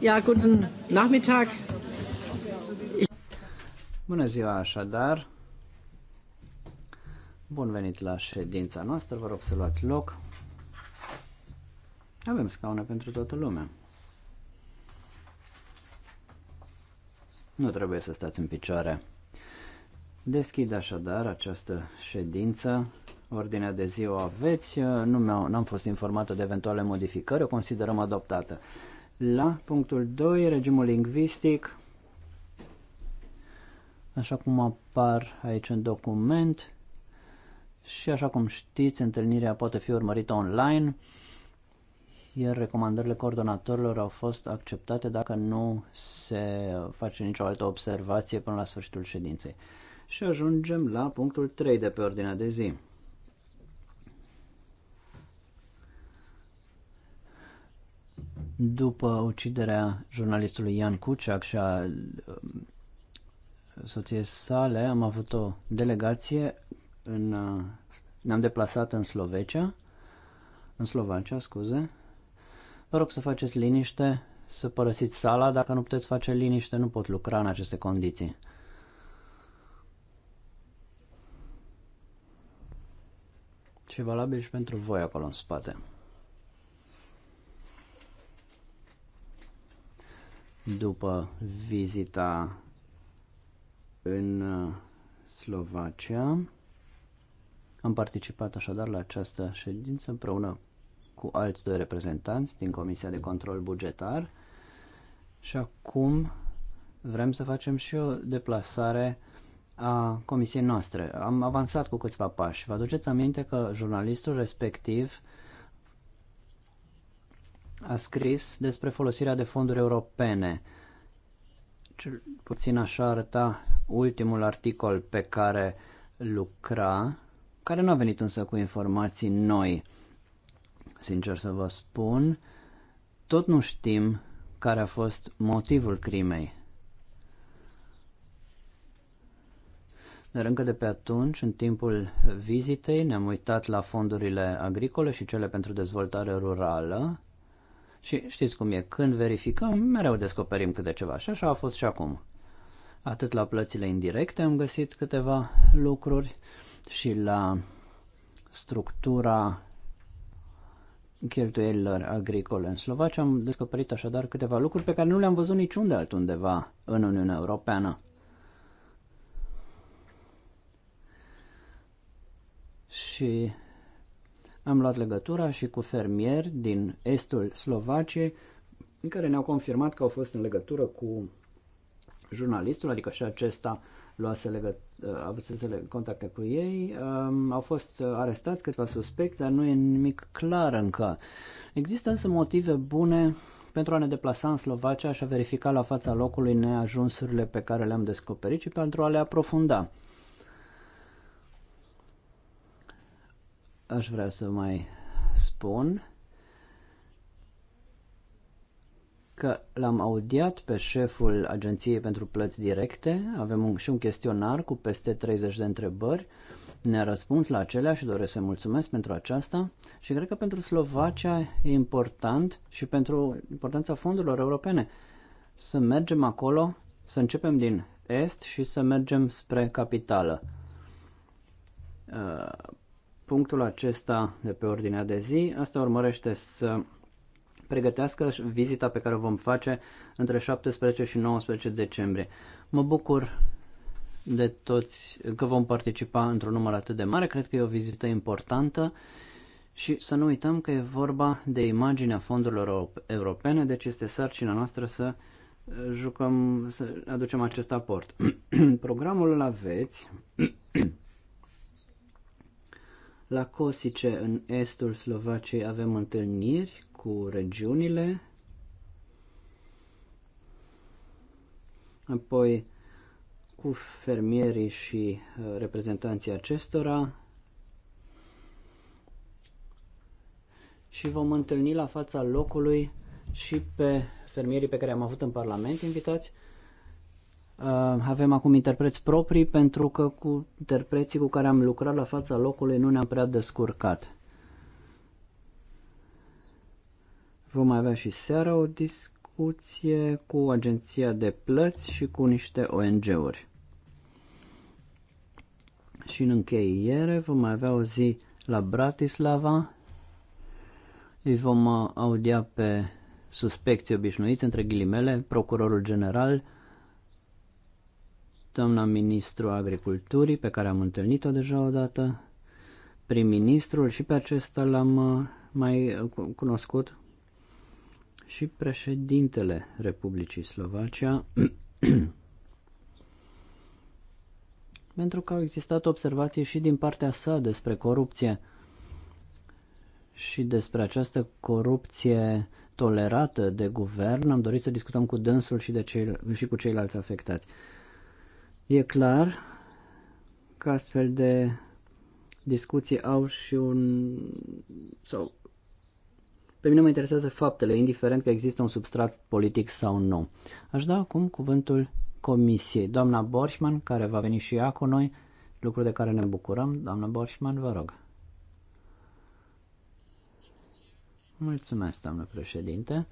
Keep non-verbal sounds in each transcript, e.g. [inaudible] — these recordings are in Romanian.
Ja, guten Nachmittag. Bună ziua așadar. Bun venit la ședința noastră, vă rog să luați loc. Avem scaune pentru toată lumea. Nu trebuie să stați în picioare. Deschid așadar această ședință. Ordinea de zi o aveți. Nu am fost informată de eventuale modificări, o considerăm adoptată la punctul 2, regimul lingvistic, așa cum apar aici în document și așa cum știți, întâlnirea poate fi urmărită online, iar recomandările coordonatorilor au fost acceptate dacă nu se face nicio altă observație până la sfârșitul ședinței. Și ajungem la punctul 3 de pe ordinea de zi. După uciderea jurnalistului Ian Cuciac și a um, soției sale, am avut o delegație în, uh, ne-am deplasat în Slovecia, în Slovacia, scuze. Vă rog să faceți liniște, să părăsiți sala, dacă nu puteți face liniște, nu pot lucra în aceste condiții. Și valabil și pentru voi acolo în spate. după vizita în uh, Slovacia. Am participat așadar la această ședință împreună cu alți doi reprezentanți din Comisia de Control Bugetar și acum vrem să facem și o deplasare a comisiei noastre. Am avansat cu câțiva pași. Vă aduceți aminte că jurnalistul respectiv uh, a scris despre folosirea de fonduri europene. Cel puțin așa arăta ultimul articol pe care lucra, care nu a venit însă cu informații noi. Sincer să vă spun, tot nu știm care a fost motivul crimei. Dar încă de pe atunci, în timpul vizitei, ne-am uitat la fondurile agricole și cele pentru dezvoltare rurală și știți cum e, când verificăm, mereu descoperim câte ceva și așa a fost și acum. Atât la plățile indirecte am găsit câteva lucruri și la structura cheltuielilor agricole în Slovacia am descoperit așadar câteva lucruri pe care nu le-am văzut niciunde altundeva în Uniunea Europeană. Și am luat legătura și cu fermieri din estul Slovaciei care ne-au confirmat că au fost în legătură cu jurnalistul, adică și acesta luase legăt- avusese contacte cu ei, um, au fost arestați câțiva suspecți, dar nu e nimic clar încă. Există însă motive bune pentru a ne deplasa în Slovacia și a verifica la fața locului neajunsurile pe care le-am descoperit și pentru a le aprofunda. aș vrea să mai spun că l-am audiat pe șeful Agenției pentru Plăți Directe, avem un, și un chestionar cu peste 30 de întrebări, ne-a răspuns la acelea și doresc să mulțumesc pentru aceasta și cred că pentru Slovacia e important și pentru importanța fondurilor europene să mergem acolo, să începem din est și să mergem spre capitală. Uh, punctul acesta de pe ordinea de zi, asta urmărește să pregătească vizita pe care o vom face între 17 și 19 decembrie. Mă bucur de toți că vom participa într-un număr atât de mare, cred că e o vizită importantă și să nu uităm că e vorba de imaginea fondurilor europene, deci este sarcina noastră să uh, jucăm, să aducem acest aport. [clears throat] Programul îl aveți la Cosice, în estul Slovaciei, avem întâlniri cu regiunile. Apoi, cu fermierii și uh, reprezentanții acestora. Și vom întâlni la fața locului și pe fermierii pe care am avut în Parlament invitați Uh, avem acum interpreți proprii pentru că cu interpreții cu care am lucrat la fața locului nu ne-am prea descurcat. Vom avea și seara o discuție cu agenția de plăți și cu niște ONG-uri. Și în încheiere vom avea o zi la Bratislava. Îi vom uh, audia pe suspecții obișnuiți, între ghilimele, procurorul general, Doamna ministru agriculturii, pe care am întâlnit-o deja odată, prim-ministrul și pe acesta l-am uh, mai uh, cunoscut și președintele Republicii Slovacia, [clears throat] pentru că au existat observații și din partea sa despre corupție și despre această corupție tolerată de guvern. Am dorit să discutăm cu dânsul și, de cei, și cu ceilalți afectați. E clar că astfel de discuții au și un... sau pe mine mă interesează faptele, indiferent că există un substrat politic sau nu. Aș da acum cuvântul comisiei. Doamna Borșman, care va veni și ea cu noi, lucru de care ne bucurăm. Doamna Borșman, vă rog. Mulțumesc, doamnă președinte.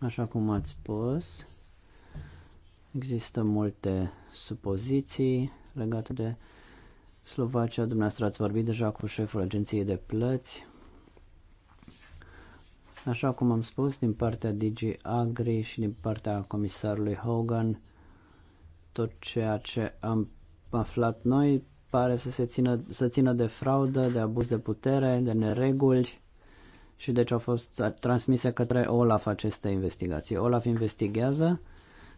Așa cum ați spus, Există multe supoziții legate de Slovacia. Dumneavoastră ați vorbit deja cu șeful agenției de plăți. Așa cum am spus, din partea DG Agri și din partea comisarului Hogan, tot ceea ce am aflat noi pare să se țină, să țină de fraudă, de abuz de putere, de nereguli și deci au fost transmise către Olaf aceste investigații. Olaf investigează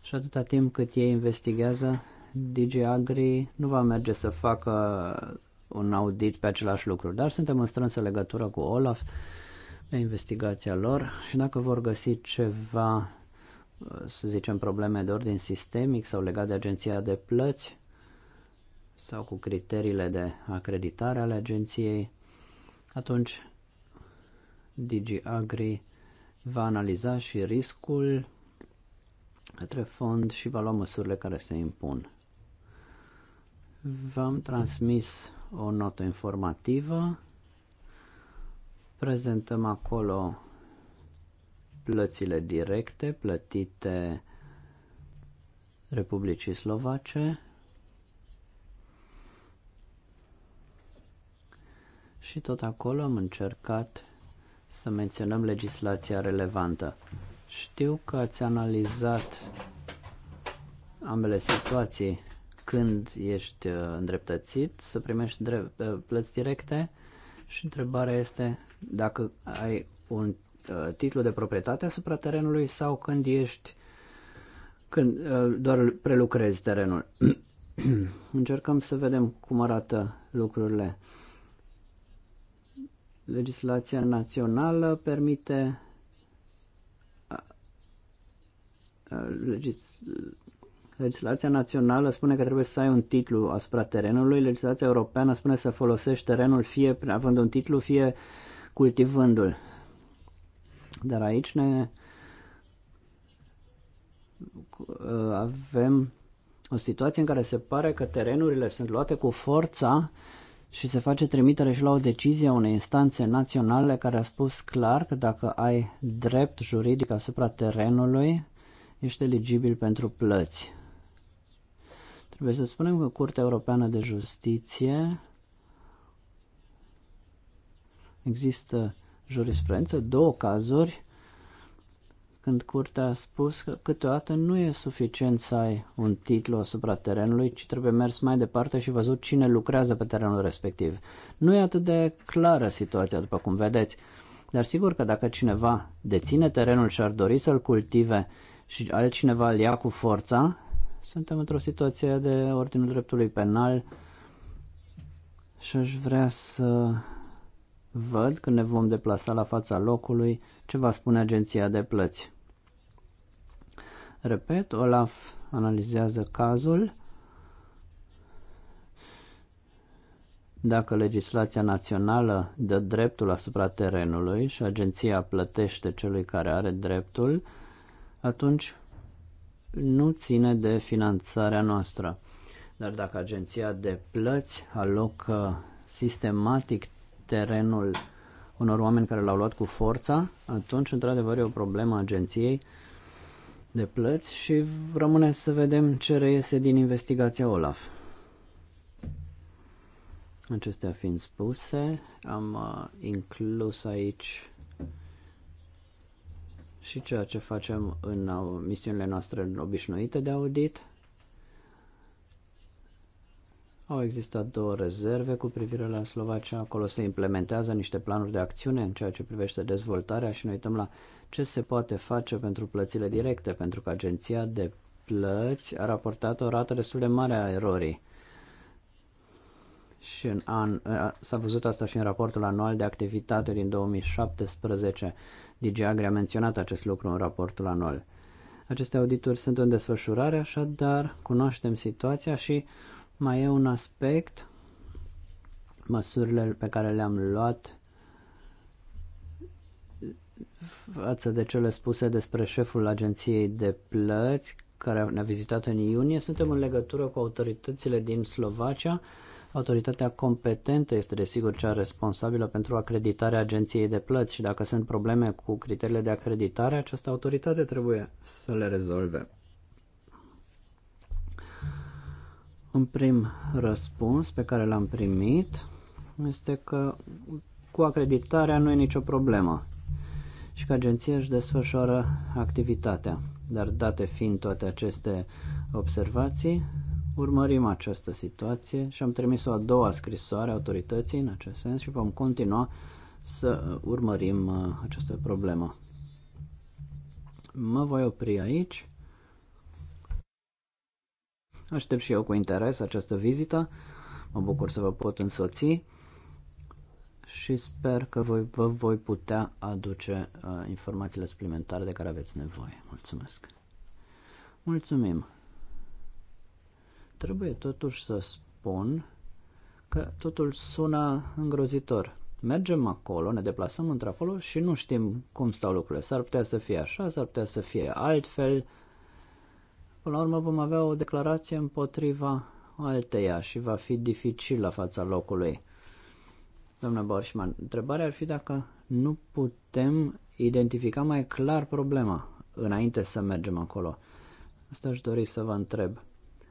și atâta timp cât ei investigează, DG Agri nu va merge să facă un audit pe același lucru, dar suntem în strânsă legătură cu Olaf pe investigația lor și dacă vor găsi ceva, să zicem, probleme de ordin sistemic sau legat de agenția de plăți sau cu criteriile de acreditare ale agenției, atunci DG Agri va analiza și riscul către fond și va lua măsurile care se impun. V-am transmis o notă informativă. Prezentăm acolo plățile directe plătite Republicii Slovace și tot acolo am încercat să menționăm legislația relevantă. Știu că ați analizat ambele situații. Când ești uh, îndreptățit să primești drept, uh, plăți directe și întrebarea este dacă ai un uh, titlu de proprietate asupra terenului sau când ești când doar prelucrezi terenul. [clears throat] Încercăm să vedem cum arată lucrurile. Legislația națională permite legislația națională spune că trebuie să ai un titlu asupra terenului, legislația europeană spune să folosești terenul fie având un titlu, fie cultivându-l. Dar aici ne uh, avem o situație în care se pare că terenurile sunt luate cu forța și se face trimitere și la o decizie a unei instanțe naționale care a spus clar că dacă ai drept juridic asupra terenului, ești eligibil pentru plăți. Trebuie să spunem că Curtea Europeană de Justiție există jurisprudență, două cazuri, când curtea a spus că câteodată nu e suficient să ai un titlu asupra terenului, ci trebuie mers mai departe și văzut cine lucrează pe terenul respectiv. Nu e atât de clară situația, după cum vedeți, dar sigur că dacă cineva deține terenul și ar dori să-l cultive și altcineva îl ia cu forța, suntem într-o situație de ordinul dreptului penal și aș vrea să văd când ne vom deplasa la fața locului ce va spune agenția de plăți. Repet, Olaf analizează cazul. Dacă legislația națională dă dreptul asupra terenului și agenția plătește celui care are dreptul, atunci nu ține de finanțarea noastră. Dar dacă agenția de plăți alocă sistematic terenul unor oameni care l-au luat cu forța, atunci, într-adevăr, e o problemă agenției de plăți și rămâne să vedem ce reiese din investigația OLAF. Acestea fiind spuse, am uh, inclus aici și ceea ce facem în misiunile noastre obișnuite de audit. Au existat două rezerve cu privire la Slovacia. Acolo se implementează niște planuri de acțiune în ceea ce privește dezvoltarea și ne uităm la ce se poate face pentru plățile directe, pentru că agenția de plăți a raportat o rată destul de mare a erorii. Și în an, s-a văzut asta și în raportul anual de activitate din 2017 DG Agri a menționat acest lucru în raportul anual. Aceste audituri sunt în desfășurare, așadar cunoaștem situația și mai e un aspect, măsurile pe care le-am luat față de cele spuse despre șeful agenției de plăți care ne-a vizitat în iunie, suntem în legătură cu autoritățile din Slovacia Autoritatea competentă este desigur cea responsabilă pentru acreditarea agenției de plăți și dacă sunt probleme cu criteriile de acreditare, această autoritate trebuie să le rezolve. Un prim răspuns pe care l-am primit este că cu acreditarea nu e nicio problemă și că agenția își desfășoară activitatea. Dar date fiind toate aceste observații, Urmărim această situație și am trimis o a doua scrisoare autorității în acest sens și vom continua să urmărim uh, această problemă. Mă voi opri aici. Aștept și eu cu interes această vizită. Mă bucur să vă pot însoți și sper că voi, vă voi putea aduce uh, informațiile suplimentare de care aveți nevoie. Mulțumesc! Mulțumim! Trebuie totuși să spun că totul sună îngrozitor. Mergem acolo, ne deplasăm într-acolo și nu știm cum stau lucrurile. S-ar putea să fie așa, s-ar putea să fie altfel. Până la urmă vom avea o declarație împotriva alteia și va fi dificil la fața locului. Doamna Borșman, întrebarea ar fi dacă nu putem identifica mai clar problema înainte să mergem acolo. Asta aș dori să vă întreb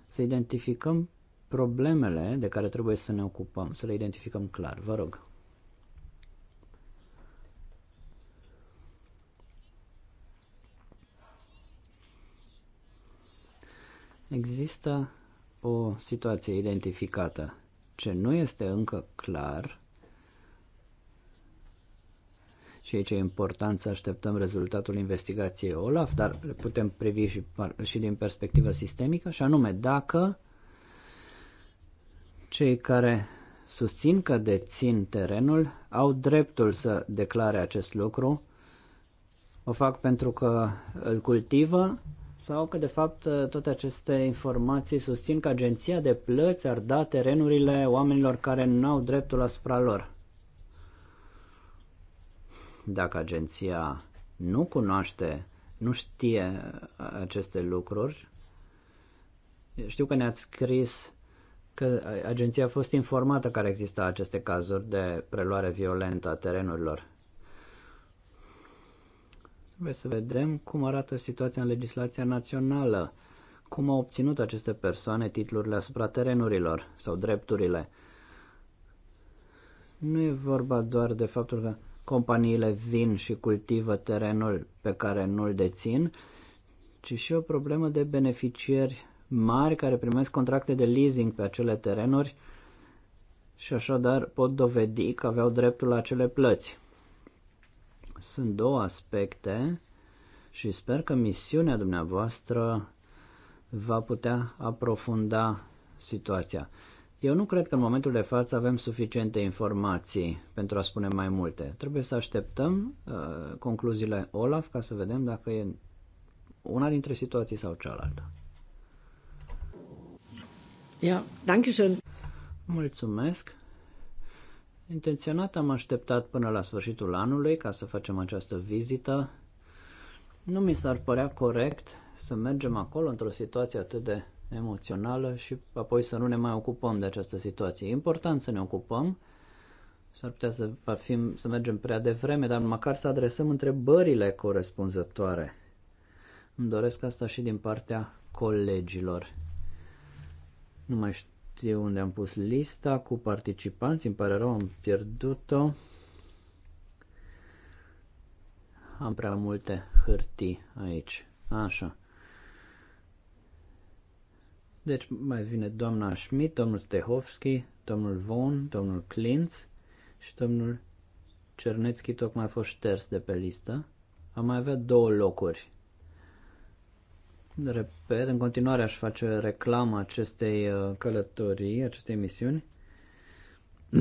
să identificăm problemele de care trebuie să ne ocupăm, să le identificăm clar. Vă rog. Există o situație identificată. Ce nu este încă clar și aici e important să așteptăm rezultatul investigației OLAF, dar le putem privi și, și din perspectivă sistemică, și anume dacă cei care susțin că dețin terenul au dreptul să declare acest lucru, o fac pentru că îl cultivă sau că de fapt toate aceste informații susțin că agenția de plăți ar da terenurile oamenilor care nu au dreptul asupra lor. Dacă agenția nu cunoaște, nu știe uh, aceste lucruri, știu că ne-ați scris că uh, agenția a fost informată că există exista aceste cazuri de preluare violentă a terenurilor. Trebuie să vedem cum arată situația în legislația națională, cum au obținut aceste persoane titlurile asupra terenurilor sau drepturile. Nu e vorba doar de faptul că companiile vin și cultivă terenul pe care nu-l dețin, ci și o problemă de beneficieri mari care primesc contracte de leasing pe acele terenuri și așadar pot dovedi că aveau dreptul la acele plăți. Sunt două aspecte și sper că misiunea dumneavoastră va putea aprofunda situația. Eu nu cred că în momentul de față avem suficiente informații pentru a spune mai multe. Trebuie să așteptăm uh, concluziile Olaf ca să vedem dacă e una dintre situații sau cealaltă. Ja, danke schön. Mulțumesc. Intenționat am așteptat până la sfârșitul anului ca să facem această vizită. Nu mi s-ar părea corect să mergem acolo într-o situație atât de emoțională și apoi să nu ne mai ocupăm de această situație. E important să ne ocupăm, s-ar putea să, fim, să mergem prea devreme, dar măcar să adresăm întrebările corespunzătoare. Îmi doresc asta și din partea colegilor. Nu mai știu unde am pus lista cu participanți, îmi pare rău, am pierdut-o. Am prea multe hârtii aici. Așa. Deci mai vine doamna Schmidt, domnul Stehovski, domnul Von, domnul Klintz și domnul Cernețchi tocmai a fost șters de pe listă. Am mai avea două locuri. Repet, în continuare aș face reclamă acestei uh, călătorii, acestei emisiuni. [clears throat]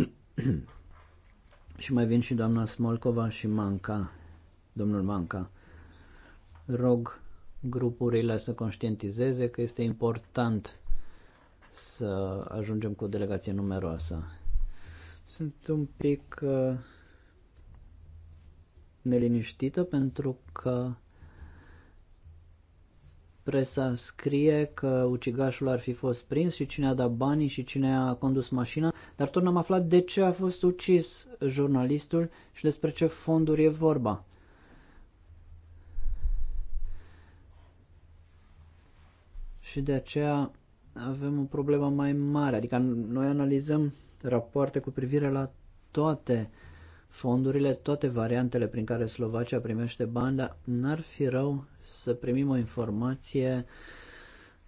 și mai vin și doamna Smolcova și Manca, domnul Manca. Rog grupurile să conștientizeze că este important să ajungem cu o delegație numeroasă. Sunt un pic uh, neliniștită pentru că presa scrie că ucigașul ar fi fost prins și cine a dat banii și cine a condus mașina, dar tot n-am aflat de ce a fost ucis jurnalistul și despre ce fonduri e vorba. și de aceea avem o problemă mai mare. Adică noi analizăm rapoarte cu privire la toate fondurile, toate variantele prin care Slovacia primește bani, dar n-ar fi rău să primim o informație,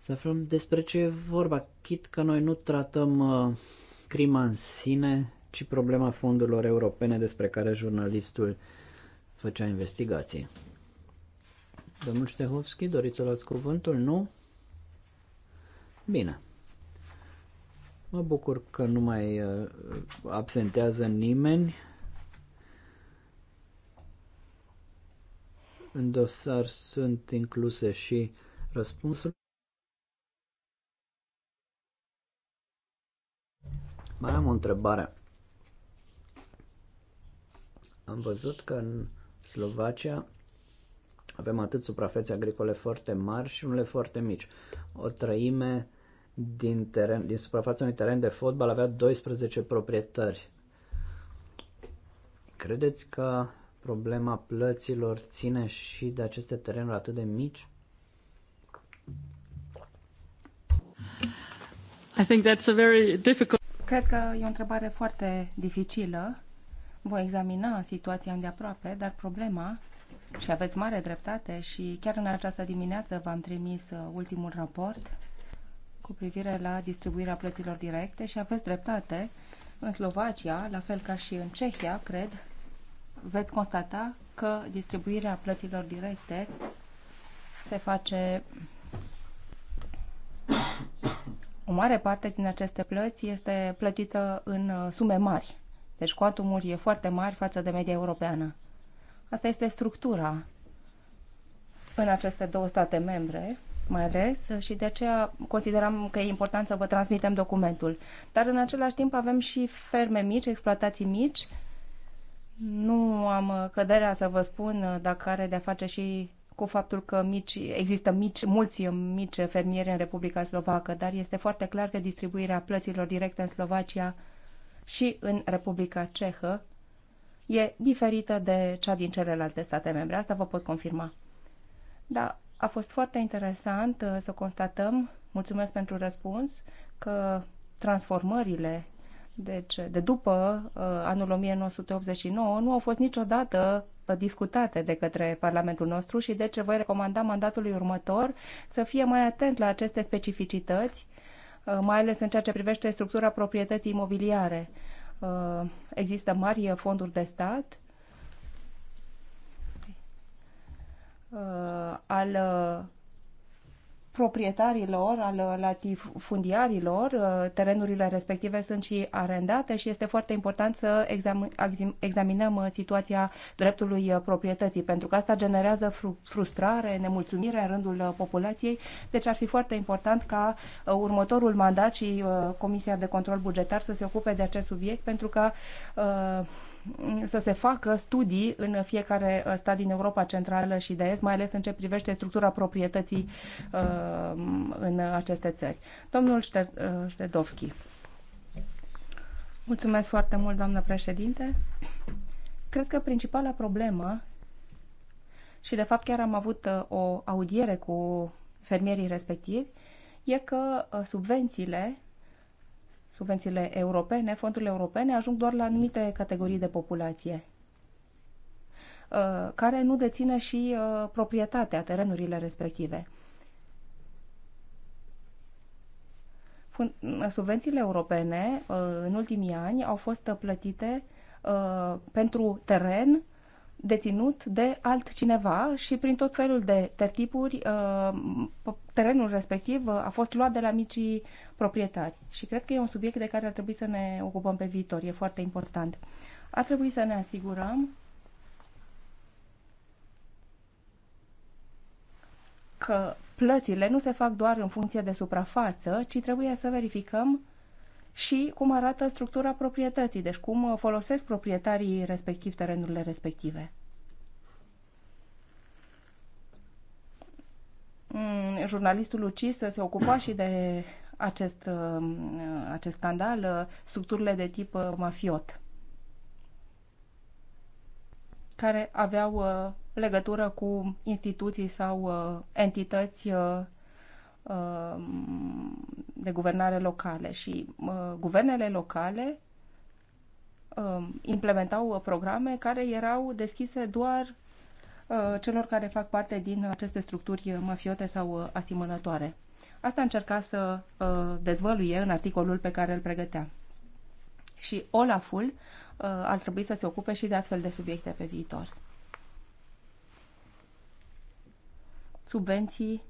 să aflăm despre ce e vorba. Chit că noi nu tratăm uh, crima în sine, ci problema fondurilor europene despre care jurnalistul făcea investigații. Domnul Ștehovski, doriți să luați cuvântul? Nu? Bine. Mă bucur că nu mai uh, absentează nimeni. În dosar sunt incluse și răspunsuri. Mai am o întrebare. Am văzut că în Slovacia avem atât suprafețe agricole foarte mari și unele foarte mici. O trăime din, teren, din suprafața unui teren de fotbal avea 12 proprietari. Credeți că problema plăților ține și de aceste terenuri atât de mici? I think that's a very difficult... Cred că e o întrebare foarte dificilă. Voi examina situația îndeaproape, dar problema, și aveți mare dreptate, și chiar în această dimineață v-am trimis uh, ultimul raport cu privire la distribuirea plăților directe și aveți dreptate. În Slovacia, la fel ca și în Cehia, cred, veți constata că distribuirea plăților directe se face o mare parte din aceste plăți este plătită în uh, sume mari. Deci cuantumuri e foarte mari față de media europeană. Asta este structura în aceste două state membre mai ales, și de aceea considerăm că e important să vă transmitem documentul. Dar în același timp avem și ferme mici, exploatații mici. Nu am căderea să vă spun dacă are de-a face și cu faptul că mici, există mici, mulți mici fermieri în Republica Slovacă, dar este foarte clar că distribuirea plăților directe în Slovacia și în Republica Cehă e diferită de cea din celelalte state membre. Asta vă pot confirma. Da, a fost foarte interesant uh, să constatăm, mulțumesc pentru răspuns, că transformările deci, de după uh, anul 1989 nu au fost niciodată uh, discutate de către Parlamentul nostru și de deci voi recomanda mandatului următor să fie mai atent la aceste specificități, mai ales în ceea ce privește structura proprietății imobiliare. Există mari fonduri de stat al uh, proprietarilor, al latifundiarilor. Uh, terenurile respective sunt și arendate și este foarte important să examinăm uh, situația dreptului uh, proprietății, pentru că asta generează frustrare, nemulțumire în rândul populației. Deci ar fi foarte important ca următorul mandat și Comisia de Control Bugetar să se ocupe de acest subiect, pentru că să se facă studii în fiecare stat din Europa Centrală și de Est, mai ales în ce privește structura proprietății uh, Uh, în aceste țări. Domnul uh, Ștedovski. Mulțumesc foarte mult, doamnă președinte. Cred că principala problemă și de fapt chiar am avut uh, o audiere cu fermierii respectivi, e că subvențiile, subvențiile europene, fondurile europene ajung doar la anumite categorii de populație care nu deține și proprietatea, terenurile respective. subvențiile europene uh, în ultimii ani au fost plătite uh, pentru teren deținut de altcineva și prin tot felul de tertipuri uh, terenul respectiv a fost luat de la micii proprietari. Și cred că e un subiect de care ar trebui să ne ocupăm pe viitor, e foarte important. Ar trebui să ne asigurăm că plățile nu se fac doar în funcție de suprafață, ci trebuie să verificăm și cum arată structura proprietății, deci cum folosesc proprietarii respectiv terenurile respective. Mm, jurnalistul ucis se ocupa și de acest, mm, acest scandal, ă, structurile de tip ă, mafiot care aveau uh, legătură cu instituții sau uh, entități uh, um, de guvernare locale și guvernele locale um, implementau programe care erau deschise doar celor care fac parte din aceste structuri mafiote sau asimănătoare. Asta încerca să dezvăluie în articolul pe care îl pregătea. Și Olaful Uh, ar trebui să se ocupe și de astfel de subiecte pe viitor. Subvenții,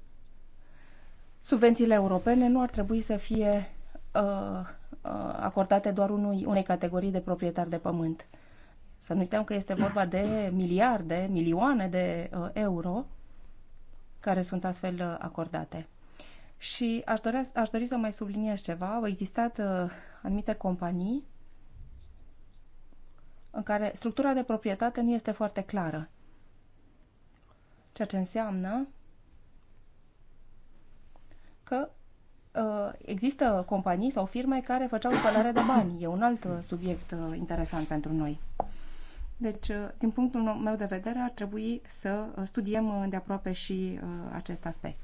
subvențiile europene nu ar trebui să fie uh, uh, acordate doar unui, unei categorii de proprietari de pământ. Să nu uităm că este vorba de miliarde, milioane de euro care sunt astfel acordate. Și aș, dorea, aș dori să mai subliniez ceva. Au existat uh, anumite companii în care structura de proprietate nu este foarte clară. Ceea ce înseamnă că uh, există companii sau firme care făceau spălare de bani. E un alt uh, subiect uh, interesant pentru noi. Deci, din punctul meu de vedere, ar trebui să studiem de aproape și acest aspect.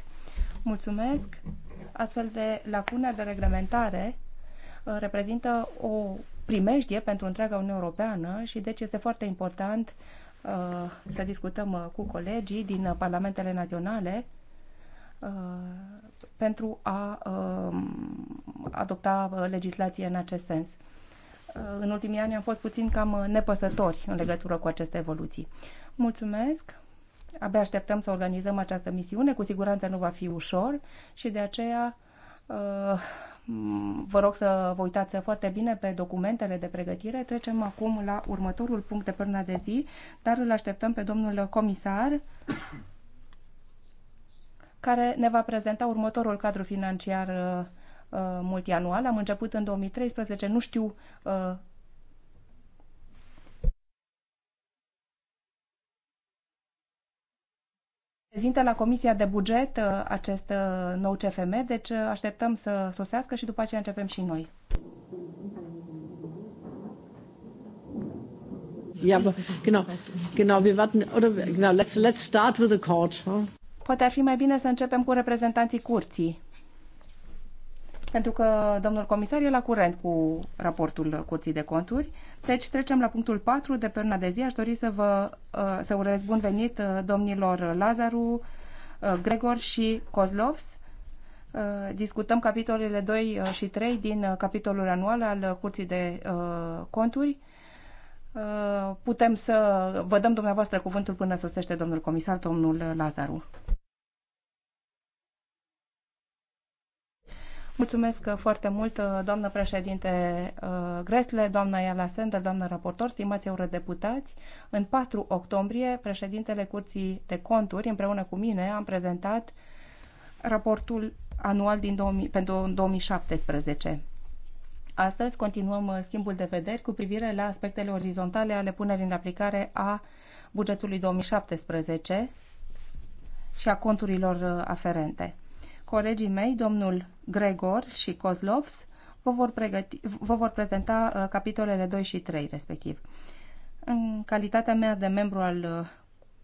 Mulțumesc! Astfel de lacune de reglementare reprezintă o primejdie pentru întreaga Uniune Europeană și deci este foarte important uh, să discutăm uh, cu colegii din uh, parlamentele naționale uh, pentru a um, uh, adopta legislație în acest sens. Uh, în ultimii ani am fost puțin cam nepăsători în legătură cu aceste evoluții. Mulțumesc! Abia așteptăm să organizăm această misiune, cu siguranță nu va fi ușor și de aceea Mm, vă rog să vă uitați foarte bine pe documentele de pregătire. Trecem acum la următorul punct de până de zi, dar îl așteptăm pe domnul comisar care ne va prezenta următorul cadru financiar uh, uh, multianual. Am început în 2013, nu știu uh, prezintă la Comisia de Buget uh, acest uh, nou CFM, deci uh, așteptăm să sosească și după aceea începem și noi. Ja, genau, genau, wir warten, oder genau, let's, let's start with the court. Huh? Poate ar fi mai bine să începem cu reprezentanții curții. Pentru că domnul comisar e la curent cu raportul curții de conturi. Deci trecem la punctul 4 de pe urna de zi. Aș dori să vă uh, să urez bun venit uh, domnilor Lazaru, uh, Gregor și Kozlovs. Discutăm capitolele 2 și 3 din capitolul anual al Curții de Conturi. Putem să vă dăm dumneavoastră cuvântul până sosește domnul comisar, domnul Lazaru. Mulțumesc uh, foarte mult, uh, doamnă președinte uh, Gresle, doamna Iala Sender, doamnă raportor, stimați eurodeputați. În 4 octombrie, președintele Curții de Conturi, împreună cu mine, am prezentat raportul anual din 2000, pentru 2017. Astăzi continuăm schimbul de vederi cu privire la aspectele orizontale ale punerii în aplicare a bugetului 2017 și a conturilor aferente. Colegii mei, domnul Gregor și Kozlovs, vă vor, pregăti, vă vor prezenta uh, capitolele 2 și 3, respectiv. În calitatea mea de membru al uh,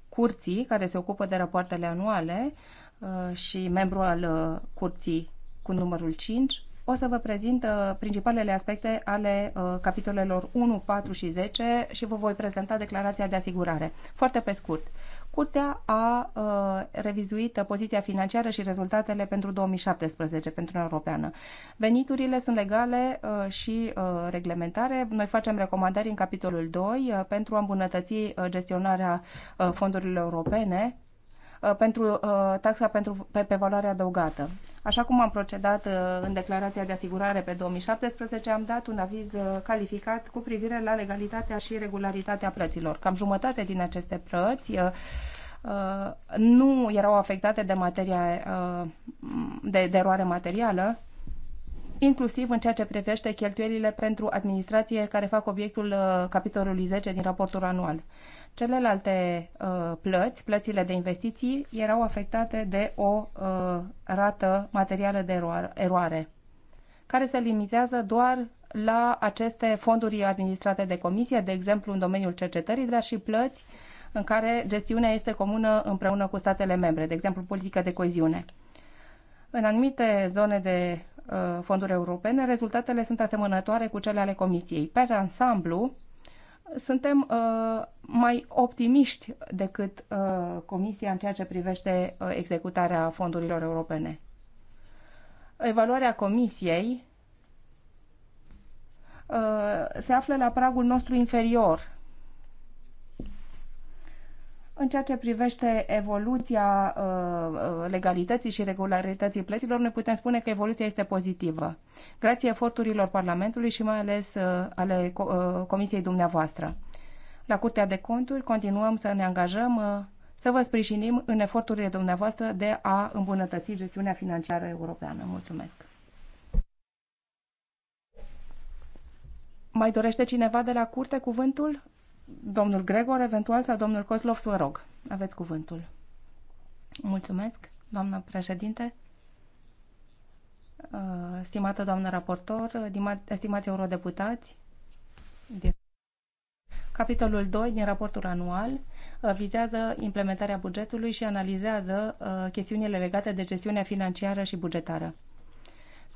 curții, care se ocupă de rapoartele anuale uh, și membru al curții cu numărul 5, o să vă prezint uh, principalele aspecte ale uh, capitolelor 1, 4 și 10 și vă voi prezenta declarația de asigurare. Foarte pe scurt. Curtea a uh, revizuit poziția financiară și rezultatele pentru 2017 pentru Uniunea Europeană. Veniturile sunt legale uh, și uh, reglementare. Noi facem recomandări în capitolul 2 uh, pentru a îmbunătăți uh, gestionarea uh, fondurilor europene Uh, pentru uh, taxa pentru, pe, pe valoare adăugată. Așa cum am procedat uh, în declarația de asigurare pe 2017, am dat un aviz calificat cu privire la legalitatea și regularitatea plăților. Cam jumătate din aceste plăți nu erau afectate de, materia, de, de eroare materială, inclusiv în ceea ce privește cheltuielile pentru administrație care fac obiectul capitolului 10 din raportul anual. Celelalte uh, plăți, plățile de investiții, erau afectate de o uh, rată materială de eroare, care se limitează doar la aceste fonduri administrate de comisie, de exemplu în domeniul cercetării, dar și plăți în care gestiunea este comună împreună cu statele membre, de exemplu politică de coeziune. În anumite zone de uh, fonduri europene, rezultatele sunt asemănătoare cu cele ale Comisiei. Per ansamblu, suntem uh, mai optimiști decât uh, Comisia în ceea ce privește uh, executarea fondurilor europene. Evaluarea Comisiei uh, se află la pragul nostru inferior în ceea ce privește evoluția uh, legalității și regularității plăților, ne putem spune că evoluția este pozitivă, grație eforturilor Parlamentului și mai ales uh, ale uh, Comisiei dumneavoastră. La Curtea de Conturi continuăm să ne angajăm să vă sprijinim în eforturile dumneavoastră de a îmbunătăți gestiunea financiară europeană. Mulțumesc! Mai dorește cineva de la curte cuvântul? domnul Gregor, eventual, sau domnul Coslov, vă rog. Aveți cuvântul. Mulțumesc, doamnă președinte. Uh, stimată doamnă raportor, stimați eurodeputați, capitolul 2 din raportul anual uh, vizează implementarea bugetului și analizează uh, chestiunile legate de gestiunea financiară și bugetară.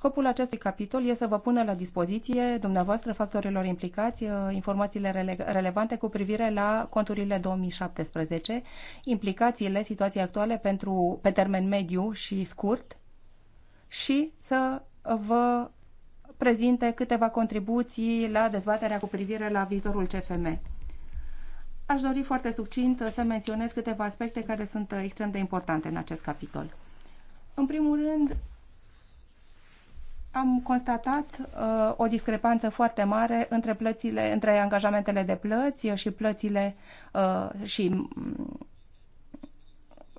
Scopul acestui capitol este să vă pună la dispoziție dumneavoastră factorilor implicați uh, informațiile rele relevante cu privire la conturile 2017, implicațiile situației actuale pentru, pe termen mediu și scurt și să vă prezinte câteva contribuții la dezbaterea cu privire la viitorul CFM. Aș dori foarte succint să menționez câteva aspecte care sunt extrem de importante în acest capitol. În primul rând, am constatat uh, o discrepanță foarte mare între plățile, între angajamentele de plăți și plățile uh, și mm,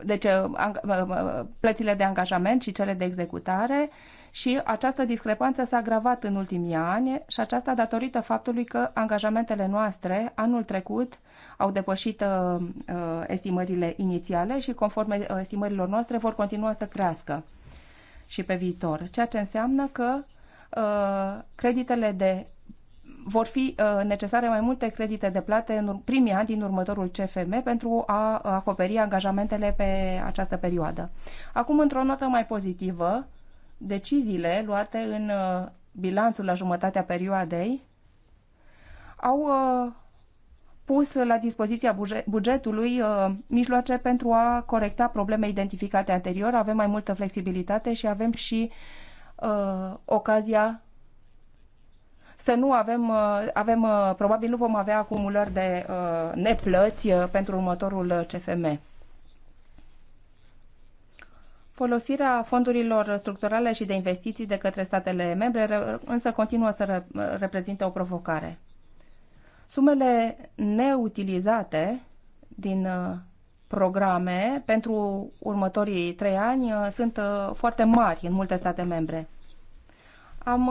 deci uh, an, uh, uh, plățile de angajament și cele de executare și această discrepanță s-a agravat în ultimii ani și aceasta datorită faptului că angajamentele noastre anul trecut au depășit uh, estimările inițiale și conform estimărilor noastre vor continua să crească și pe viitor, ceea ce înseamnă că uh, creditele de vor fi uh, necesare mai multe credite de plate în primii ani din următorul CFM pentru a acoperi angajamentele pe această perioadă. Acum, într-o notă mai pozitivă, deciziile luate în uh, bilanțul la jumătatea perioadei au uh, pus la dispoziția bugetului uh, mijloace pentru a corecta probleme identificate anterior. Avem mai multă flexibilitate și avem și uh, ocazia să nu avem, uh, avem, uh, probabil nu vom avea acumulări de uh, neplăți pentru următorul CFM. Folosirea fondurilor structurale și de investiții de către statele membre însă continuă să reprezinte o provocare. Sumele neutilizate din uh, programe pentru următorii trei ani uh, sunt uh, foarte mari în multe state membre. Am,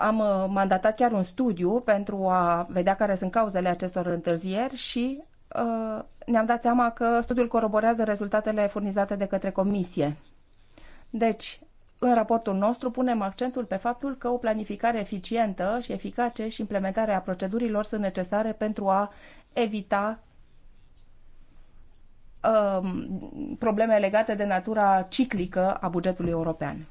am mandatat chiar un studiu pentru a vedea care sunt cauzele acestor întârzieri și ne-am dat seama că studiul coroborează rezultatele furnizate de către comisie. Deci, în raportul nostru punem accentul pe faptul că o planificare eficientă și eficace și implementarea procedurilor sunt necesare pentru a evita um, probleme legate de natura ciclică a bugetului european.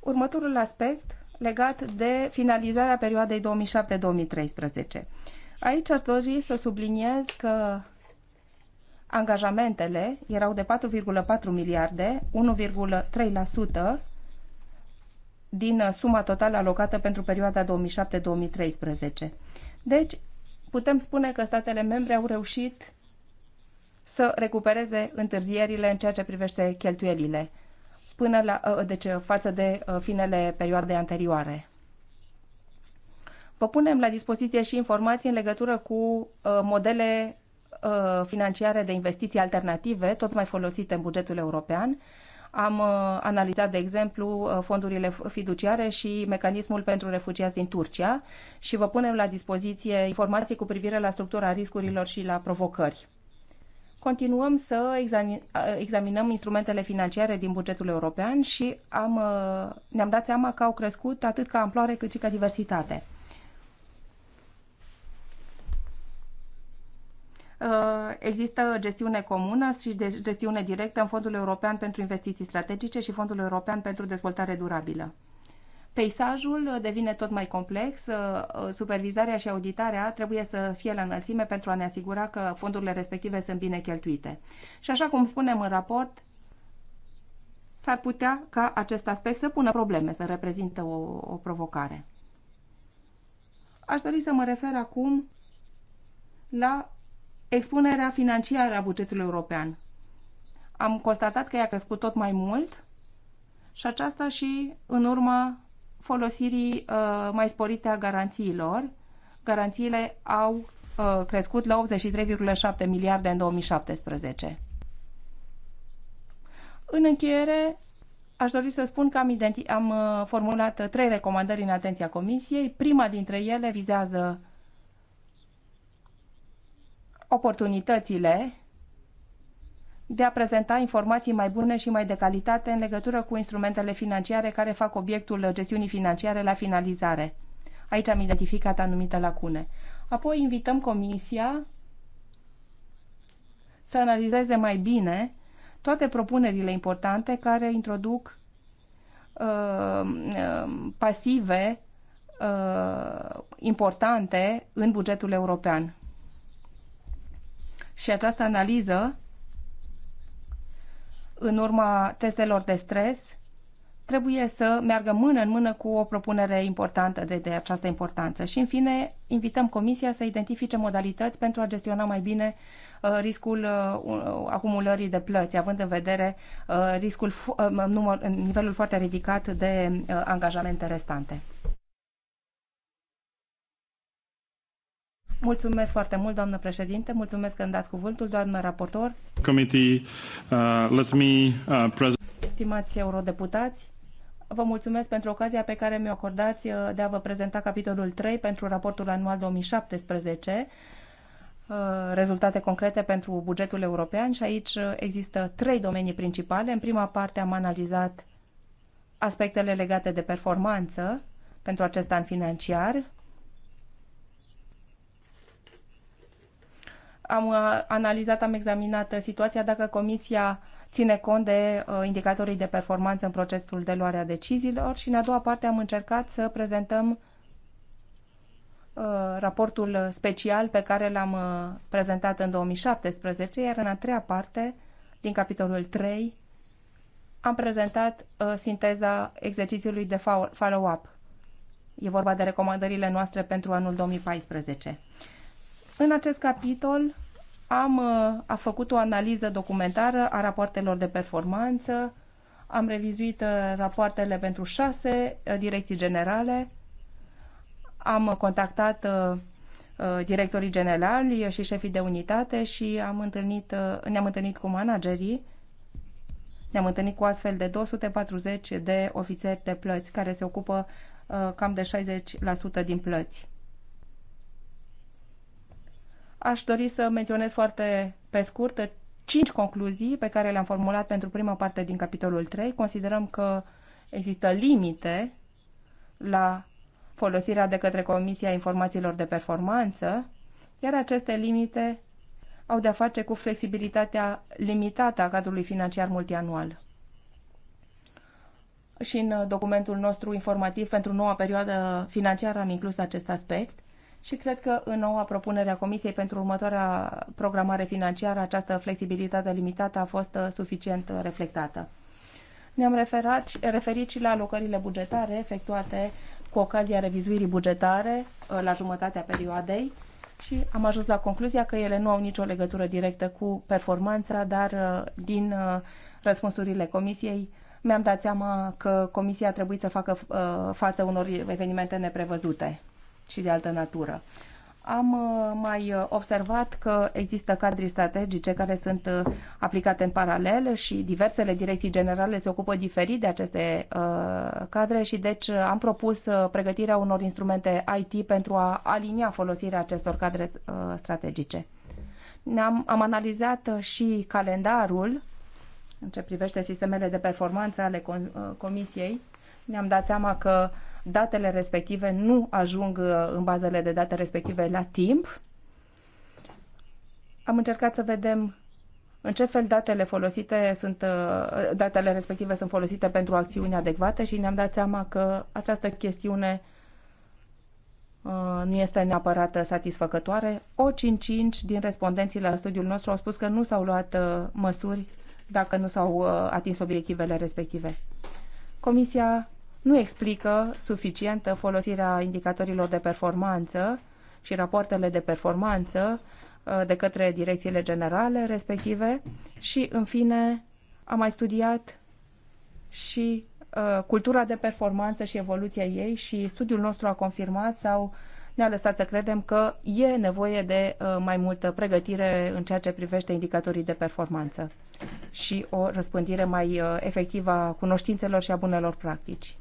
Următorul aspect legat de finalizarea perioadei 2007-2013. Aici ar dori să subliniez că angajamentele erau de 4,4 miliarde, 1,3% din suma totală alocată pentru perioada 2007-2013. Deci, putem spune că statele membre au reușit să recupereze întârzierile în ceea ce privește cheltuielile până la, ă, deci, față de ă, finele perioadei anterioare. Vă punem la dispoziție și informații în legătură cu ă, modele Uh, financiare de investiții alternative, tot mai folosite în bugetul european. Am uh, analizat, de exemplu, uh, fondurile fiduciare și mecanismul pentru refugiați din Turcia și vă punem la dispoziție informații cu privire la structura riscurilor și la provocări. Continuăm să examinăm instrumentele financiare din bugetul european și am, ne-am dat seama că au crescut atât ca amploare cât și ca diversitate. Uh, există gestiune comună și gestiune directă în Fondul European pentru Investiții Strategice și Fondul European pentru Dezvoltare Durabilă. Peisajul uh, devine tot mai complex, uh, supervizarea și auditarea trebuie să fie la înălțime pentru a ne asigura că fondurile respective sunt bine cheltuite. Și așa cum spunem în raport, s-ar putea ca acest aspect să pună probleme, să reprezintă o, o provocare. Aș dori să mă refer acum la expunerea financiară a bugetului european. Am constatat că i a crescut tot mai mult și aceasta și în urma folosirii uh, mai sporite a garanțiilor. Garanțiile au uh, crescut la 83,7 miliarde în 2017. În încheiere, aș dori să spun că am, am uh, formulat uh, trei recomandări în atenția Comisiei. Prima dintre ele vizează oportunitățile de a prezenta informații mai bune și mai de calitate în legătură cu instrumentele financiare care fac obiectul gestiunii financiare la finalizare. Aici am identificat anumite lacune. Apoi invităm Comisia să analizeze mai bine toate propunerile importante care introduc uh, uh pasive uh, importante în bugetul european și această analiză, în urma testelor de stres, trebuie să meargă mână în mână cu o propunere importantă de, de această importanță. Și, în fine, invităm Comisia să identifice modalități pentru a gestiona mai bine uh, riscul uh, uh, acumulării de plăți, având în vedere uh, riscul, uh, număr, nivelul foarte ridicat de angajamente restante. Mulțumesc foarte mult, doamnă președinte, mulțumesc că îmi dați cuvântul, doamnă raportor. Committee, uh, let me, uh, present... eurodeputați, Vă mulțumesc pentru ocazia pe care mi-o acordați uh, de a vă prezenta capitolul 3 pentru raportul anual 2017, uh, rezultate concrete pentru bugetul european și aici uh, există trei domenii principale. În prima parte am analizat aspectele legate de performanță pentru acest an financiar, am uh, analizat, am examinat situația dacă Comisia ține cont de uh, indicatorii de performanță în procesul de luare a deciziilor și în a doua parte am încercat să prezentăm uh, raportul special pe care l-am uh, prezentat în 2017, iar în a treia parte, din capitolul 3, am prezentat uh, sinteza exercițiului de follow-up. E vorba de recomandările noastre pentru anul 2014. În acest capitol am uh, a făcut o analiză documentară a rapoartelor de performanță, am revizuit uh, rapoartele pentru șase uh, direcții generale, am contactat directorii generali și șefii de unitate și am întâlnit, ne-am întâlnit cu managerii, ne-am întâlnit cu astfel de 240 de ofițeri de plăți care se ocupă cam de 60% din plăți. Aș dori să menționez foarte pe scurt cinci concluzii pe care le-am formulat pentru prima parte din capitolul 3. Considerăm că există limite la folosirea de către Comisia Informațiilor de Performanță, iar aceste limite au de-a face cu flexibilitatea limitată a cadrului financiar multianual. Și în documentul nostru informativ pentru noua perioadă financiară am inclus acest aspect și cred că în noua propunere a Comisiei pentru următoarea programare financiară această flexibilitate limitată a fost uh, suficient reflectată. Ne-am referat, referit și la alocările bugetare efectuate cu ocazia revizuirii bugetare uh, la jumătatea perioadei și am ajuns la concluzia că ele nu au nicio legătură directă cu performanța, dar uh, din răspunsurile Comisiei mi-am dat seama că Comisia a trebuit să facă față unor evenimente neprevăzute și de altă natură. Am uh, mai uh, observat că există cadre strategice care sunt uh, aplicate în paralel și diversele direcții generale se ocupă diferit de aceste cadre și deci am propus pregătirea unor instrumente IT pentru a alinia folosirea acestor cadre strategice. Ne-am, am analizat și calendarul în ce privește sistemele de performanță ale com Comisiei. Ne-am dat seama că uh, datele respective nu ajung uh, în bazele de date respective la timp. Am încercat să vedem în ce fel datele folosite sunt, uh, datele respective sunt folosite pentru acțiuni adecvate și ne-am dat seama că această chestiune uh, nu este neapărat satisfăcătoare. O 5-5 din respondenții la studiul nostru au spus că nu s-au luat măsuri dacă nu s-au atins obiectivele respective. Comisia nu explică suficientă folosirea indicatorilor de performanță și rapoartele de performanță uh, de către direcțiile generale respective și, în fine, am mai studiat și uh, cultura de performanță și evoluția ei și studiul nostru a confirmat sau ne-a lăsat să credem că e nevoie de uh, mai multă pregătire în ceea ce privește indicatorii de performanță și o răspândire mai efectivă a cunoștințelor și a bunelor practici.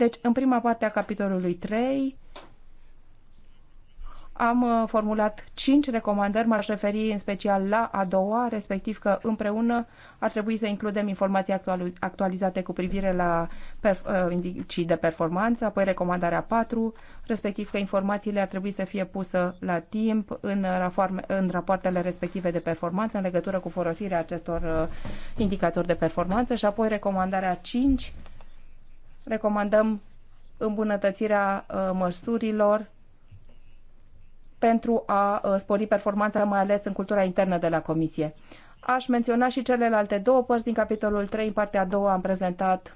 Deci, în prima parte a capitolului 3, am uh, formulat cinci recomandări, m-aș referi în special la a doua, respectiv că împreună ar trebui să includem informații actualizate cu privire la uh, indicii de performanță, apoi recomandarea 4, respectiv că informațiile ar trebui să fie puse la timp în, în rapoartele respective de performanță în legătură cu folosirea acestor uh, indicatori de performanță și apoi recomandarea 5, recomandăm îmbunătățirea uh, măsurilor pentru a uh, spori performanța, mai ales în cultura internă de la Comisie. Aș menționa și celelalte două părți din capitolul 3. În partea a doua am prezentat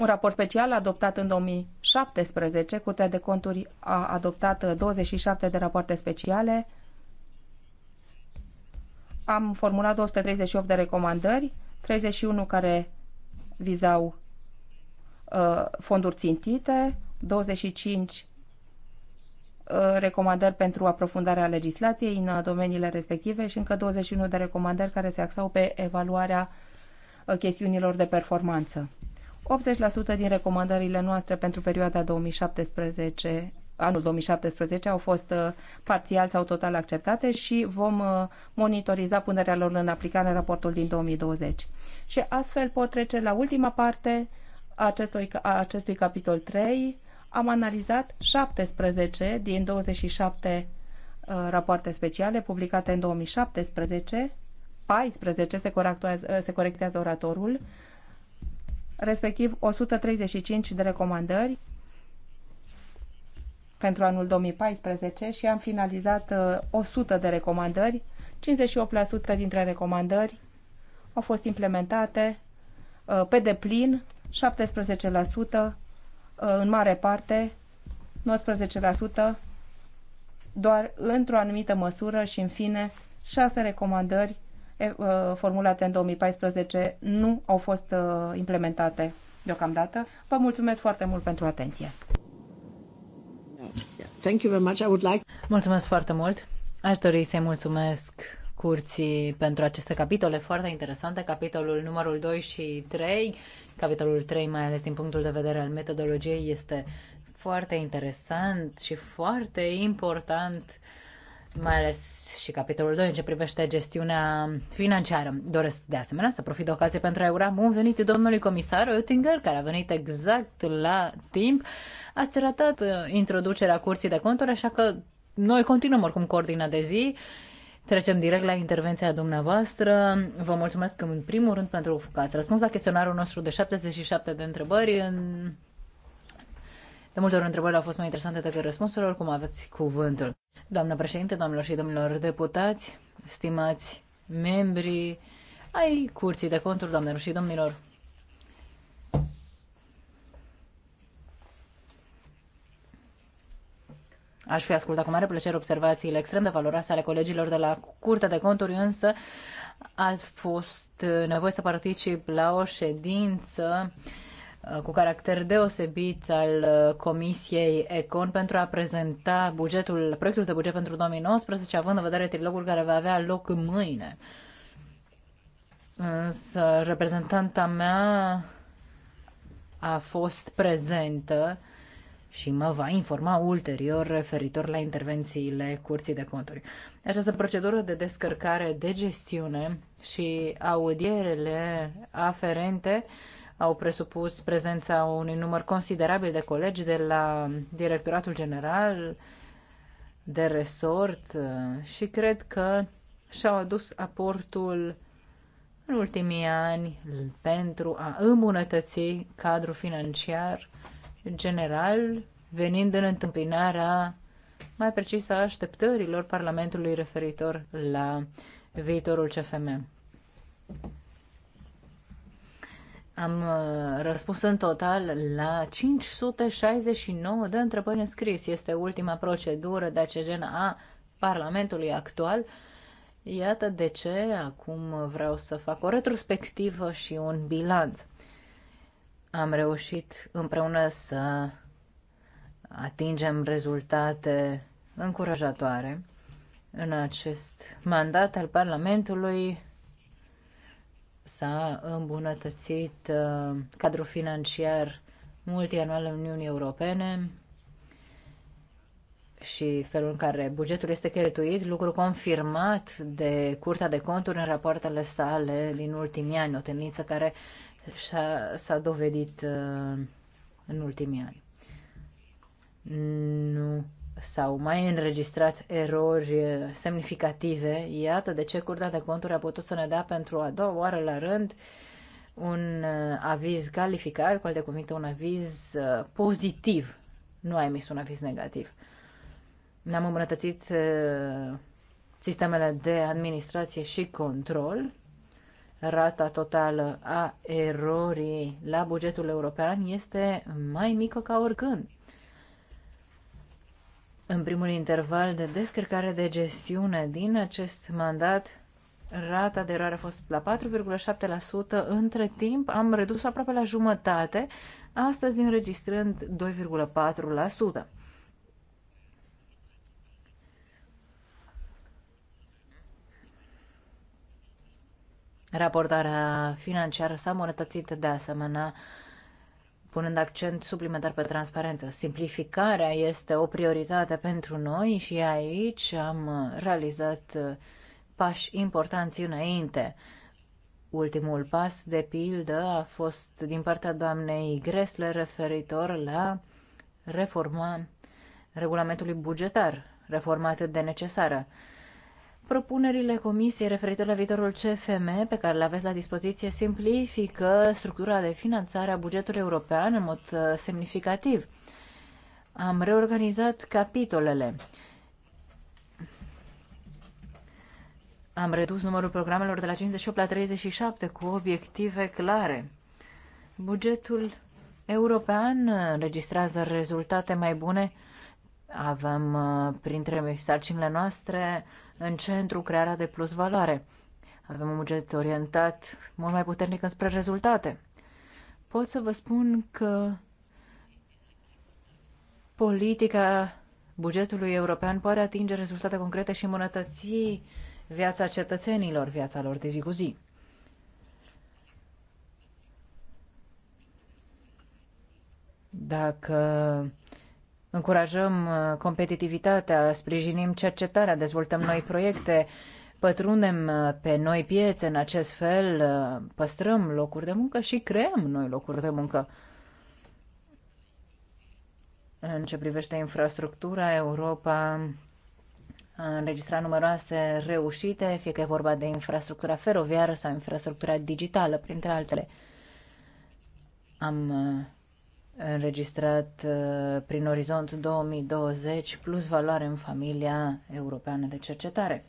un raport special adoptat în 2017. Curtea de Conturi a adoptat 27 uh, de rapoarte speciale. Am formulat 238 de recomandări, 31 care vizau uh, fonduri țintite, 25 uh, recomandări pentru aprofundarea legislației în domeniile respective și încă 21 de recomandări care se axau pe evaluarea uh, chestiunilor de performanță. 80% din recomandările noastre pentru perioada 2017 anul 2017 au fost uh, parțial sau total acceptate și vom uh, monitoriza punerea lor în aplicare în raportul din 2020. Și astfel pot trece la ultima parte a acestui, a acestui capitol 3. Am analizat 17 din 27 uh, rapoarte speciale publicate în 2017, 14 se corectează, se corectează oratorul, respectiv 135 de recomandări pentru anul 2014 și am finalizat 100 uh, de recomandări. 58% dintre recomandări au fost implementate uh, pe deplin, 17% uh, în mare parte, 19% doar într-o anumită măsură și, în fine, 6 recomandări formulate în 2014 nu au fost implementate deocamdată. Vă mulțumesc foarte mult pentru atenție! Thank you very much. I would like... Mulțumesc foarte mult. Aș dori să-i mulțumesc curții pentru aceste capitole foarte interesante, capitolul numărul 2 și 3. Capitolul 3, mai ales din punctul de vedere al metodologiei, este foarte interesant și foarte important, mai ales și capitolul 2 în ce privește gestiunea financiară. Doresc de asemenea să profit de ocazie pentru a ura bun venit domnului comisar Oettinger, care a venit exact la timp. Ați ratat uh, introducerea curții de conturi, așa că noi continuăm oricum cu ordinea de zi. Trecem direct la intervenția dumneavoastră. Vă mulțumesc în primul rând pentru că ați răspuns la chestionarul nostru de 77 de întrebări. În... De multe ori întrebările au fost mai interesante decât răspunsurile, oricum aveți cuvântul. Doamna președinte, doamnelor și domnilor deputați, stimați membri ai Curții de Conturi, doamnelor și domnilor, Aș fi ascultat cu mare plăcere observațiile extrem de valoroase ale colegilor de la Curtea de Conturi, însă a fost nevoie să particip la o ședință uh, cu caracter deosebit al uh, Comisiei Econ pentru a prezenta bugetul, proiectul de buget pentru 2019, având în vedere trilogul care va avea loc mâine. Însă reprezentanta mea a fost prezentă și mă va informa ulterior referitor la intervențiile Curții de Conturi. Această procedură de descărcare de gestiune și audierele aferente au presupus prezența unui număr considerabil de colegi de la Directoratul General de resort și cred că și-au adus aportul în ultimii ani pentru a îmbunătăți cadrul financiar general, venind în întâmpinarea mai precisă a așteptărilor Parlamentului referitor la viitorul CFM. Am uh, răspuns în total la 569 de întrebări înscris. Este ultima procedură de acest gen a Parlamentului actual. Iată de ce acum vreau să fac o retrospectivă și un bilanț am reușit împreună să atingem rezultate încurajatoare în acest mandat al Parlamentului s-a îmbunătățit uh, cadrul financiar multianual în Uniunii Europene și felul în care bugetul este cheltuit, lucru confirmat de Curtea de Conturi în rapoartele sale din ultimii ani, o tendință care uh, s-a dovedit uh, în ultimii ani. Nu s-au mai înregistrat erori uh, semnificative. Iată de ce Curtea de Conturi a putut să ne dea pentru a doua oară la rând un uh, aviz calificat, cu alte cuvinte, un aviz pozitiv. Nu a emis un aviz negativ. Ne-am îmbunătățit sistemele de administrație și control rata totală a erorii la bugetul european este mai mică ca oricând. În primul interval de descărcare de gestiune din acest mandat, rata de eroare a fost la 4,7%, între timp am redus aproape la jumătate, astăzi înregistrând 2,4%. Raportarea financiară s-a monetățit de asemenea punând accent suplimentar pe transparență. Simplificarea este o prioritate pentru noi și aici am realizat pași importanți înainte. Ultimul pas, de pildă, a fost din partea doamnei Gresle referitor la reforma regulamentului bugetar, reformată de necesară. Propunerile Comisiei referitor la viitorul CFM pe care le aveți la dispoziție simplifică structura de finanțare a bugetului european în mod uh, semnificativ. Am reorganizat capitolele. Am redus numărul programelor de la 58 la 37 cu obiective clare. Bugetul european uh, registrează rezultate mai bune. Avem uh, printre sarcinile noastre în centru crearea de plus valoare. Avem un buget orientat mult mai puternic înspre rezultate. Pot să vă spun că politica bugetului european poate atinge rezultate concrete și îmbunătăți viața cetățenilor, viața lor de zi cu zi. Dacă încurajăm uh, competitivitatea, sprijinim cercetarea, dezvoltăm noi proiecte, pătrundem uh, pe noi piețe în acest fel, uh, păstrăm locuri de muncă și creăm noi locuri de muncă. În ce privește infrastructura, Europa a înregistrat numeroase reușite, fie că e vorba de infrastructura feroviară sau infrastructura digitală, printre altele. Am înregistrat uh, prin Orizont 2020 plus valoare în familia europeană de cercetare.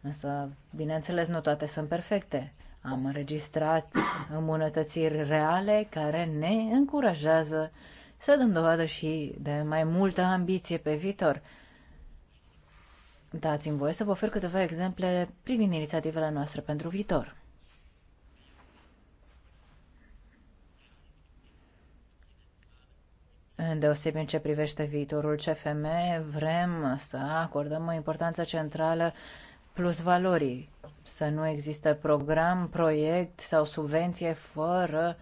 Însă, bineînțeles, nu toate sunt perfecte. Am înregistrat îmbunătățiri reale care ne încurajează să dăm dovadă și de mai multă ambiție pe viitor. Dați-mi voie să vă ofer câteva exemple privind inițiativele noastre pentru viitor. Îndeosebi în ce privește viitorul CFM, vrem să acordăm o importanță centrală plus valorii, să nu există program, proiect sau subvenție fără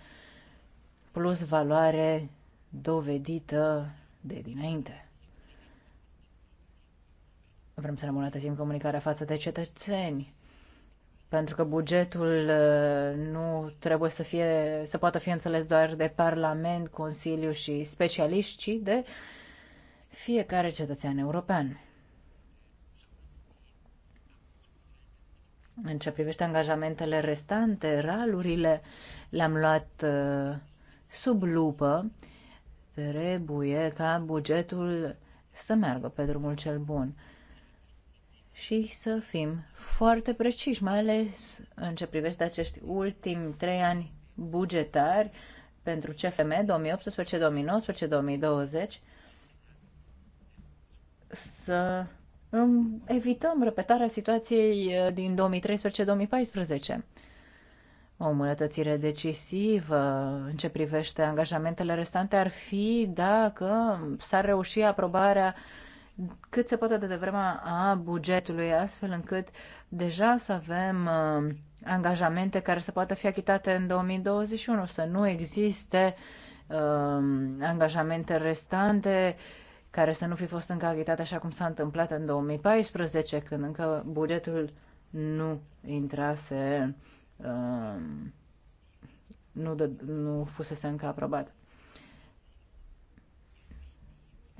plus valoare dovedită de dinainte. Vrem să ne îmbunătățim comunicarea față de cetățeni, pentru că bugetul uh, nu trebuie să, fie, să poată fi înțeles doar de Parlament, Consiliu și specialiști, ci de fiecare cetățean european. În ce privește angajamentele restante, ralurile, le-am luat uh, sub lupă. Trebuie ca bugetul să meargă pe drumul cel bun și să fim foarte preciși, mai ales în ce privește acești ultimi trei ani bugetari pentru CFM 2018, 2019, 2020 să evităm repetarea situației uh, din 2013-2014. O îmbunătățire decisivă în ce privește angajamentele restante ar fi dacă s-ar reuși aprobarea uh, cât se poate de devreme a bugetului, astfel încât deja să avem uh, angajamente care să poată fi achitate în 2021, să nu existe uh, angajamente restante care să nu fi fost încă achitate așa cum s-a întâmplat în 2014, când încă bugetul nu intrase, uh, nu, de, nu fusese încă aprobat.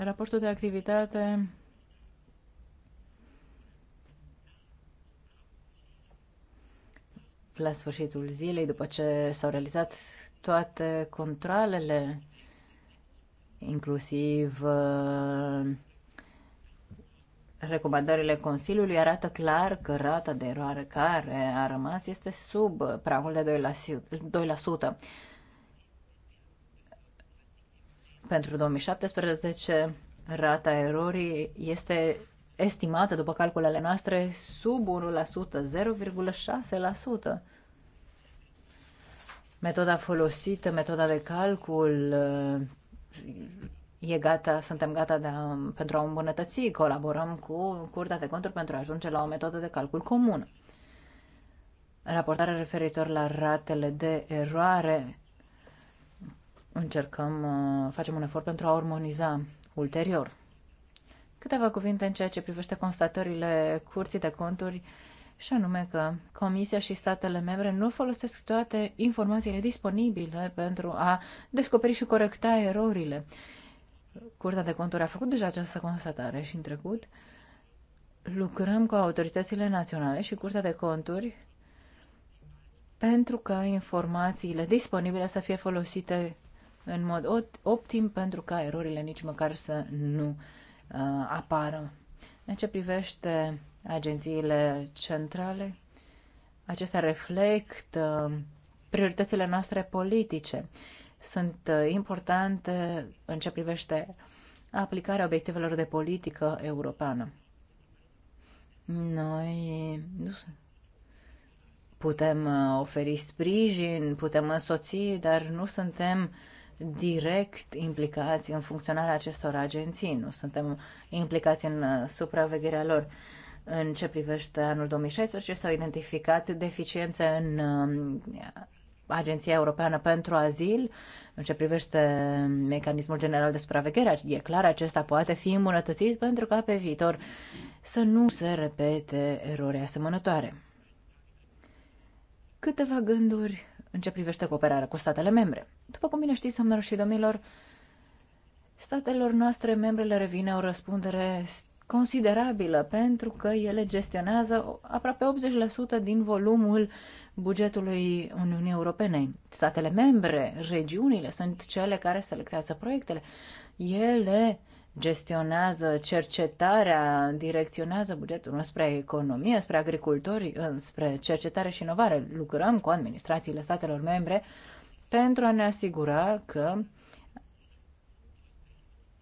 Raportul de activitate la sfârșitul zilei, după ce s-au realizat toate controlele, inclusiv uh, recomandările Consiliului arată clar că rata de eroare care a rămas este sub pragul de 2%. Pentru 2017, rata erorii este estimată, după calculele noastre, sub 1%, 0,6%. Metoda folosită, metoda de calcul, e gata, suntem gata de a, pentru a îmbunătăți, colaborăm cu Curtea de Conturi pentru a ajunge la o metodă de calcul comună. Raportarea referitor la ratele de eroare încercăm, uh, facem un efort pentru a armoniza ulterior. Câteva cuvinte în ceea ce privește constatările Curții de Conturi, și anume că Comisia și statele membre nu folosesc toate informațiile disponibile pentru a descoperi și corecta erorile. Curtea de Conturi a făcut deja această constatare și în trecut. Lucrăm cu autoritățile naționale și Curtea de Conturi pentru ca informațiile disponibile să fie folosite în mod optim pentru ca erorile nici măcar să nu uh, apară. În ce privește agențiile centrale, acestea reflectă uh, prioritățile noastre politice. Sunt uh, importante în ce privește aplicarea obiectivelor de politică europeană. Noi putem uh, oferi sprijin, putem însoți, dar nu suntem direct implicați în funcționarea acestor agenții, nu suntem implicați în uh, supravegherea lor. În ce privește anul 2016 s-au identificat deficiențe în um, Agenția Europeană pentru Azil, în ce privește mecanismul general de supraveghere, e clar, acesta poate fi îmbunătățit pentru ca pe viitor să nu se repete erori asemănătoare. Câteva gânduri în ce privește cooperarea cu statele membre. După cum bine știți, doamnelor și domnilor, statelor noastre membre le revine o răspundere considerabilă pentru că ele gestionează aproape 80% din volumul bugetului Uniunii Europene. Statele membre, regiunile sunt cele care selectează proiectele. Ele gestionează cercetarea, direcționează bugetul spre economie, spre agricultori, uh, spre cercetare și inovare. Lucrăm cu administrațiile statelor membre pentru a ne asigura că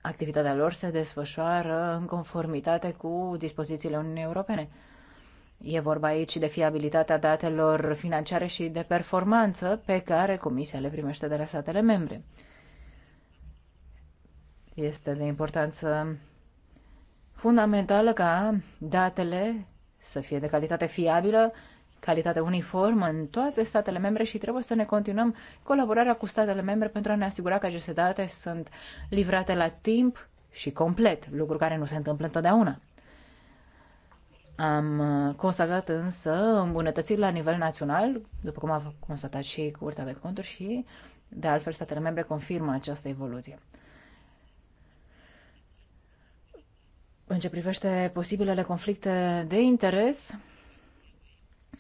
activitatea lor se desfășoară în conformitate cu dispozițiile Uniunii Europene. E vorba aici de fiabilitatea datelor financiare și de performanță pe care Comisia le primește de la statele membre. Este de importanță fundamentală ca datele să fie de calitate fiabilă, calitate uniformă în toate statele membre și trebuie să ne continuăm colaborarea cu statele membre pentru a ne asigura că aceste date sunt livrate la timp și complet, lucru care nu se întâmplă întotdeauna. Am constatat însă îmbunătățiri la nivel național, după cum a constatat și Curtea de Conturi și, de altfel, statele membre confirmă această evoluție. În ce privește posibilele conflicte de interes,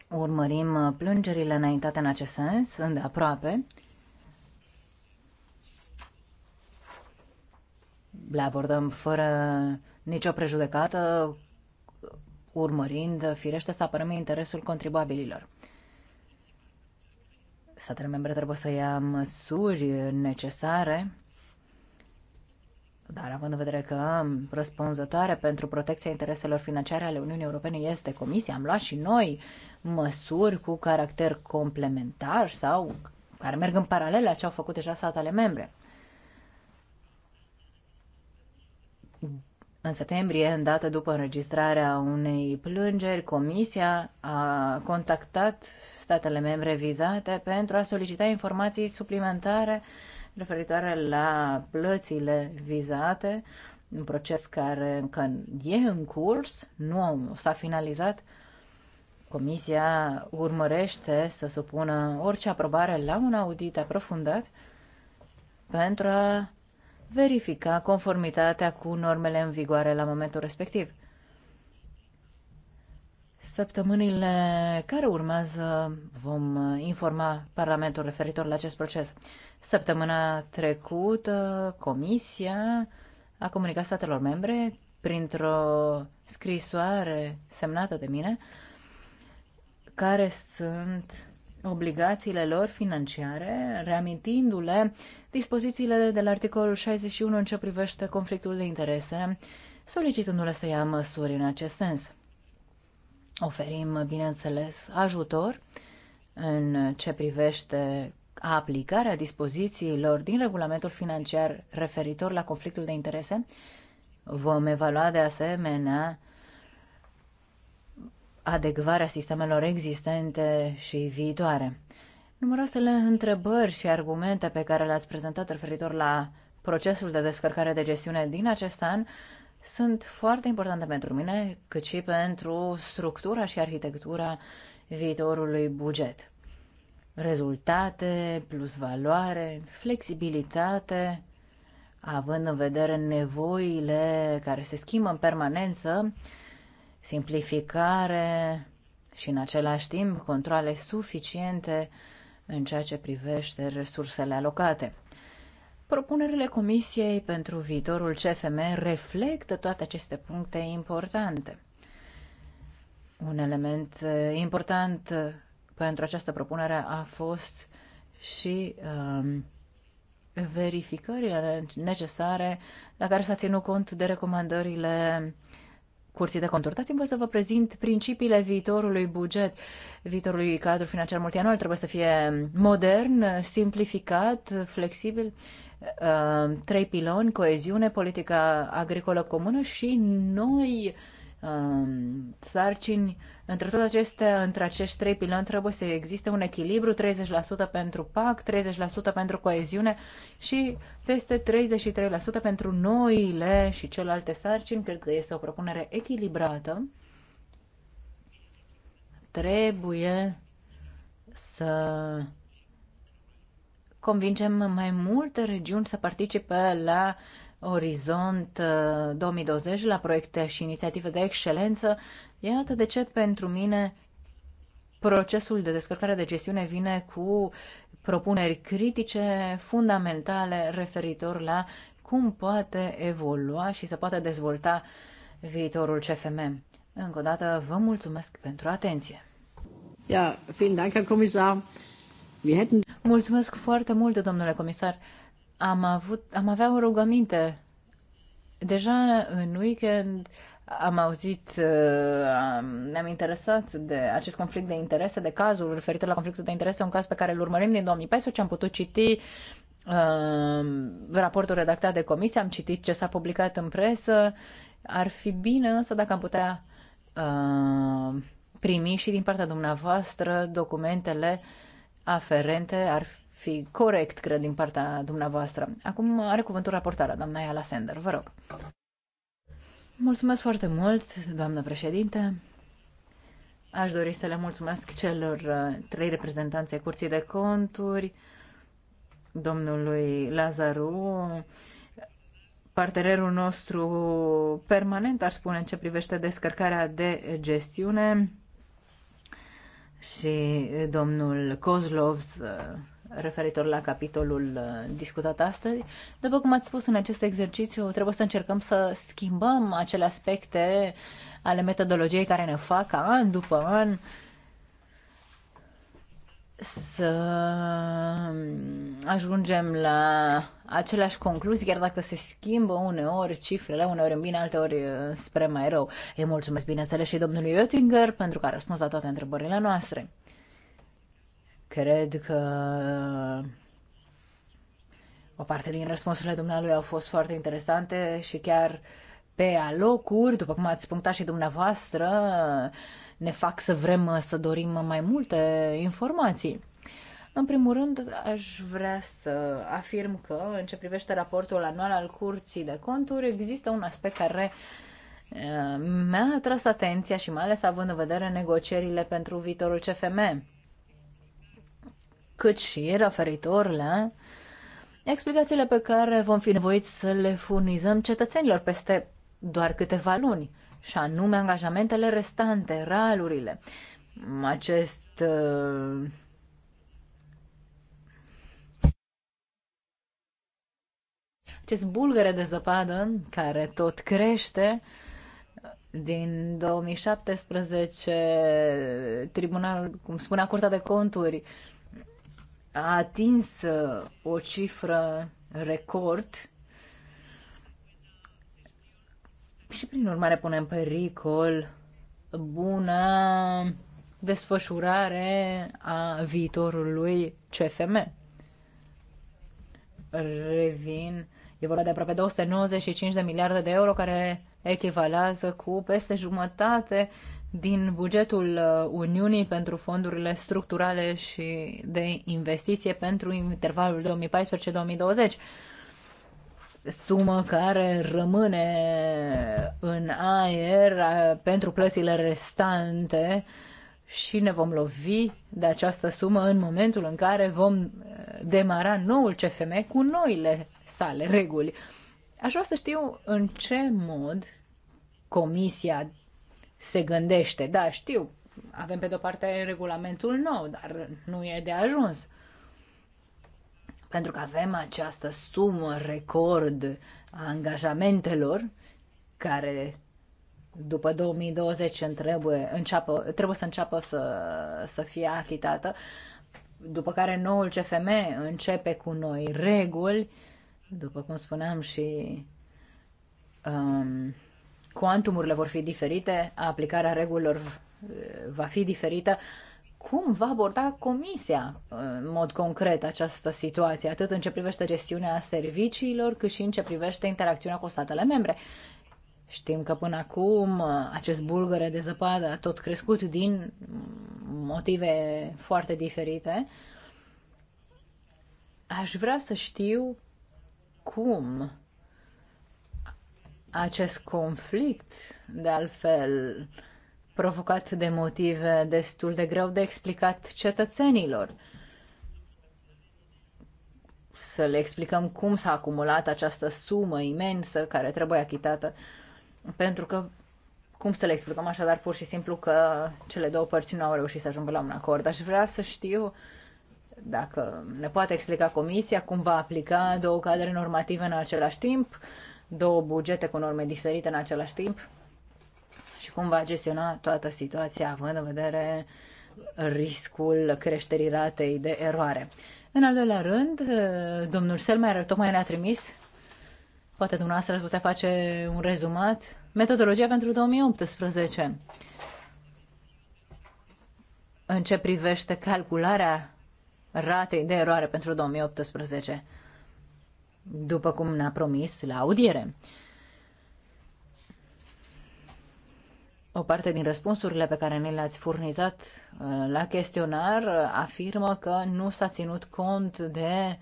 urmărim plângerile înaintate în acest sens, îndeaproape. Le abordăm fără nicio prejudecată, urmărind, firește, să apărăm interesul contribuabililor. Statele membre trebuie să ia măsuri necesare dar având în vedere că răspunzătoare pentru protecția intereselor financiare ale Uniunii Europene este Comisia, am luat și noi măsuri cu caracter complementar sau care merg în paralel la ce au făcut deja statele membre. În septembrie, în dată după înregistrarea unei plângeri, Comisia a contactat statele membre vizate pentru a solicita informații suplimentare uh, referitoare la plățile vizate, un proces care încă e în curs, nu s-a finalizat. Comisia urmărește să supună orice aprobare la un audit aprofundat pentru a verifica conformitatea cu normele în vigoare la momentul respectiv. Săptămânile care urmează vom informa Parlamentul referitor la acest proces. Săptămâna trecută, Comisia a comunicat statelor membre printr-o scrisoare semnată de mine care sunt obligațiile lor financiare, reamintindu-le dispozițiile de la articolul 61 în ce privește conflictul de interese, solicitându-le să ia măsuri în acest sens. Oferim, bineînțeles, ajutor în ce privește aplicarea dispozițiilor din regulamentul financiar referitor la conflictul de interese. Vom evalua de asemenea adecvarea sistemelor existente și viitoare. Numeroasele întrebări și argumente pe care le-ați prezentat referitor la procesul de descărcare de gestiune din acest an sunt foarte importante pentru mine, cât și pentru structura și arhitectura viitorului buget. Rezultate, plus valoare, flexibilitate, având în vedere nevoile care se schimbă în permanență, simplificare și în același timp controle suficiente în ceea ce privește resursele alocate. Propunerile Comisiei pentru viitorul CFM reflectă toate aceste puncte importante. Un element eh, important eh, pentru această propunere a fost și um, verificările necesare la care s-a ținut cont de recomandările Curții de Conturi. Dați-mi să vă prezint principiile viitorului buget, viitorului cadru financiar multianual. Trebuie să fie modern, simplificat, flexibil Ehm, trei piloni, coeziune, politica agricolă comună și noi ehm, sarcini. Între toate acestea, între acești trei piloni trebuie să existe un echilibru, 30% pentru PAC, 30% pentru coeziune și peste 33% pentru noile și celelalte sarcini. Cred că este o propunere echilibrată. Trebuie să convingem mai multe regiuni să participe la Orizont 2020, uh, la proiecte și inițiative de excelență. Iată de ce pentru mine procesul de descărcare de gestiune vine cu propuneri critice fundamentale referitor la cum poate evolua și se poate dezvolta viitorul CFM. Încă o dată vă mulțumesc pentru atenție. Ja, vielen Dank, Herr Kommissar. Mulțumesc foarte mult, domnule comisar. Am, avut, am avea o rugăminte. Deja în weekend am auzit, uh, ne-am interesat de acest conflict de interese, de cazul referitor la conflictul de interese, un caz pe care îl urmărim din 2014, am putut citi um, raportul redactat de comisie, am citit ce s-a publicat în presă. Ar fi bine însă dacă am putea uh, primi și din partea dumneavoastră documentele uh, aferente ar fi corect, cred, din partea dumneavoastră. Acum are cuvântul raportarea, doamna Iala Sender, vă rog. Mulțumesc foarte mult, doamnă președinte. Aș dori să le mulțumesc celor uh, trei reprezentanți ai Curții de Conturi, domnului Lazaru, partenerul nostru permanent, ar spune, în ce privește descărcarea de gestiune și eh, domnul Kozlov eh, referitor la capitolul eh, discutat astăzi. După cum ați spus, în acest exercițiu trebuie să încercăm să schimbăm acele aspecte ale metodologiei care ne fac an după an uh, să ajungem la aceleași concluzii, chiar dacă se schimbă uneori cifrele, uneori în bine, alteori uh, spre mai rău. Îi mulțumesc, bineînțeles, și domnului Oettinger pentru că a răspuns la toate întrebările noastre. Cred că o parte din răspunsurile dumnealui au fost foarte interesante și chiar pe alocuri, după cum ați punctat și dumneavoastră, ne fac să vrem uh, să dorim mai multe informații. În primul rând, aș vrea să afirm că, în ce privește raportul anual al Curții de Conturi, există un aspect care uh, mi-a atras atenția și mai ales având în vedere negocierile pentru viitorul CFM, cât și referitor la explicațiile pe care vom fi nevoiți să le furnizăm cetățenilor peste doar câteva luni și anume angajamentele restante, ralurile. Acest uh, acest bulgăre de zăpadă care tot crește. Din 2017, tribunal cum spunea Curtea de Conturi, a atins uh, o cifră record și prin urmare punem pericol bună desfășurare a viitorului CFM. Revin, e vorba de aproape 295 de miliarde de euro care echivalează cu peste jumătate din bugetul uh, Uniunii pentru fondurile structurale și de investiție pentru intervalul 2014-2020 sumă care rămâne în aer pentru plățile restante și ne vom lovi de această sumă în momentul în care vom demara noul CFM cu noile sale reguli. Aș vrea să știu în ce mod comisia se gândește. Da, știu, avem pe de-o parte regulamentul nou, dar nu e de ajuns pentru că avem această sumă record a angajamentelor care după 2020 trebuie, înceapă, trebuie să înceapă să, să fie achitată, după care noul CFM începe cu noi reguli, după cum spuneam și um, cuantumurile vor fi diferite, aplicarea regulilor uh, va fi diferită, cum va aborda Comisia în mod concret această situație, atât în ce privește gestiunea serviciilor, cât și în ce privește interacțiunea cu statele membre. Știm că până acum uh, acest bulgăre de zăpadă a tot crescut din motive foarte diferite. Aș vrea să știu cum acest conflict, de altfel, provocat de motive destul de greu de explicat cetățenilor. Să le explicăm cum s-a acumulat această sumă imensă care trebuie achitată, pentru că cum să le explicăm așadar pur și simplu că cele două părți nu au reușit să ajungă la un acord. Aș vrea să știu dacă ne poate explica comisia cum va aplica două cadre normative în același timp, două bugete cu norme diferite în același timp și cum va gestiona toată situația, având în vedere riscul creșterii ratei de eroare. În al doilea rând, domnul Selmer tocmai ne-a trimis, poate dumneavoastră ați putea face un rezumat, metodologia pentru 2018. În ce privește calcularea ratei de eroare pentru 2018, după cum ne-a promis la audiere. O parte din răspunsurile pe care ne le-ați furnizat uh, la chestionar uh, afirmă că nu s-a ținut cont de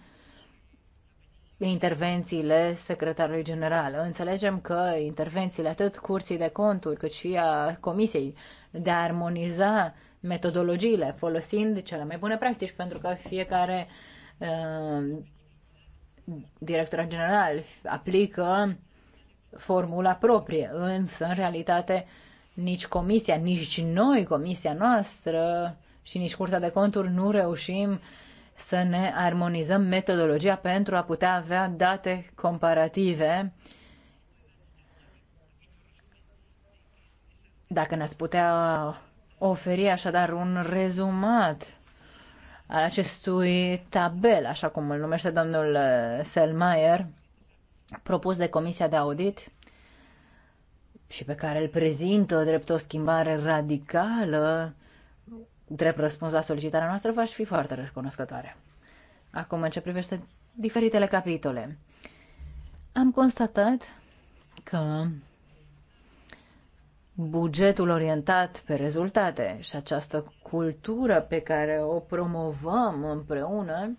intervențiile secretarului general. Înțelegem că intervențiile atât curții de conturi cât și a comisiei de a armoniza metodologiile folosind cele mai bune practici pentru că fiecare uh, director general aplică formula proprie, însă în realitate uh, nici comisia, nici noi, comisia noastră și nici Curtea de Conturi nu reușim să ne armonizăm metodologia pentru a putea avea date comparative. Dacă ne-ați putea oferi așadar un rezumat al acestui tabel, așa cum îl numește domnul Selmayr, propus de Comisia de Audit, și pe care îl prezintă drept o schimbare radicală, drept răspuns la solicitarea noastră, v-aș fi foarte recunoscătoare. Acum, în ce privește diferitele capitole, am constatat că bugetul orientat pe rezultate și această cultură pe care o promovăm împreună,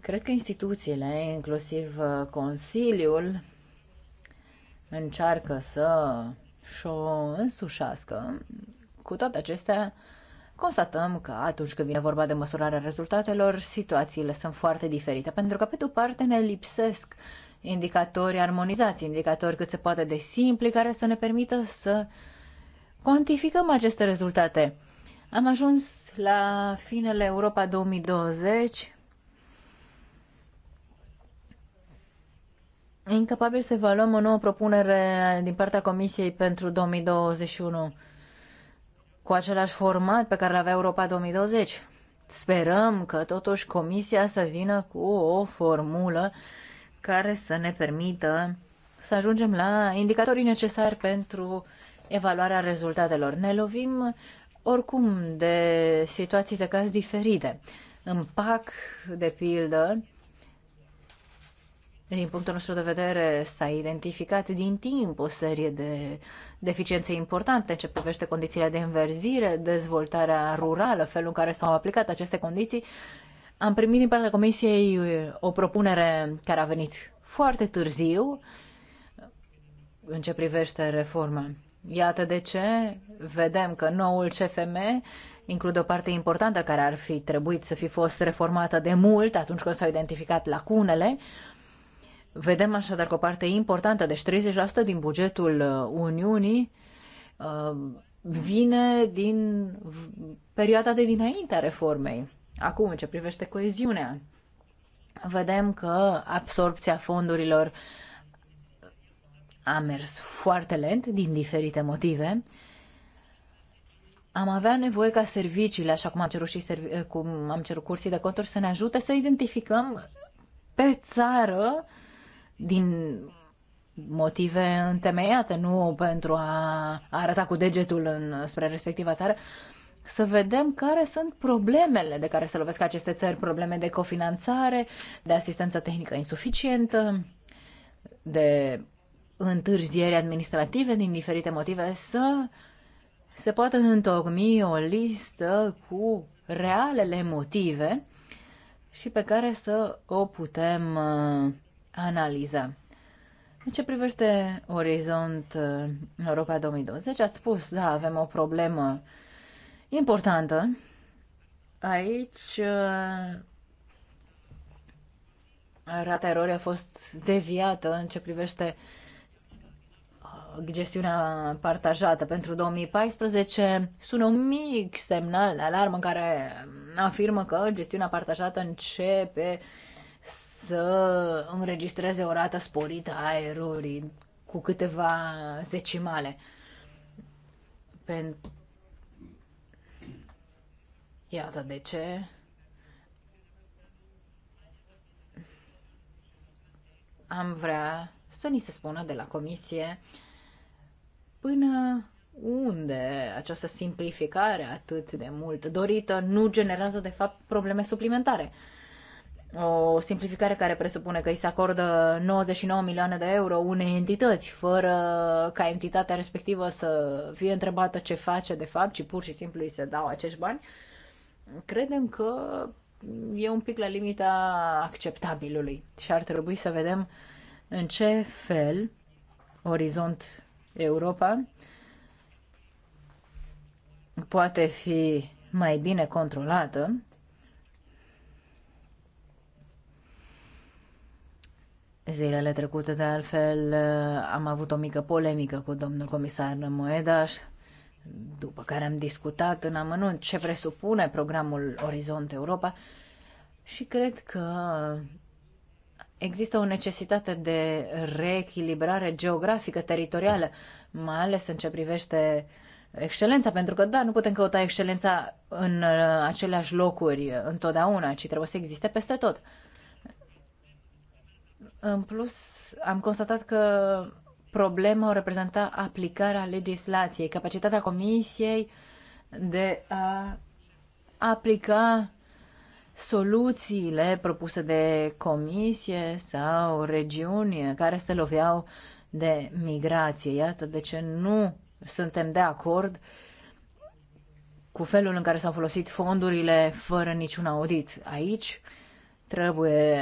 cred că instituțiile, inclusiv uh, Consiliul, încearcă să și-o însușească. Cu toate acestea, constatăm că atunci când vine vorba de măsurarea rezultatelor, situațiile sunt foarte diferite, pentru că, pe de-o parte, ne lipsesc indicatori armonizați, indicatori cât se poate de simpli, care să ne permită să cuantificăm aceste rezultate. Am ajuns la finele Europa 2020 incapabil să evaluăm o nouă propunere din partea Comisiei pentru 2021 cu același format pe care l avea Europa 2020. Sperăm că totuși Comisia să vină cu o formulă care să ne permită să ajungem la indicatorii necesari pentru evaluarea rezultatelor. Ne lovim oricum de situații de caz diferite. În PAC, de pildă, din punctul nostru de vedere, s-a identificat din timp o serie de deficiențe importante în ce privește condițiile de înverzire, dezvoltarea rurală, felul în care s-au aplicat aceste condiții. Am primit din partea Comisiei o propunere care a venit foarte târziu în ce privește reforma. Iată de ce vedem că noul CFM include o parte importantă care ar fi trebuit să fi fost reformată de mult atunci când s-au identificat lacunele, Vedem așadar că o parte importantă, deci 30% din bugetul uh, Uniunii, uh, vine din perioada de a reformei. Acum, în ce privește coeziunea, vedem că absorpția fondurilor a mers foarte lent din diferite motive. Am avea nevoie ca serviciile, așa cum am cerut, și servi- cum am cerut cursii de conturi, să ne ajute să identificăm pe țară uh, din motive întemeiate, nu pentru a arăta cu degetul în, spre respectiva țară, să vedem care sunt problemele de care se lovesc aceste țări, probleme de cofinanțare, de asistență tehnică insuficientă, de întârzieri administrative din diferite motive, să se poată întocmi o listă cu realele motive și pe care să o putem uh, analiză. În ce privește Orizont uh, Europa 2020, ați spus, da, avem o problemă importantă. Aici uh, rata erorii a fost deviată în ce privește uh, gestiunea partajată pentru 2014 sună un mic semnal de alarmă care afirmă că gestiunea partajată începe să înregistreze o rată sporită a erorii cu câteva zecimale. Pentru Iată de ce. Am vrea să ni se spună de la comisie până unde această simplificare atât de mult dorită nu generează de fapt probleme suplimentare o simplificare care presupune că îi se acordă 99 milioane de euro unei entități, fără ca entitatea respectivă să fie întrebată ce face de fapt, ci pur și simplu îi se dau acești bani, credem că e un pic la limita acceptabilului și ar trebui să vedem în ce fel Orizont Europa poate fi mai bine controlată Zilele trecute, de altfel, uh, am avut o mică polemică cu domnul comisar Moedas, după care am discutat în amănunt ce presupune programul Orizont Europa și cred că există o necesitate de reechilibrare geografică, teritorială, mai ales în ce privește excelența, pentru că, da, nu putem căuta excelența în uh, aceleași locuri întotdeauna, ci trebuie să existe peste tot. În plus, am constatat că problema o reprezenta aplicarea legislației, capacitatea comisiei de a aplica soluțiile propuse de comisie sau regiuni care se loveau de migrație. Iată de ce nu suntem de acord cu felul în care s-au folosit fondurile fără niciun audit. Aici trebuie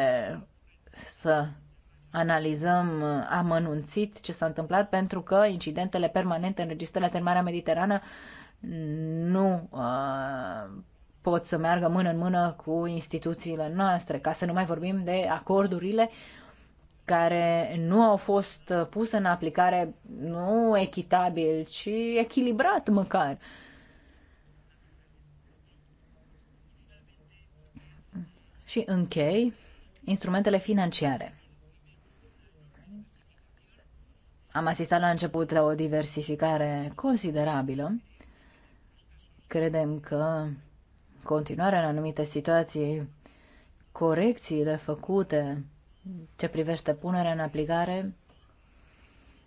să analizăm uh, amănunțit ce s-a întâmplat, pentru că incidentele permanente înregistrate în Marea Mediterană nu uh, pot să meargă mână în mână cu instituțiile noastre, ca să nu mai vorbim de acordurile care nu au fost uh, puse în aplicare nu echitabil, ci echilibrat măcar. Și închei instrumentele financiare. Am asistat la început la o diversificare considerabilă. Credem că continuarea în anumite situații, corecțiile făcute ce privește punerea în aplicare,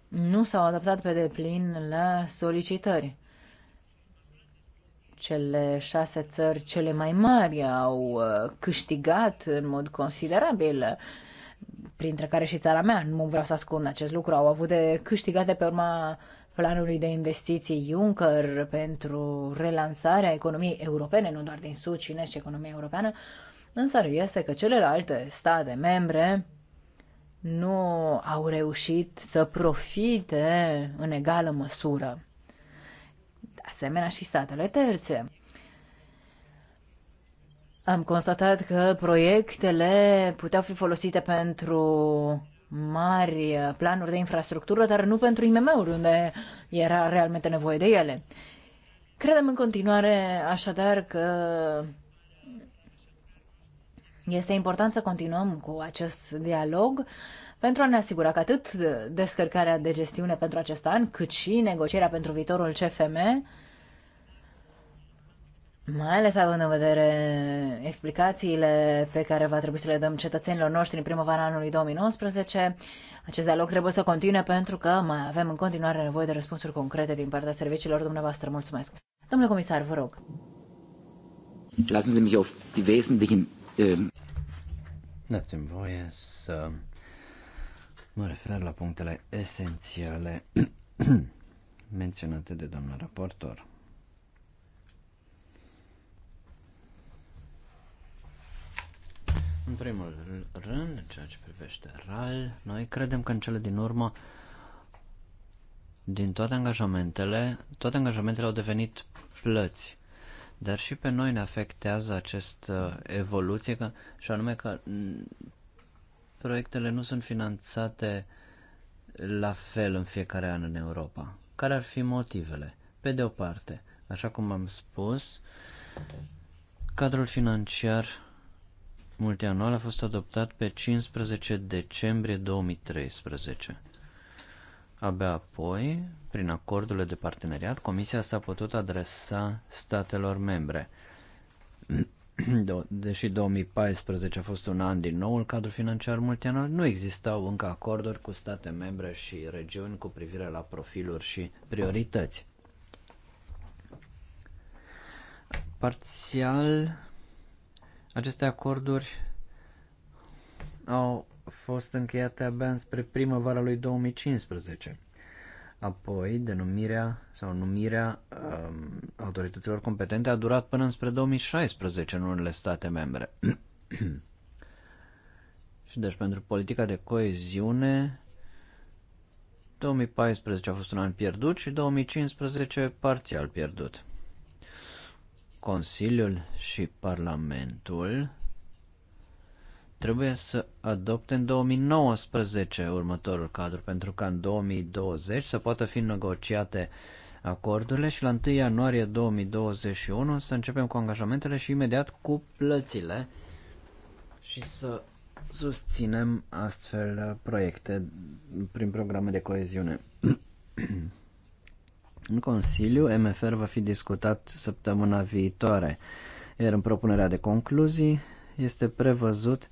nu s-au adaptat pe deplin la solicitări. Cele șase țări cele mai mari au uh, câștigat în mod considerabil, uh, printre care și țara mea. Nu vreau să ascund acest lucru. Au avut de câștigate pe urma planului de investiții Juncker pentru relansarea economiei europene, nu doar din Sud, ci și economia europeană, însă este că celelalte state membre nu au reușit să profite în egală măsură asemenea și statele terțe. Am constatat că proiectele puteau fi folosite pentru mari planuri de infrastructură, dar nu pentru IMM-uri, unde era realmente nevoie de ele. Credem în continuare, așadar, că este important să continuăm cu acest dialog pentru a ne asigura că atât descărcarea de gestiune pentru acest an, cât și negocierea pentru viitorul CFM, mai ales având în vedere explicațiile pe care va trebui să le dăm cetățenilor noștri în primăvara anului 2019, acest dialog trebuie să continue pentru că mai avem în continuare nevoie de răspunsuri concrete din partea serviciilor dumneavoastră. Mulțumesc. Domnule comisar, vă rog. Lăsați-mi mich auf die äh, Dați-mi voie să Mă refer la punctele esențiale [clears throat] menționate de doamna raportor. În primul rând, în ceea ce privește RAL, noi credem că în cele din urmă, din toate angajamentele, toate angajamentele au devenit plăți. Dar și pe noi ne afectează această evoluție, că, și anume că proiectele nu sunt finanțate la fel în fiecare an în Europa. Care ar fi motivele? Pe de o parte, așa cum am spus, cadrul financiar multianual a fost adoptat pe 15 decembrie 2013. Abia apoi, prin acordurile de parteneriat, Comisia s-a putut adresa statelor membre. [clears throat] deși 2014 a fost un an din noul cadru financiar multianual, nu existau încă acorduri cu state membre și regiuni cu privire la profiluri și priorități. Parțial, aceste acorduri au fost încheiate abia spre primăvara lui 2015. Apoi, denumirea sau numirea um, autorităților competente a durat până înspre 2016 în unele state membre. [clears throat] și deci pentru politica de coeziune, 2014 a fost un an pierdut și 2015 parțial pierdut. Consiliul și Parlamentul trebuie să adopte în 2019 următorul cadru, pentru ca în 2020 să poată fi negociate acordurile și la 1 ianuarie 2021 să începem cu angajamentele și imediat cu plățile și să susținem astfel proiecte prin programe de coeziune. [clears throat] în Consiliu, MFR va fi discutat săptămâna viitoare, iar în propunerea de concluzii este prevăzut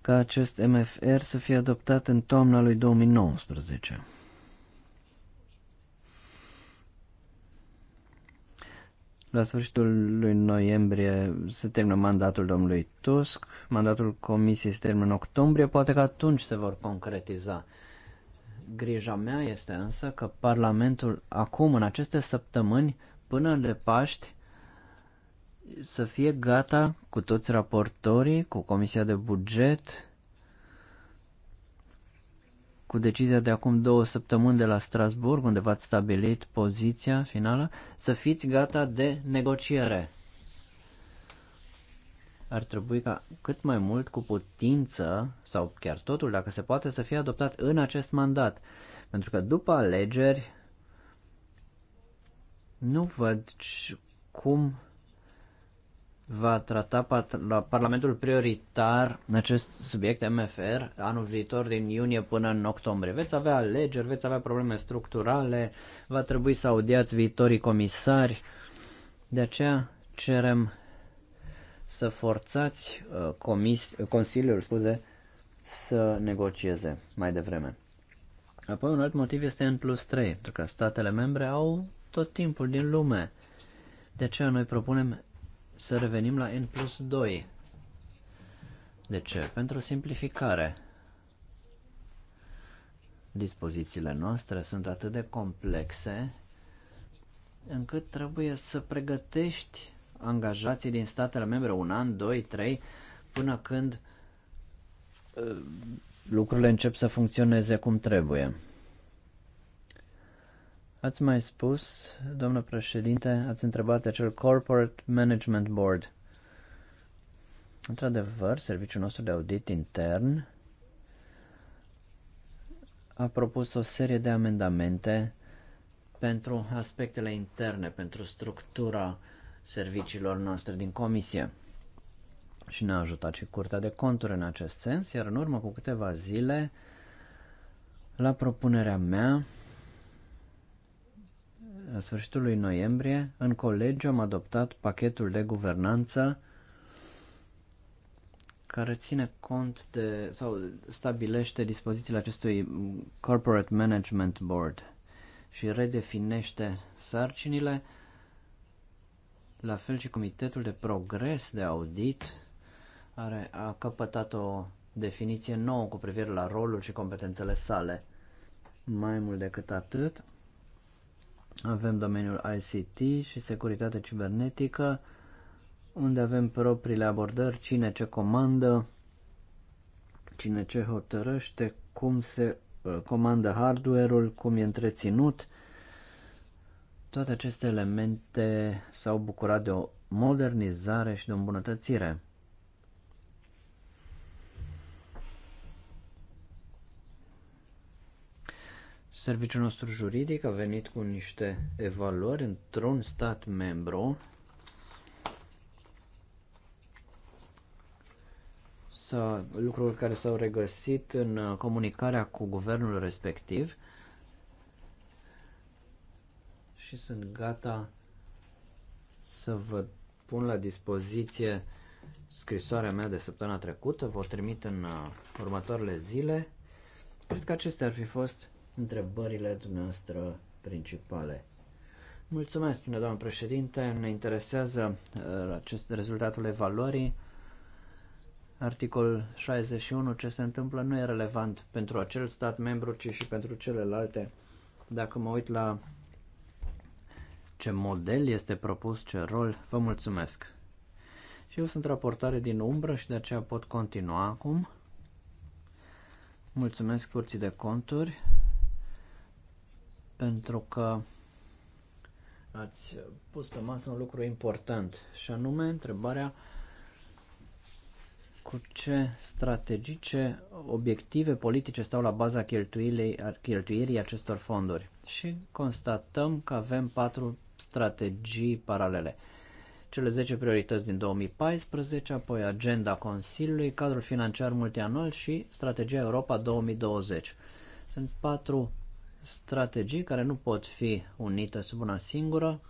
ca acest MFR să fie adoptat în toamna lui 2019. La sfârșitul lui noiembrie se termină mandatul domnului Tusk, mandatul comisiei se termină în octombrie, poate că atunci se vor concretiza. Grija mea este însă că Parlamentul acum, în aceste săptămâni, până de Paști, să fie gata cu toți raportorii, cu Comisia de Buget, cu decizia de acum două săptămâni de la Strasburg, unde v-ați stabilit poziția finală, să fiți gata de negociere. Ar trebui ca cât mai mult cu putință, sau chiar totul, dacă se poate, să fie adoptat în acest mandat. Pentru că după alegeri nu văd cum va trata la Parlamentul prioritar acest subiect MFR anul viitor din iunie până în octombrie. Veți avea alegeri, veți avea probleme structurale, va trebui să audiați viitorii comisari. De aceea cerem să forțați uh, comis, Consiliul scuze, să negocieze mai devreme. Apoi un alt motiv este N plus 3, pentru că statele membre au tot timpul din lume. De aceea noi propunem să revenim la N plus 2. De ce? Pentru simplificare. Dispozițiile noastre sunt atât de complexe încât trebuie să pregătești angajații din statele membre un an, doi, trei, până când uh, lucrurile încep să funcționeze cum trebuie. Ați mai spus, domnul președinte, ați întrebat acel Corporate Management Board. Într-adevăr, serviciul nostru de audit intern a propus o serie de amendamente pentru aspectele interne, pentru structura serviciilor noastre din comisie. Și ne-a ajutat și Curtea de Conturi în acest sens, iar în urmă cu câteva zile, la propunerea mea, la sfârșitul lui noiembrie, în colegiu am adoptat pachetul de guvernanță care ține cont de sau stabilește dispozițiile acestui Corporate Management Board și redefinește sarcinile, la fel și Comitetul de Progres de Audit are, a căpătat o definiție nouă cu privire la rolul și competențele sale. Mai mult decât atât, avem domeniul ICT și securitate cibernetică, unde avem propriile abordări, cine ce comandă, cine ce hotărăște, cum se uh, comandă hardware-ul, cum e întreținut. Toate aceste elemente s-au bucurat de o modernizare și de o îmbunătățire. Serviciul nostru juridic a venit cu niște evaluări într-un stat membru. Sau lucruri care s-au regăsit în comunicarea cu guvernul respectiv și sunt gata să vă pun la dispoziție scrisoarea mea de săptămâna trecută, vă o trimit în uh, următoarele zile. Cred că acestea ar fi fost întrebările dumneavoastră principale. Mulțumesc, spune doamnă președinte. Ne interesează uh, acest rezultatul evaluării. Articol 61, ce se întâmplă, nu e relevant pentru acel stat membru, ci și pentru celelalte. Dacă mă uit la ce model este propus, ce rol, vă mulțumesc. Și eu sunt raportare din umbră și de aceea pot continua acum. Mulțumesc curții de conturi pentru că ați pus pe masă un lucru important și anume întrebarea cu ce strategice, obiective politice stau la baza cheltuirii acestor fonduri. Și constatăm că avem patru strategii paralele. Cele 10 priorități din 2014, apoi agenda Consiliului, cadrul financiar multianual și strategia Europa 2020. Sunt patru strategii care nu pot fi unite sub una singură.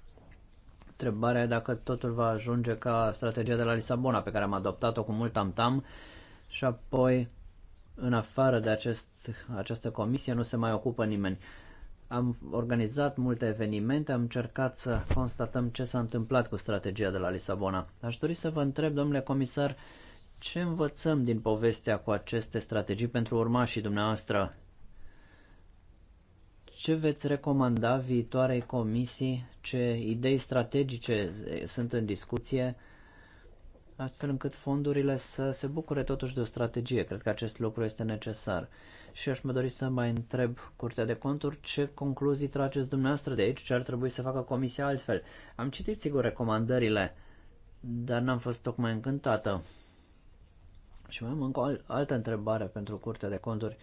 Întrebarea e dacă totul va ajunge ca strategia de la Lisabona, pe care am adoptat-o cu mult tam-tam și apoi, în afară de acest, această comisie, nu se mai ocupă nimeni. Am organizat multe evenimente, am încercat să constatăm ce s-a întâmplat cu strategia de la Lisabona. Aș dori să vă întreb, domnule comisar, ce învățăm din povestea cu aceste strategii pentru urmașii dumneavoastră? ce veți recomanda viitoarei comisii, ce idei strategice sunt în discuție, astfel încât fondurile să se bucure totuși de o strategie. Cred că acest lucru este necesar. Și aș mă dori să mai întreb Curtea de Conturi ce concluzii trageți dumneavoastră de aici, ce ar trebui să facă comisia altfel. Am citit, sigur, recomandările, dar n-am fost tocmai încântată. Și mai am încă o altă întrebare pentru Curtea de Conturi. Uh,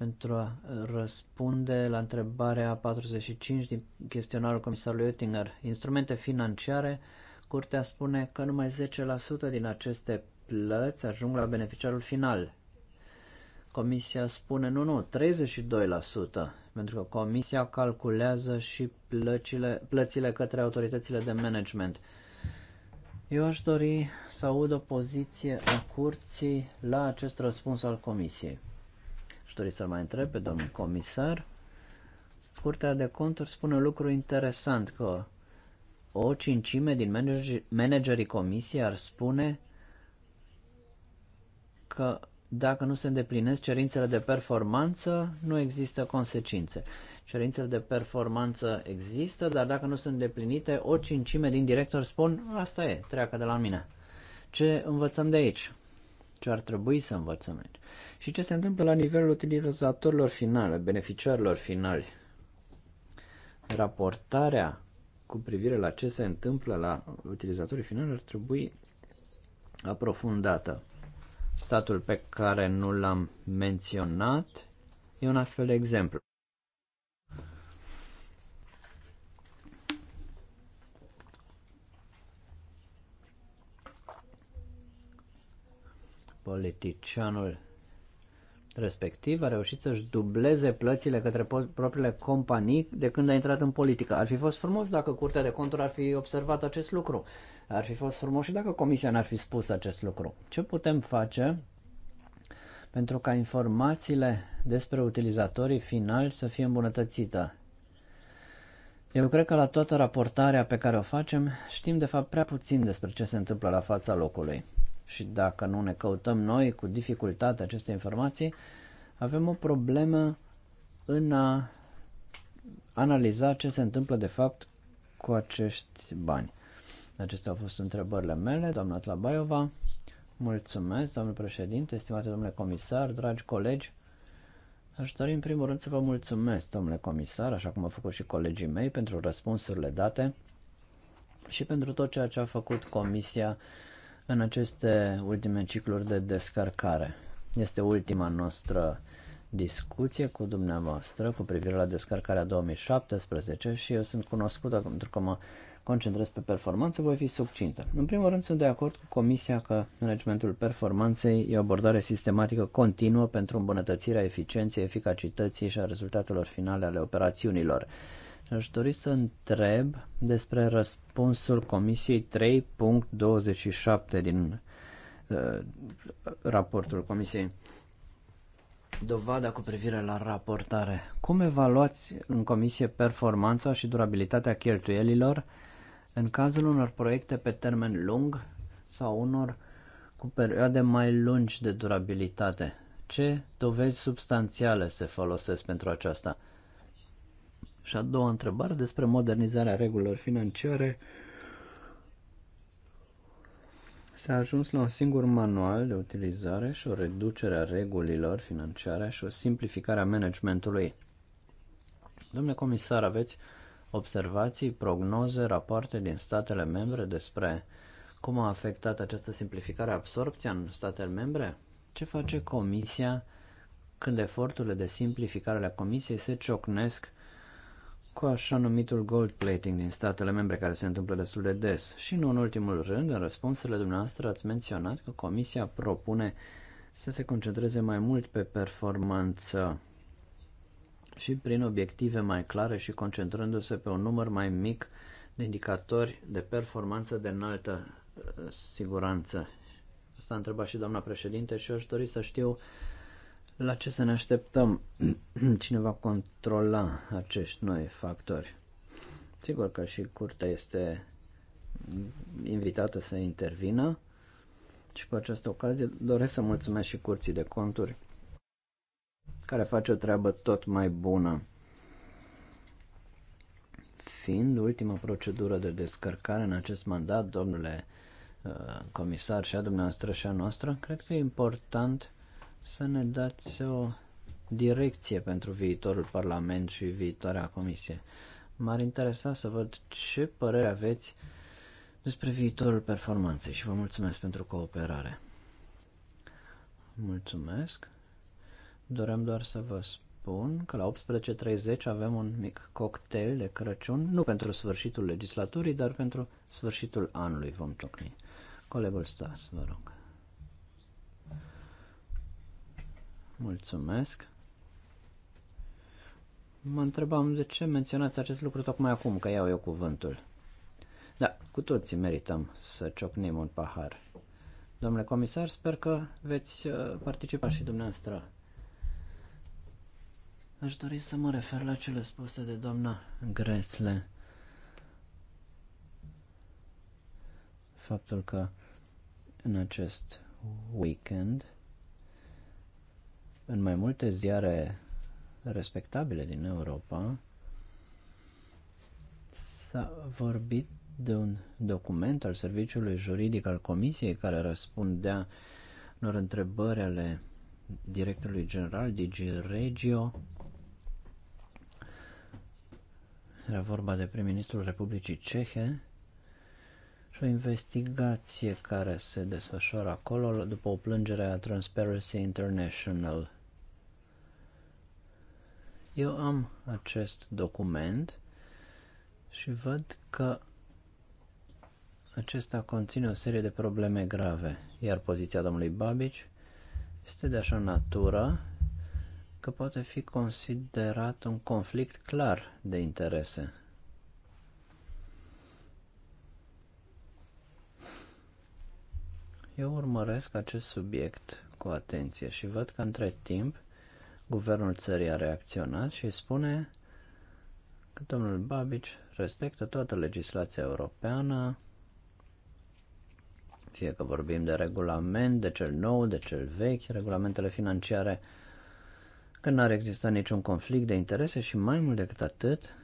pentru a răspunde la întrebarea 45 din chestionarul comisarului Oettinger. Instrumente financiare, curtea spune că numai 10% din aceste plăți ajung la beneficiarul final. Comisia spune nu, nu, 32%, pentru că comisia calculează și plățile, plățile către autoritățile de management. Eu aș dori să aud o poziție a curții la acest răspuns al comisiei. Aș dori să-l mai întreb pe domnul comisar. Curtea de conturi spune un lucru interesant, că o cincime din manageri, managerii comisiei ar spune că dacă nu se îndeplinesc cerințele de performanță, nu există consecințe. Cerințele de performanță există, dar dacă nu sunt îndeplinite, o cincime din director spun, asta e, treacă de la mine. Ce învățăm de aici? ce ar trebui să învățăm aici și ce se întâmplă la nivelul utilizatorilor finale, beneficiarilor finali. Raportarea cu privire la ce se întâmplă la utilizatorii finali ar trebui aprofundată. Statul pe care nu l-am menționat e un astfel de exemplu. politicianul respectiv a reușit să-și dubleze plățile către propriile companii de când a intrat în politică. Ar fi fost frumos dacă Curtea de Conturi ar fi observat acest lucru. Ar fi fost frumos și dacă Comisia n-ar fi spus acest lucru. Ce putem face pentru ca informațiile despre utilizatorii finali să fie îmbunătățită? Eu cred că la toată raportarea pe care o facem știm de fapt prea puțin despre ce se întâmplă la fața locului și dacă nu ne căutăm noi cu dificultate aceste informații, avem o problemă în a analiza ce se întâmplă de fapt cu acești bani. Acestea au fost întrebările mele, doamna Tlabaiova. Mulțumesc, domnul președinte, estimate domnule comisar, dragi colegi. Aș dori în primul rând să vă mulțumesc, domnule comisar, așa cum au făcut și colegii mei, pentru răspunsurile date și pentru tot ceea ce a făcut comisia în aceste ultime cicluri de descărcare. Este ultima noastră discuție cu dumneavoastră cu privire la descărcarea 2017 și eu sunt cunoscută pentru că mă concentrez pe performanță, voi fi succintă. În primul rând sunt de acord cu Comisia că managementul performanței e o abordare sistematică continuă pentru îmbunătățirea eficienței, eficacității și a rezultatelor finale ale operațiunilor aș dori să întreb despre răspunsul Comisiei 3.27 din uh, raportul Comisiei. Dovada cu privire la raportare. Cum evaluați în comisie performanța și durabilitatea cheltuielilor în cazul unor proiecte pe termen lung sau unor cu perioade mai lungi de durabilitate? Ce dovezi substanțiale se folosesc pentru aceasta? Și a doua întrebare despre modernizarea regulilor financiare. S-a ajuns la un singur manual de utilizare și o reducere a regulilor financiare și o simplificare a managementului. Domnule comisar, aveți observații, prognoze, rapoarte din statele membre despre cum a afectat această simplificare absorpția în statele membre? Ce face Comisia când eforturile de simplificare ale Comisiei se ciocnesc cu așa numitul gold plating din statele membre care se întâmplă destul de des. Și nu în ultimul rând, în răspunsurile dumneavoastră ați menționat că Comisia propune să se concentreze mai mult pe performanță și prin obiective mai clare și concentrându-se pe un număr mai mic de indicatori de performanță de înaltă uh, siguranță. Asta a întrebat și doamna președinte și eu aș dori să știu uh, la ce să ne așteptăm? [clears throat] Cine va controla acești noi factori? Sigur că și curtea este invitată să intervină și pe această ocazie doresc să mulțumesc și curții de conturi care face o treabă tot mai bună. Fiind ultima procedură de descărcare în acest mandat, domnule uh, comisar și a dumneavoastră și a noastră, cred că e important să ne dați o direcție pentru viitorul Parlament și viitoarea Comisie. M-ar interesa să văd ce părere aveți despre viitorul performanței și vă mulțumesc pentru cooperare. Mulțumesc. Doream doar să vă spun că la 18.30 avem un mic cocktail de Crăciun, nu pentru sfârșitul legislaturii, dar pentru sfârșitul anului vom ciocni. Colegul Stas, vă rog. Mulțumesc. Mă întrebam de ce menționați acest lucru tocmai acum, că iau eu cuvântul. Da, cu toții merităm să ciocnim un pahar. Domnule comisar, sper că veți uh, participa și dumneavoastră. Aș dori să mă refer la cele spuse de doamna Gresle. Faptul că în acest weekend în mai multe ziare respectabile din Europa s-a vorbit de un document al serviciului juridic al comisiei care răspundea unor întrebări ale directorului general DG Regio. Era vorba de prim-ministrul Republicii Cehe și o investigație care se desfășoară acolo după o plângere a Transparency International. Eu am acest document și văd că acesta conține o serie de probleme grave, iar poziția domnului Babici este de așa natură că poate fi considerat un conflict clar de interese. Eu urmăresc acest subiect cu atenție și văd că între timp Guvernul țării a reacționat și spune că domnul Babici respectă toată legislația europeană, fie că vorbim de regulament, de cel nou, de cel vechi, regulamentele financiare, că n-ar exista niciun conflict de interese și mai mult decât atât,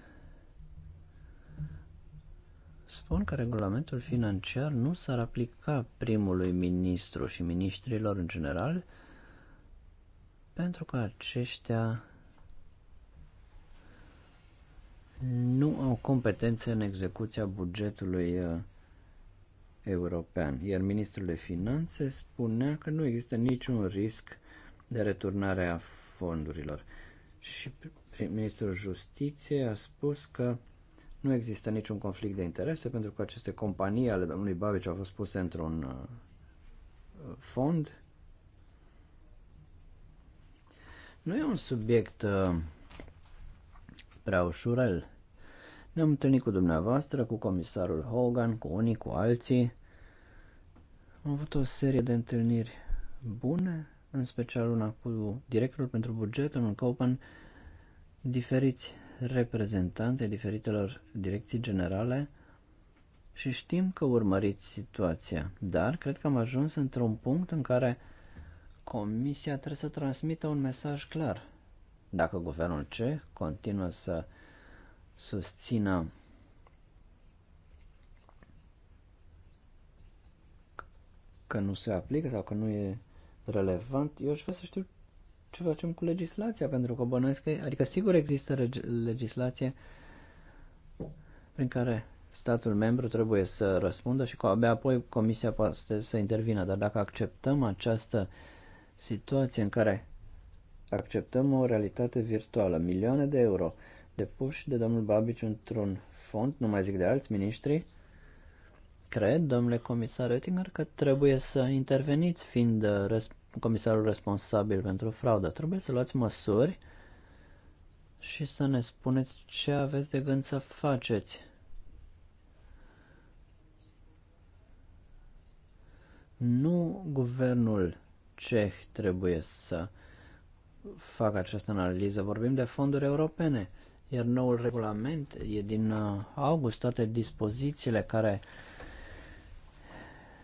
spun că regulamentul financiar nu s-ar aplica primului ministru și ministrilor în general, pentru că aceștia nu au competențe în execuția bugetului uh, european. Iar ministrul de finanțe spunea că nu există niciun risc de returnare a fondurilor. Și ministrul justiției a spus că nu există niciun conflict de interese pentru că aceste companii ale domnului Babici au fost puse într-un uh, fond Nu e un subiect uh, prea ușurel. Ne-am întâlnit cu dumneavoastră, cu comisarul Hogan, cu unii, cu alții. Am avut o serie de întâlniri bune, în special una cu directorul pentru buget, în Copen, diferiți reprezentanți ai diferitelor direcții generale și știm că urmăriți situația, dar cred că am ajuns într-un punct în care Comisia trebuie să transmită un mesaj clar. Dacă guvernul C continuă să susțină că nu se aplică sau că nu e relevant, eu aș vrea să știu ce facem cu legislația, pentru că bănuiesc că, adică sigur există legislație prin care statul membru trebuie să răspundă și abia apoi comisia poate să intervină, dar dacă acceptăm această uh, situație în care acceptăm o realitate virtuală, milioane de euro depuși de domnul Babici într-un fond, nu mai zic de alți miniștri, cred, domnule comisar Oettinger, că trebuie să interveniți fiind uh, res- comisarul responsabil pentru fraudă. Trebuie să luați măsuri și să ne spuneți ce aveți de gând să faceți. Nu guvernul ceh trebuie să facă această analiză. Vorbim de fonduri europene, iar noul regulament e din uh, august. Toate dispozițiile care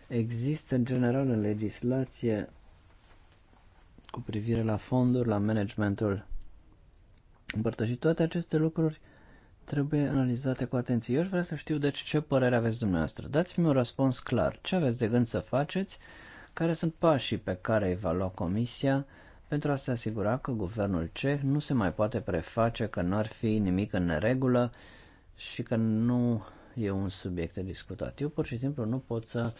există în general în legislație cu privire la fonduri, la managementul împărtășit, toate aceste lucruri trebuie analizate cu atenție. Eu aș vrea să știu, deci, ce părere aveți dumneavoastră. Dați-mi un răspuns clar. Ce aveți de gând să faceți? Care sunt pașii pe care îi va lua Comisia pentru a se asigura că guvernul ceh nu se mai poate preface că n-ar fi nimic în neregulă și că nu e un subiect de discutat. Eu pur și simplu nu pot să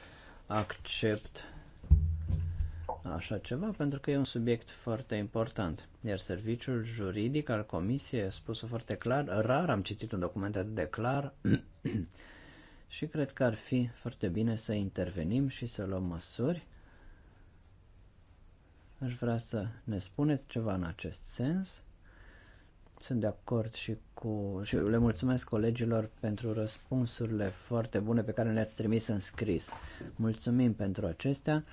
accept așa ceva pentru că e un subiect foarte important. Iar serviciul juridic al comisiei a spus foarte clar, rar am citit un document atât de clar [clears throat] și cred că ar fi foarte bine să intervenim și să luăm măsuri Aș vrea să ne spuneți ceva în acest sens. Sunt de acord și cu și le mulțumesc colegilor pentru răspunsurile foarte bune pe care le-ați trimis în scris. Mulțumim pentru acestea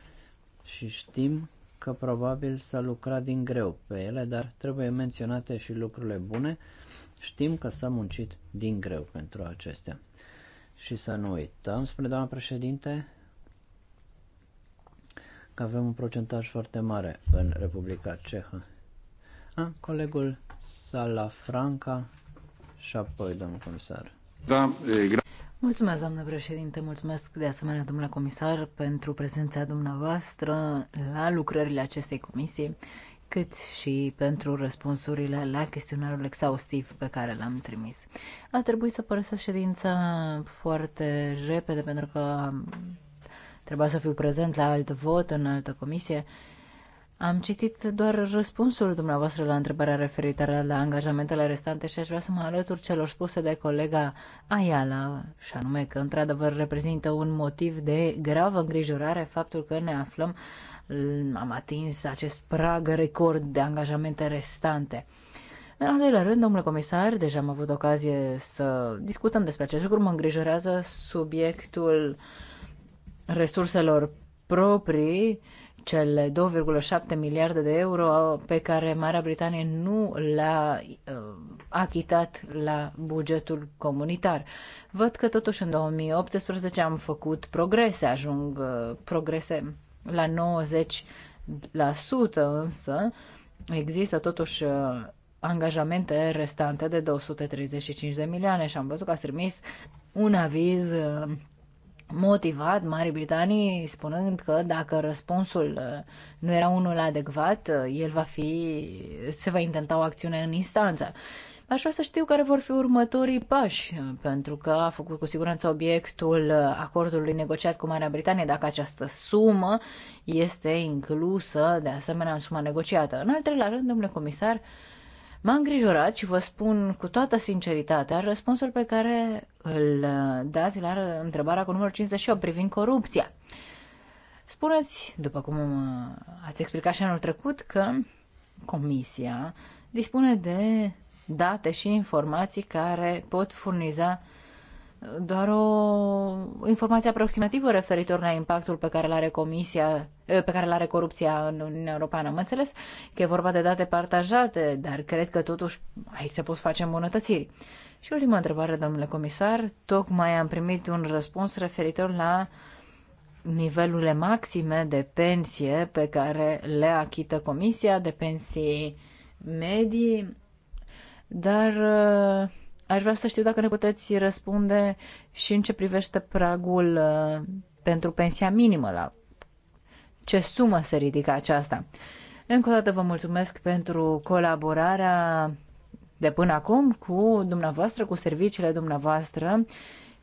și știm că probabil s-a lucrat din greu pe ele, dar trebuie menționate și lucrurile bune. Știm că s-a muncit din greu pentru acestea. Și să nu uităm, spune doamna președinte, că avem un procentaj foarte mare în Republica Cehă. A, colegul Salafranca și apoi domnul comisar. Da, e, Mulțumesc, doamnă președinte, mulțumesc de asemenea, domnule comisar, pentru prezența dumneavoastră la lucrările acestei comisii, cât și pentru răspunsurile la chestionarul exhaustiv pe care l-am trimis. A trebuit să părăsesc ședința foarte repede pentru că Trebuia să fiu prezent la alt vot în altă comisie. Am citit doar răspunsul dumneavoastră la întrebarea referitoare la angajamentele restante și aș vrea să mă alătur celor spuse de colega Ayala, și anume că într-adevăr reprezintă un motiv de gravă îngrijorare faptul că ne aflăm, am atins acest prag record de angajamente restante. În al doilea rând, domnule comisar, deja am avut ocazie să discutăm despre acest lucru, mă îngrijorează subiectul uh, resurselor proprii, cele 2,7 miliarde de euro pe care Marea Britanie nu le-a uh, achitat la bugetul comunitar. Văd că totuși în 2018 am făcut progrese, ajung uh, progrese la 90%, însă există totuși uh, angajamente restante de 235 de milioane și am văzut că a trimis un aviz uh, motivat Marii Britanii spunând că dacă răspunsul uh, nu era unul adecvat, uh, el va fi, se va intenta o acțiune în instanță. Aș vrea să știu care vor fi următorii pași, uh, pentru că a făcut cu siguranță obiectul acordului negociat cu Marea Britanie, dacă această sumă este inclusă de asemenea în suma negociată. În al treilea rând, domnule comisar, M-a îngrijorat și vă spun cu toată sinceritatea răspunsul pe care îl uh, dați la întrebarea cu numărul 58 privind corupția. Spuneți, după cum uh, ați explicat și anul trecut, că Comisia dispune de date și informații care pot furniza doar o informație aproximativă referitor la impactul pe care l are comisia, pe care l are corupția în Uniunea Europeană. Mă înțeles că e vorba de date partajate, dar cred că totuși aici se pot face îmbunătățiri. Și ultima întrebare, domnule comisar, tocmai am primit un răspuns referitor la nivelurile maxime de pensie pe care le achită comisia, de pensii medii, dar uh, Aș vrea să știu dacă ne puteți răspunde și în ce privește pragul uh, pentru pensia minimă, la ce sumă se ridică aceasta. Încă o dată vă mulțumesc pentru colaborarea de până acum cu dumneavoastră, cu serviciile dumneavoastră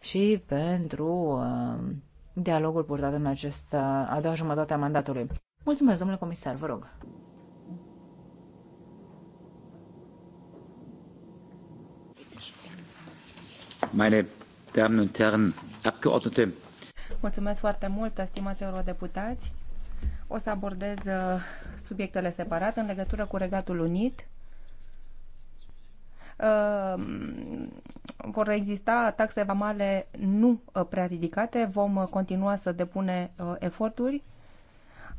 și pentru uh, dialogul purtat în această uh, a doua jumătate a mandatului. Mulțumesc, domnule comisar, vă rog. meine Damen und Herren Abgeordnete. Mulțumesc foarte mult, stimați eurodeputați. O să abordez uh, subiectele separat în legătură cu Regatul Unit. Uh, vor exista taxe vamale nu uh, prea ridicate. Vom continua să depune eforturi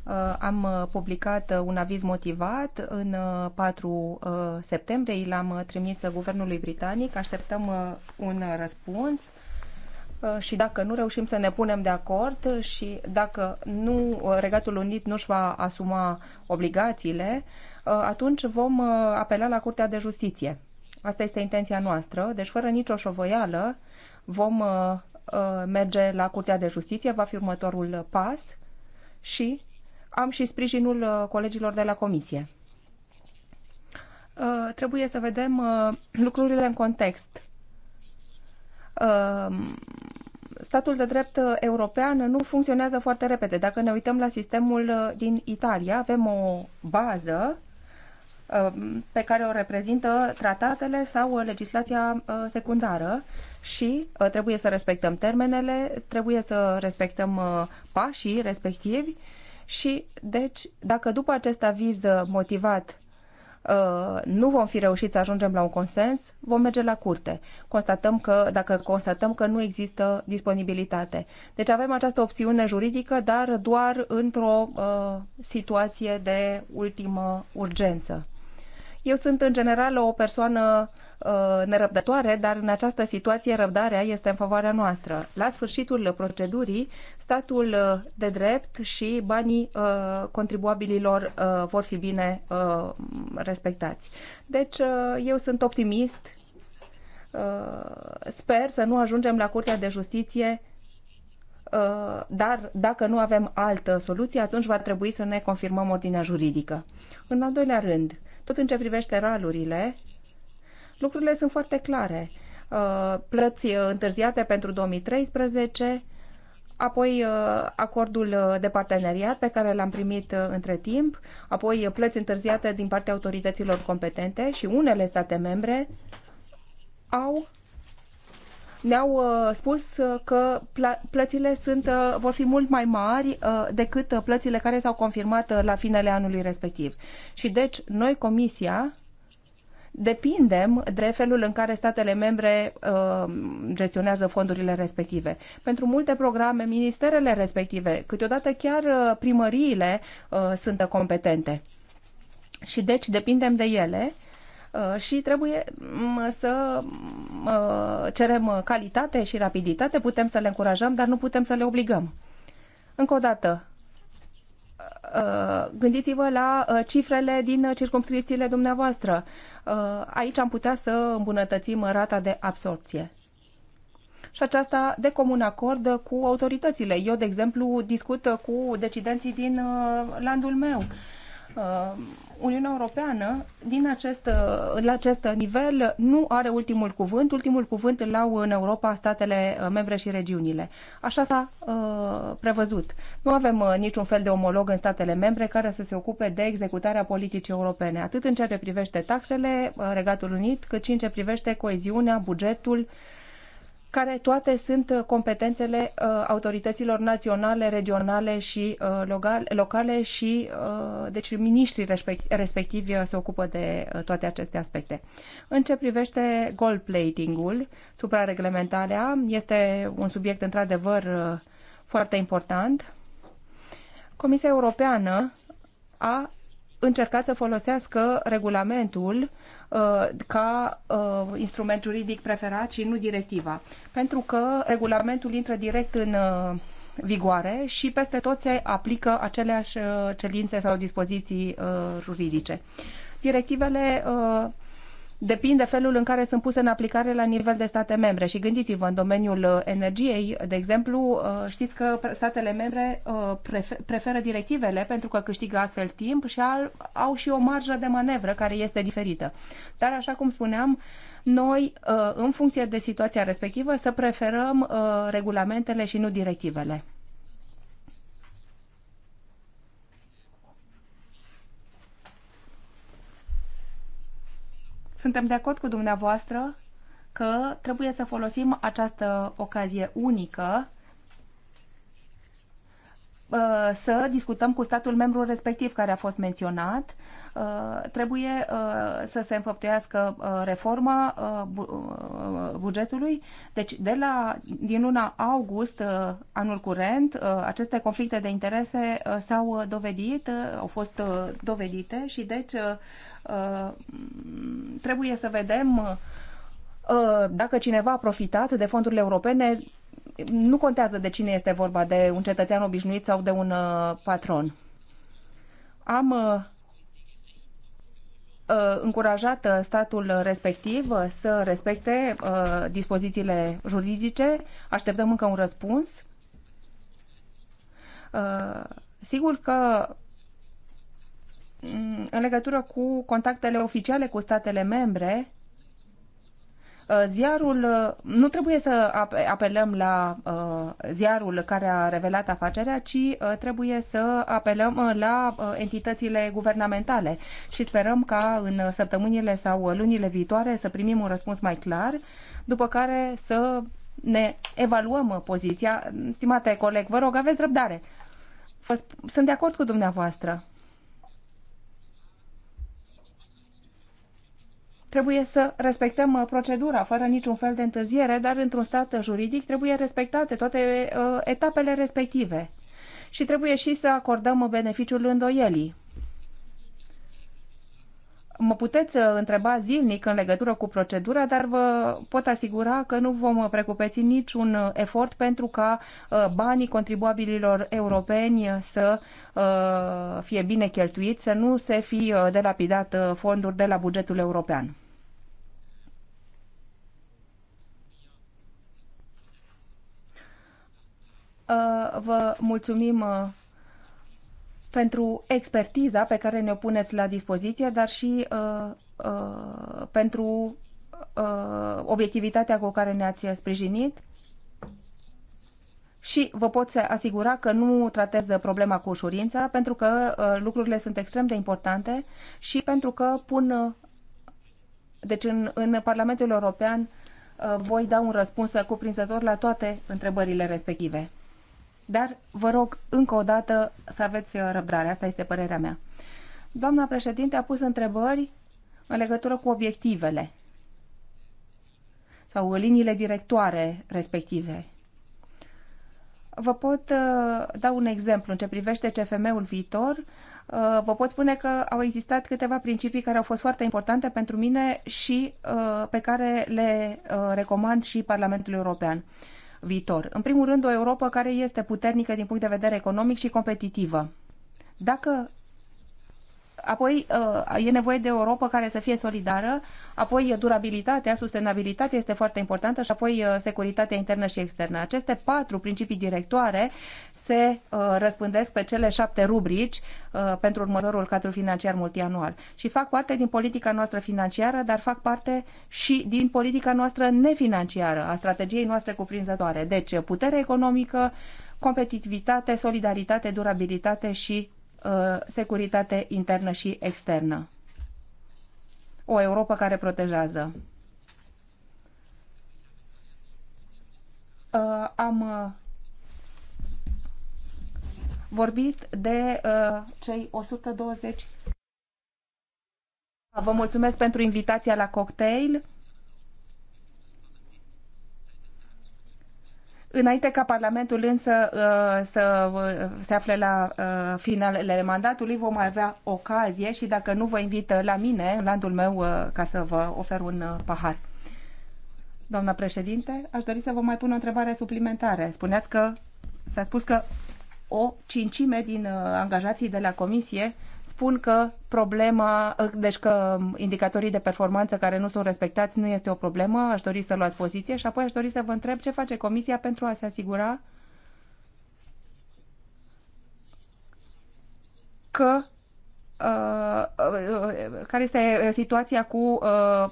Uh, am uh, publicat uh, un aviz motivat în 4 septembrie, l-am trimis guvernului britanic, așteptăm un răspuns și dacă nu reușim să ne punem de acord și dacă nu Regatul Unit nu își va asuma obligațiile, atunci vom apela la Curtea de Justiție. Asta este intenția noastră, deci fără nicio șovăială vom merge la Curtea de Justiție, va fi următorul pas și am și sprijinul uh, colegilor de la comisie. Uh, trebuie să vedem uh, lucrurile în context. Statul de drept european nu funcționează foarte repede. Dacă ne uităm la sistemul din Italia, avem o bază pe care o reprezintă tratatele sau legislația secundară și trebuie să respectăm termenele, trebuie să respectăm pașii respectivi și, deci, dacă după acest aviz uh, motivat uh, nu vom fi reușiți să ajungem la un consens, vom merge la curte. Constatăm că, dacă constatăm că nu există disponibilitate. Deci avem această opțiune juridică, dar doar într-o uh, situație de ultimă urgență. Eu sunt în general o persoană uh, Uh, nerăbdătoare, dar în această situație răbdarea este în favoarea noastră. La sfârșitul procedurii, statul uh, de drept și banii uh, contribuabililor vor fi bine respectați. Deci eu sunt optimist, sper să nu ajungem la Curtea de Justiție dar dacă nu avem altă soluție, atunci va trebui să ne confirmăm ordinea juridică. În al doilea rând, tot în ce privește ralurile, lucrurile sunt foarte clare. Uh, plăți uh, întârziate pentru 2013, apoi uh, acordul de parteneriat pe care l-am primit între timp, apoi plăți întârziate din partea autorităților competente și unele state membre au ne-au spus că plățile sunt, vor fi mult mai mari decât plățile care s-au confirmat la finele anului respectiv. Și deci, noi, Comisia, depindem de felul în care statele membre uh, gestionează fondurile respective. Pentru multe programe, ministerele respective, câteodată chiar uh, primăriile uh, sunt competente. Și deci depindem de ele uh, și trebuie mm, să mm, uh, cerem calitate și rapiditate, putem să le încurajăm, dar nu putem să le obligăm. Încă o dată, Uh, gândiți-vă la uh, cifrele din circumscripțiile dumneavoastră. Uh, aici am putea să îmbunătățim rata de absorpție. Și aceasta de comun acord cu autoritățile. Eu, de exemplu, discut cu decidenții din landul meu Uh, Uniunea Europeană, din acest, uh, la acest nivel, nu are ultimul cuvânt. Ultimul cuvânt îl au în Europa statele uh, membre și regiunile. Așa s-a uh, prevăzut. Nu avem uh, niciun fel de omolog în statele membre care să se ocupe de executarea politicii europene, atât în ceea ce privește taxele, uh, Regatul Unit, cât și în ce privește coeziunea, bugetul, uh, care toate sunt uh, competențele uh, autorităților naționale, regionale și uh, locale și deci miniștrii respectivi se ocupă de toate aceste aspecte. În ce privește gold plating-ul, suprareglementarea, este un subiect într-adevăr foarte important. Comisia Europeană a încercat să folosească regulamentul Uh, ca uh, instrument juridic preferat și nu directiva. Pentru că regulamentul intră direct în uh, vigoare și peste tot se aplică aceleași cerințe sau dispoziții juridice. Directivele depinde felul în care sunt puse în aplicare la nivel de state membre. Și gândiți-vă, în domeniul uh, energiei, de exemplu, uh, știți că statele membre uh, preferă directivele pentru că câștigă astfel timp și au și o marjă de manevră care este diferită. Dar, așa cum spuneam, noi, în funcție de situația respectivă, să preferăm regulamentele și nu directivele. Suntem de acord cu dumneavoastră că trebuie să folosim această ocazie unică uh, să discutăm cu statul membru respectiv care a fost menționat. Uh, trebuie uh, să se înfăptuiască reforma bugetului. Deci, de la, din luna august anul curent, aceste conflicte de interese s-au dovedit, au fost dovedite și deci Uh, trebuie să vedem uh, dacă cineva a profitat de fondurile europene, nu contează de cine este vorba, de un cetățean obișnuit sau de un uh, patron. Am încurajat statul respectiv să respecte dispozițiile juridice. Așteptăm încă un răspuns. Sigur că Mm, în legătură cu contactele oficiale cu statele membre, uh, ziarul, uh, nu trebuie să apelăm la uh, ziarul care a revelat afacerea, ci trebuie să apelăm la entitățile guvernamentale și sperăm ca în săptămânile sau lunile viitoare să primim un răspuns mai clar, după care să ne evaluăm poziția. Stimate coleg, vă rog, aveți răbdare. Sunt de acord cu dumneavoastră. trebuie să respectăm uh, procedura fără niciun fel de întârziere, dar într-un stat juridic trebuie respectate toate uh, etapele respective și trebuie și să acordăm beneficiul îndoielii. Mă puteți uh, întreba zilnic în legătură cu procedura, dar vă pot asigura că nu vom precupeți niciun uh, efort pentru ca uh, banii contribuabililor europeni să fie bine cheltuiți, să nu se fi delapidat fonduri de la bugetul european. Vă mulțumim pentru expertiza pe care ne-o puneți la dispoziție, dar și uh, uh, pentru uh, obiectivitatea cu care ne-ați sprijinit. Și vă pot asigura că nu tratez problema cu ușurință, pentru că uh, lucrurile sunt extrem de importante și pentru că pun. Uh, deci, în, în Parlamentul European uh, voi da un răspuns cuprinzător la toate întrebările respective dar vă rog încă o dată să aveți uh, răbdare. Asta este părerea mea. Doamna președinte a pus întrebări în legătură cu obiectivele sau liniile directoare respective. Vă pot uh, da un exemplu în ce privește CFM-ul viitor. Uh, vă pot spune că au existat câteva principii care au fost foarte importante pentru mine și pe care le recomand și Parlamentului European viitor. În primul rând, o Europa care este puternică din punct de vedere economic și competitivă. Dacă apoi uh, e nevoie de o Europa care să fie solidară, apoi durabilitatea, sustenabilitatea este foarte importantă și apoi uh, securitatea internă și externă. Aceste patru principii directoare se uh, răspândesc pe cele șapte rubrici pentru următorul cadru financiar multianual și fac parte din politica noastră financiară, dar fac parte și din politica noastră nefinanciară, a strategiei noastre cuprinzătoare. Deci, putere economică, competitivitate, solidaritate, durabilitate și Uh, securitate internă și externă. O Europa care protejează. Uh, am uh, vorbit de cei 120. Vă mulțumesc pentru invitația la cocktail. Înainte ca Parlamentul însă uh, să uh, se afle la uh, finalele mandatului, vom avea ocazie și dacă nu vă invită la mine, în landul meu, ca să vă ofer un pahar. Doamna președinte, aș dori să vă mai pun o întrebare suplimentare. Spuneați că s-a spus că o cincime din angajații de la comisie spun că problema, deci că indicatorii de performanță care nu sunt respectați nu este o problemă, aș dori să luați poziție și apoi aș dori să vă întreb ce face Comisia pentru a se asigura că uh, care este situația cu uh,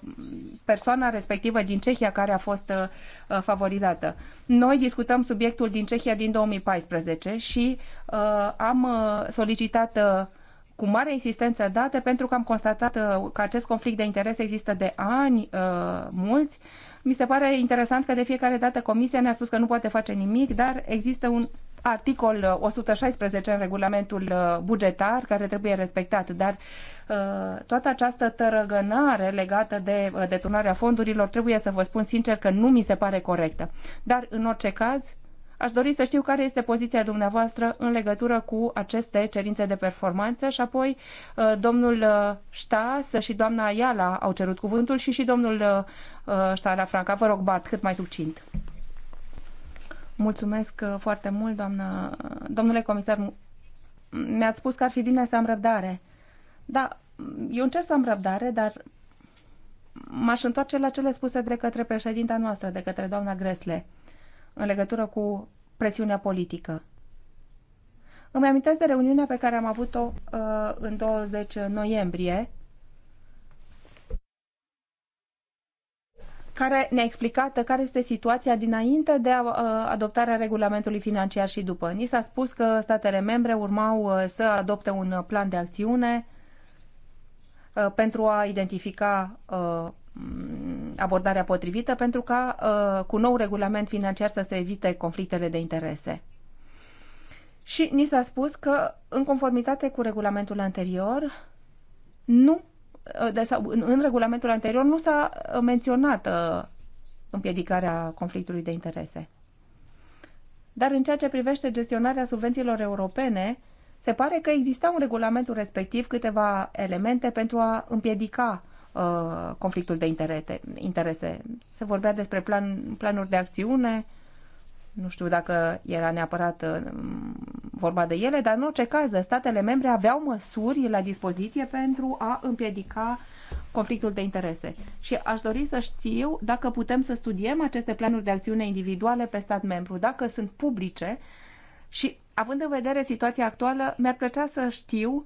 persoana respectivă din Cehia care a fost uh, favorizată. Noi discutăm subiectul din Cehia din 2014 și am solicitat cu mare insistență date pentru că am constatat uh, că acest conflict de interese există de ani uh, mulți. Mi se pare interesant că de fiecare dată Comisia ne-a spus că nu poate face nimic, dar există un articol 116 uh, în regulamentul bugetar care trebuie respectat, dar toată această tărăgănare legată de deturnarea fondurilor trebuie să vă spun sincer că nu mi se pare corectă. Dar în orice caz Aș dori să știu care este poziția dumneavoastră în legătură cu aceste cerințe de performanță și apoi uh, domnul uh, Ștas și doamna Iala au cerut cuvântul și și domnul uh, Ștara Franca. Vă rog, Bart, cât mai succint. Mulțumesc foarte mult, doamna... Domnule comisar, mi-ați spus că ar fi bine să am răbdare. Da, eu încerc să am răbdare, dar m-aș întoarce la cele spuse de către președinta noastră, de către doamna Gresle în legătură cu presiunea politică. Îmi amintesc de reuniunea pe care am avut-o uh, în 20 noiembrie, care ne-a explicat care este situația dinainte de uh, adoptarea regulamentului financiar și după. Ni s-a spus că statele membre urmau uh, să adopte un plan de acțiune uh, pentru a identifica Mm, abordarea potrivită pentru ca uh, cu nou regulament financiar să se evite conflictele de interese. Și ni s-a spus că, în conformitate cu regulamentul anterior, nu, uh, de, sau, în, în regulamentul anterior nu s-a uh, menționat uh, împiedicarea conflictului de interese. Dar în ceea ce privește gestionarea subvențiilor europene, se pare că exista un regulamentul respectiv câteva elemente pentru a împiedica uh, Uh, conflictul de interete, interese. Se vorbea despre plan, planuri de acțiune, nu știu dacă era neapărat uh, vorba de ele, dar în orice caz, statele membre aveau măsuri la dispoziție pentru a împiedica conflictul de interese. Și aș dori să știu dacă putem să studiem aceste planuri de acțiune individuale pe stat membru, dacă sunt publice și, având în vedere situația actuală, mi-ar plăcea să știu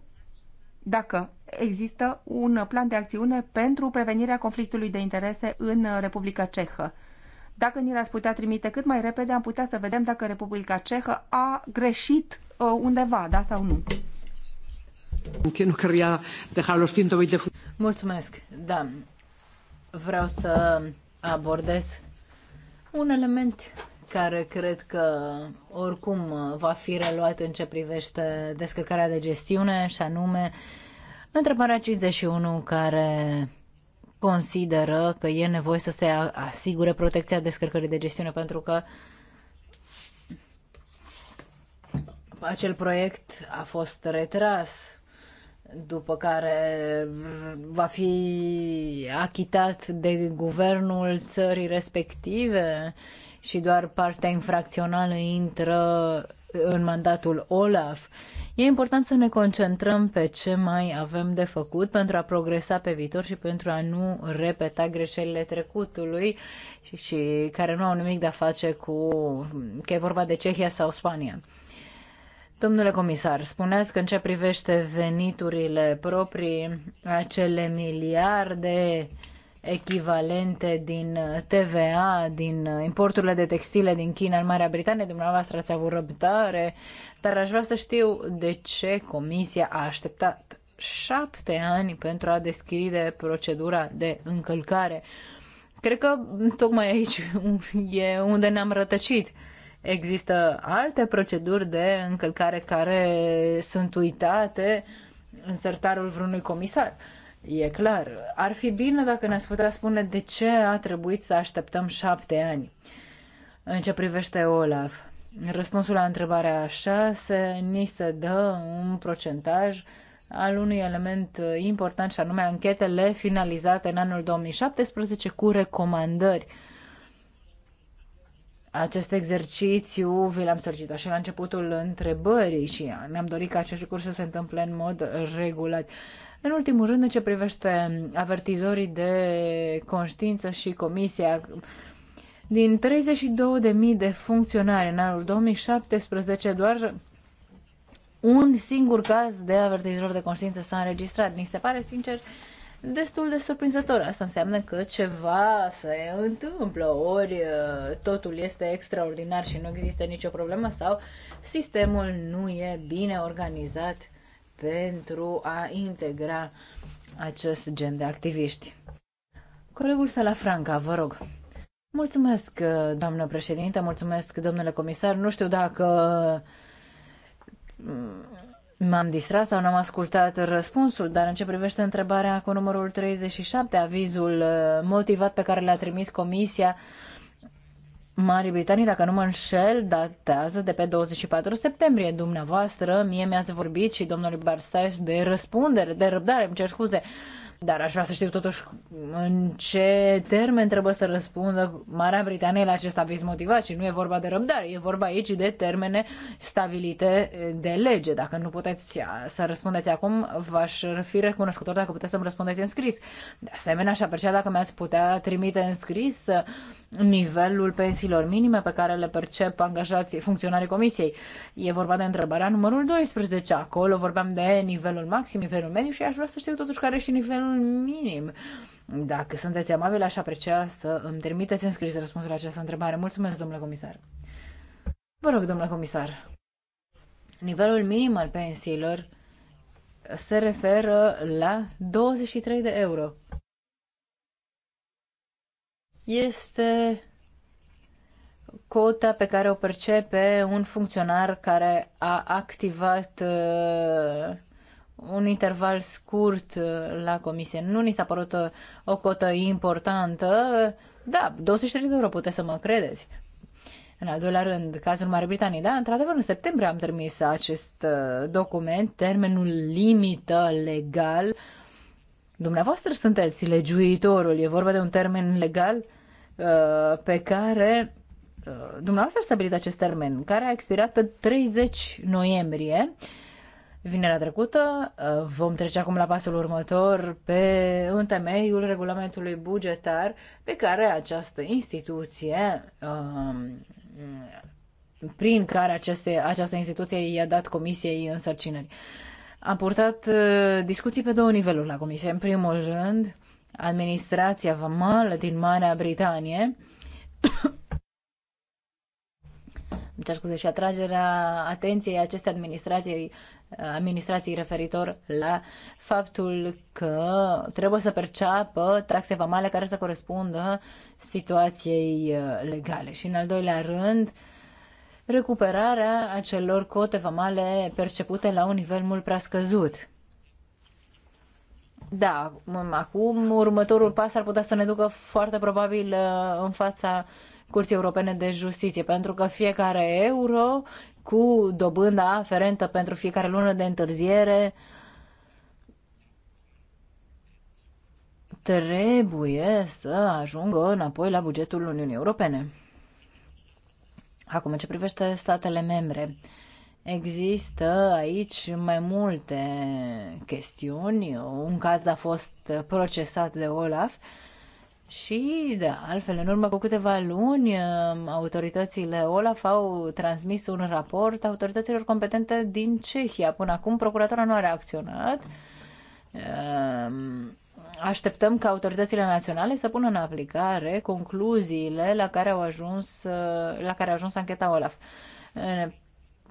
dacă există un plan de acțiune pentru prevenirea conflictului de interese în Republica Cehă. Dacă ni l-ați putea trimite cât mai repede, am putea să vedem dacă Republica Cehă a greșit uh, undeva, da sau nu. Mulțumesc, da. Vreau să abordez un element care cred că oricum va fi reluat în ce privește descărcarea de gestiune și anume întrebarea 51 care consideră că e nevoie să se asigure protecția descărcării de gestiune pentru că acel proiect a fost retras după care va fi achitat de guvernul țării respective și doar partea infracțională intră în mandatul OLAF. E important să ne concentrăm pe ce mai avem de făcut pentru a progresa pe viitor și pentru a nu repeta greșelile trecutului și, și care nu au nimic de a face cu că e vorba de Cehia sau Spania. Domnule comisar, spuneați că în ce privește veniturile proprii, acele miliarde echivalente din uh, TVA, din uh, importurile de textile din China în Marea Britanie, dumneavoastră ați avut răbdare, dar aș vrea să știu de ce Comisia a așteptat șapte ani pentru a deschide procedura de încălcare. Cred că tocmai aici e unde ne-am rătăcit. Există alte proceduri de încălcare care sunt uitate în sertarul vreunui comisar. Uh, E clar, ar fi bine dacă ne-ați putea spune de ce a trebuit să așteptăm șapte ani. În ce privește Olaf, răspunsul la întrebarea așa se ni se dă un procentaj al unui element important și anume anchetele finalizate în anul 2017 cu recomandări. Acest exercițiu vi l-am solicitat și la începutul întrebării și ne-am dorit ca acest lucru să se întâmple în mod regulat. În ultimul rând, în ce privește avertizorii de conștiință și comisia, din 32.000 de funcționari în anul 2017, doar un singur caz de avertizor de conștiință s-a înregistrat. Mi se pare, sincer, destul de surprinzător. Asta înseamnă că ceva se întâmplă, ori uh, totul este extraordinar și nu există nicio problemă sau sistemul nu e bine organizat pentru a integra acest gen de activiști. Colegul Salafranca, vă rog. Mulțumesc, doamnă președinte, mulțumesc, domnule comisar. Nu știu dacă m-am distrat sau n-am ascultat răspunsul, dar în ce privește întrebarea cu numărul 37, avizul motivat pe care l-a trimis comisia, Marii Britanii, dacă nu mă înșel, datează de pe 24 septembrie. Dumneavoastră, mie mi-ați vorbit și domnului Barstaș de răspundere, de răbdare, îmi cer scuze. Uh, dar aș vrea să știu totuși în ce termen trebuie să răspundă Marea Britanie la acest aviz motivat și nu e vorba de răbdare, e vorba aici de termene stabilite de lege. Dacă nu puteți să răspundeți acum, v-aș fi recunoscător dacă puteți să-mi răspundeți în scris. De asemenea, aș aprecia dacă mi-ați putea trimite în scris uh, nivelul pensiilor minime pe care le percep angajații, funcționarii comisiei. E vorba de întrebarea numărul 12. Acolo vorbeam de nivelul maxim, nivelul mediu și aș vrea să știu totuși care și nivelul termenul minim. Dacă sunteți amabil, aș aprecia să îmi trimiteți în scris răspunsul la această întrebare. Mulțumesc, domnule comisar. Vă rog, domnule comisar. Nivelul minim al pensiilor se referă la 23 de euro. Este cota pe care o percepe un funcționar care a activat uh, un interval scurt uh, la comisie. Nu ni s-a părut uh, o cotă importantă. Da, 23 de euro, puteți să mă credeți. În al doilea rând, cazul Marii Britanii, da, într-adevăr, în septembrie am trimis acest uh, document, termenul limită legal. Dumneavoastră sunteți legiuitorul, e vorba de un termen legal pe care dumneavoastră a stabilit acest termen, care a expirat pe 30 noiembrie. Uh, vinerea trecută. Uh, vom trece acum la pasul următor pe în temeiul regulamentului bugetar pe care această instituție um, prin care aceste, această instituție i-a dat comisiei însărcinări. Am purtat uh, discuții pe două niveluri la comisie. În primul rând, administrația vamală din Marea Britanie îmi scuze, și atragerea atenției acestei administrații, administrații referitor la faptul că trebuie să perceapă taxe vamale care să corespundă situației uh, legale. Și în al doilea rând, recuperarea acelor cote vamale percepute la un nivel mult prea scăzut. Da, acum următorul pas ar putea să ne ducă foarte probabil uh, în fața Curții Europene de Justiție, pentru că fiecare euro cu dobânda aferentă pentru fiecare lună de întârziere trebuie să ajungă înapoi la bugetul Uniunii Europene. Acum, în ce privește statele membre, există aici mai multe chestiuni. Un caz a fost procesat de Olaf și, de altfel, în urmă cu câteva luni, uh, autoritățile OLAF au transmis un raport autorităților competente din Cehia. Până acum, procuratura nu a reacționat. Um, așteptăm ca autoritățile naționale să pună în aplicare concluziile la care, au ajuns, uh, la care a ajuns ancheta OLAF.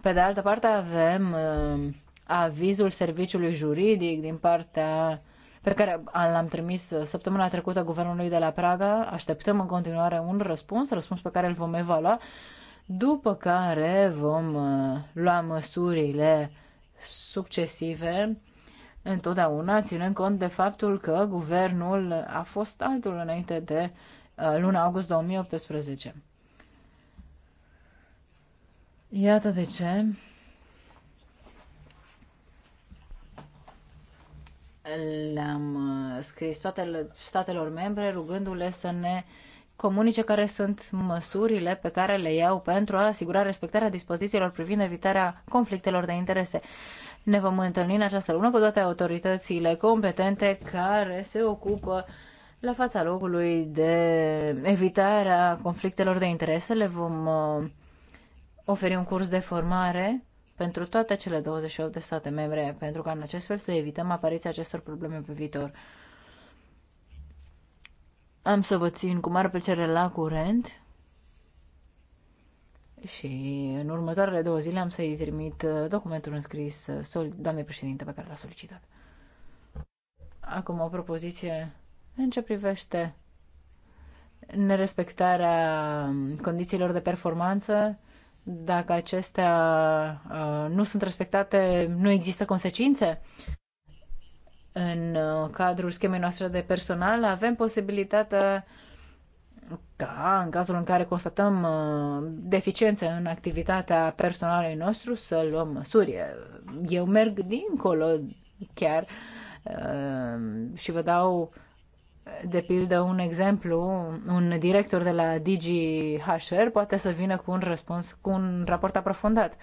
Pe de altă parte, avem uh, avizul serviciului juridic din partea uh, pe care l-am trimis săptămâna trecută guvernului de la Praga. Așteptăm în continuare un răspuns, răspuns pe care îl vom evalua, după care vom uh, lua măsurile succesive întotdeauna, ținând cont de faptul că guvernul a fost altul înainte de uh, luna august 2018. Iată de ce le-am uh, scris toate statelor membre rugându-le să ne comunice care sunt măsurile pe care le iau pentru a asigura respectarea dispozițiilor privind evitarea conflictelor de interese. Ne vom întâlni în această lună cu toate autoritățile competente care se ocupă la fața locului de evitarea conflictelor de interese. Le vom uh, oferi un curs de formare pentru toate cele 28 de state membre, pentru ca în acest fel să evităm apariția acestor probleme pe viitor. Am să vă țin cu mare plăcere la curent și în următoarele două zile am să-i trimit documentul înscris doamnei președinte pe care l-a solicitat. Acum o propoziție în ce privește nerespectarea condițiilor de performanță dacă acestea uh, nu sunt respectate, nu există consecințe? În uh, cadrul schemei noastre de personal avem posibilitatea ca, în cazul în care constatăm uh, deficiențe în activitatea personalului nostru, să luăm măsuri. Eu merg dincolo chiar și vă dau uh, de pildă, un exemplu, un director de la DGHR poate să vină cu un răspuns, cu un raport aprofundat.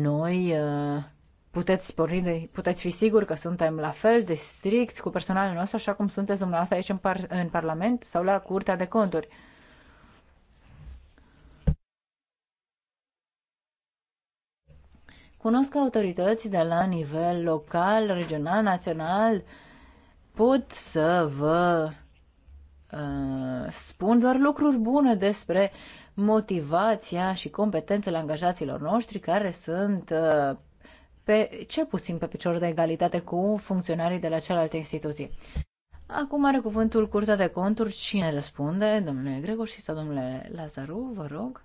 Noi uh, puteți, porni de, puteți fi siguri că suntem la fel de stricți cu personalul nostru, așa cum sunteți dumneavoastră aici în, par, în Parlament sau la Curtea de Conturi. Cunosc autorități de la nivel local, regional, național, uh, pot să vă uh, spun doar lucruri bune despre motivația și competențele angajaților noștri care sunt uh, pe, cel puțin pe picior de egalitate cu funcționarii de la celelalte instituții. Acum are cuvântul Curtea de Conturi. Cine răspunde? Domnule Gregor și sau domnule Lazaru, vă rog.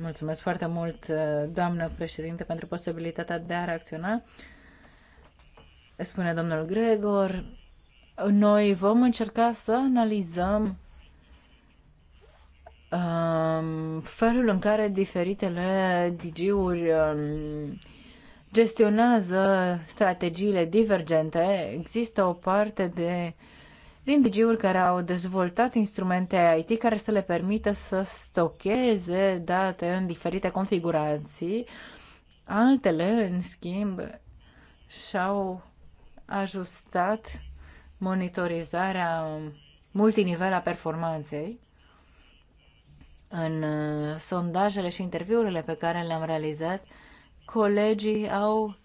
Mulțumesc foarte mult, doamnă președinte, pentru posibilitatea de a reacționa. Spune domnul Gregor, noi vom încerca să analizăm um, felul în care diferitele DG-uri um, gestionează strategiile divergente. Există o parte de uh, din DG-uri care au dezvoltat instrumente IT care să le permită să stocheze date în diferite configurații. Altele, în schimb, și-au ajustat monitorizarea multinivel a performanței în uh, sondajele și interviurile pe care le-am realizat, colegii au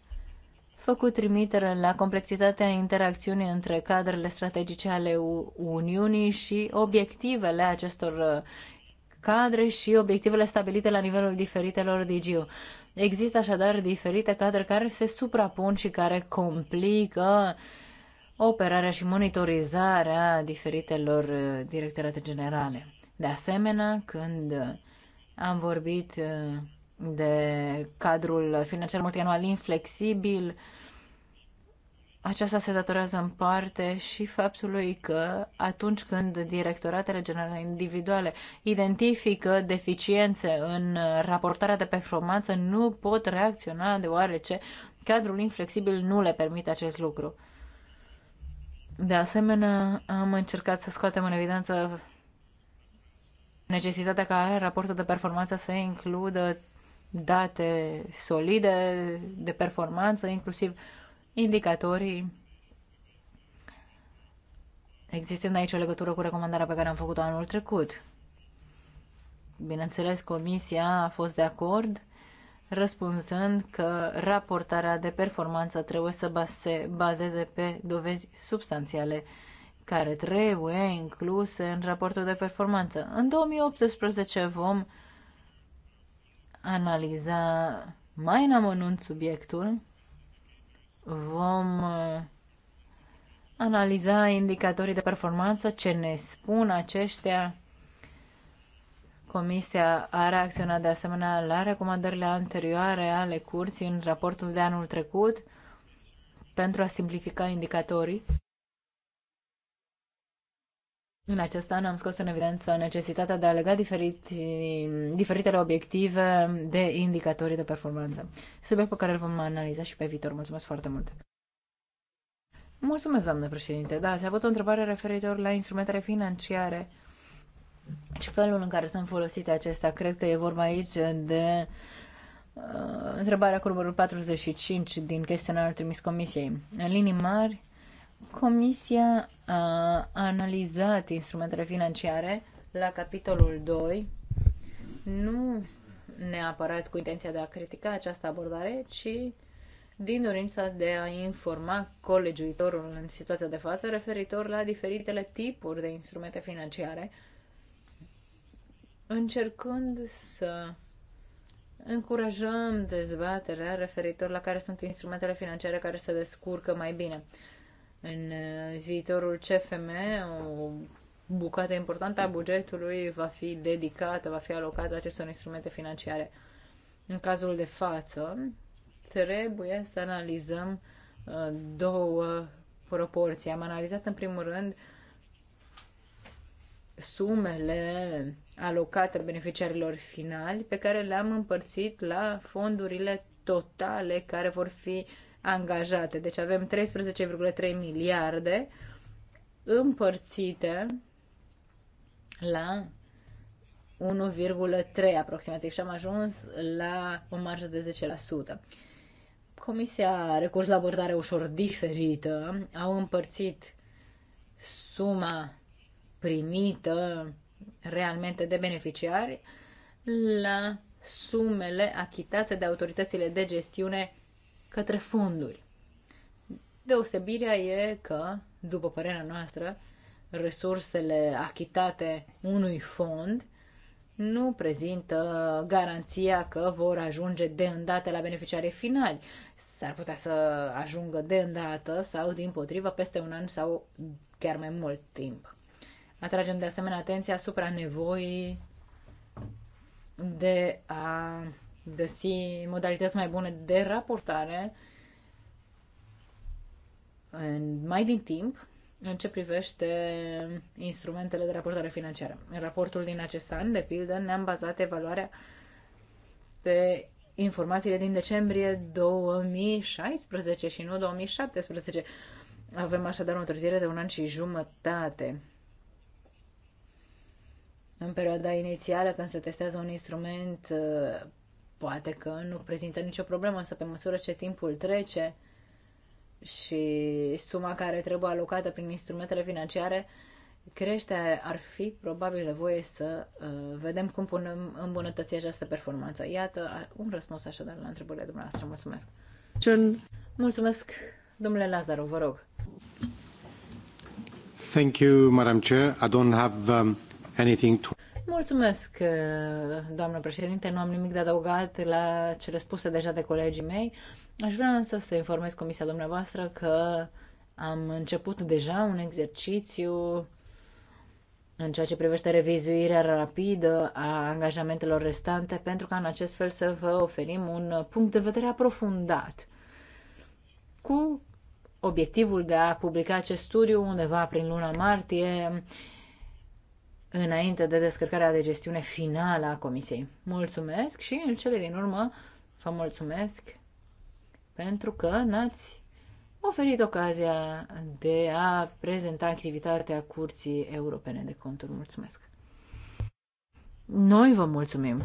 făcut trimitere la complexitatea interacțiunii între cadrele strategice ale Uniunii și obiectivele acestor uh, cadre și obiectivele stabilite la nivelul diferitelor DGU. Există așadar diferite cadre care se suprapun și care complică operarea și monitorizarea diferitelor uh, directorate generale. De asemenea, când am vorbit uh, de cadrul financiar multianual inflexibil, aceasta se datorează în parte și faptului că atunci când directoratele generale individuale identifică deficiențe în raportarea de performanță, nu pot reacționa deoarece cadrul inflexibil nu le permite acest lucru. De asemenea, am încercat să scoatem în evidență necesitatea ca raportul de performanță să includă date solide de performanță, inclusiv indicatorii. Există aici o legătură cu recomandarea pe care am făcut-o anul trecut. Bineînțeles, comisia a fost de acord, răspunzând că raportarea de performanță trebuie să se bazeze pe dovezi substanțiale care trebuie incluse în raportul de performanță. În 2018 vom analiza mai în amănunt subiectul vom uh, analiza indicatorii de performanță, ce ne spun aceștia. Comisia a reacționat de asemenea la recomandările anterioare ale curții în raportul de anul trecut pentru a simplifica indicatorii. În acest an am scos în evidență necesitatea de a lega diferit, diferitele obiective de indicatorii de performanță, subiect pe care îl vom analiza și pe viitor. Mulțumesc foarte mult! Mulțumesc, doamnă președinte. Da, s-a avut o întrebare referitor la instrumentele financiare și felul în care sunt folosite acestea. Cred că e vorba aici de uh, întrebarea cu numărul 45 din chestionarul trimis comisiei. În linii mari, comisia a analizat instrumentele financiare la capitolul 2, nu neapărat cu intenția de a critica această abordare, ci din dorința de a informa colegiuitorul în situația de față referitor la diferitele tipuri de instrumente financiare, încercând să încurajăm dezbaterea referitor la care sunt instrumentele financiare care se descurcă mai bine. În uh, viitorul CFM, o bucată importantă a bugetului va fi dedicată, va fi alocată acestor instrumente financiare. În cazul de față, trebuie să analizăm uh, două proporții. Am analizat în primul rând sumele alocate beneficiarilor finali pe care le-am împărțit la fondurile totale care vor fi angajate. Deci avem 13,3 miliarde împărțite la 1,3 aproximativ și am ajuns la o marjă de 10%. Comisia a recurs la abordare ușor diferită, au împărțit suma primită realmente de beneficiari la sumele achitate de autoritățile de gestiune către fonduri. Deosebirea e că, după părerea noastră, resursele achitate unui fond nu prezintă garanția că vor ajunge de îndată la beneficiarii finali. S-ar putea să ajungă de îndată sau, din potrivă, peste un an sau chiar mai mult timp. Atragem de asemenea atenția asupra nevoii de a găsi modalități mai bune de raportare în, mai din timp în ce privește instrumentele de raportare financiară. În raportul din acest an, de pildă, ne-am bazat evaluarea pe informațiile din decembrie 2016 și nu 2017. Avem așadar o întârziere de un an și jumătate. În perioada inițială, când se testează un instrument poate că nu prezintă nicio problemă, însă pe măsură ce timpul trece și suma care trebuie alocată prin instrumentele financiare crește, ar fi probabil nevoie să uh, vedem cum punem îmbunătăți această performanță. Iată un răspuns așadar la întrebările dumneavoastră. Mulțumesc! John. Mulțumesc, domnule Lazaru, vă rog. Thank you, Madam Chair. I don't have um, anything to... Mulțumesc, eh, doamnă președinte. Nu am nimic de adăugat la cele spuse deja de colegii mei. Aș vrea însă să informez comisia dumneavoastră că am început deja un exercițiu în ceea ce privește revizuirea rapidă a angajamentelor restante, pentru ca în acest fel să vă oferim un punct de vedere aprofundat cu obiectivul de a publica acest studiu undeva prin luna martie, înainte de descărcarea de gestiune finală a comisiei. Mulțumesc și în cele din urmă vă mulțumesc pentru că n-ați oferit ocazia de a prezenta activitatea Curții Europene de Conturi. Mulțumesc! Noi vă mulțumim!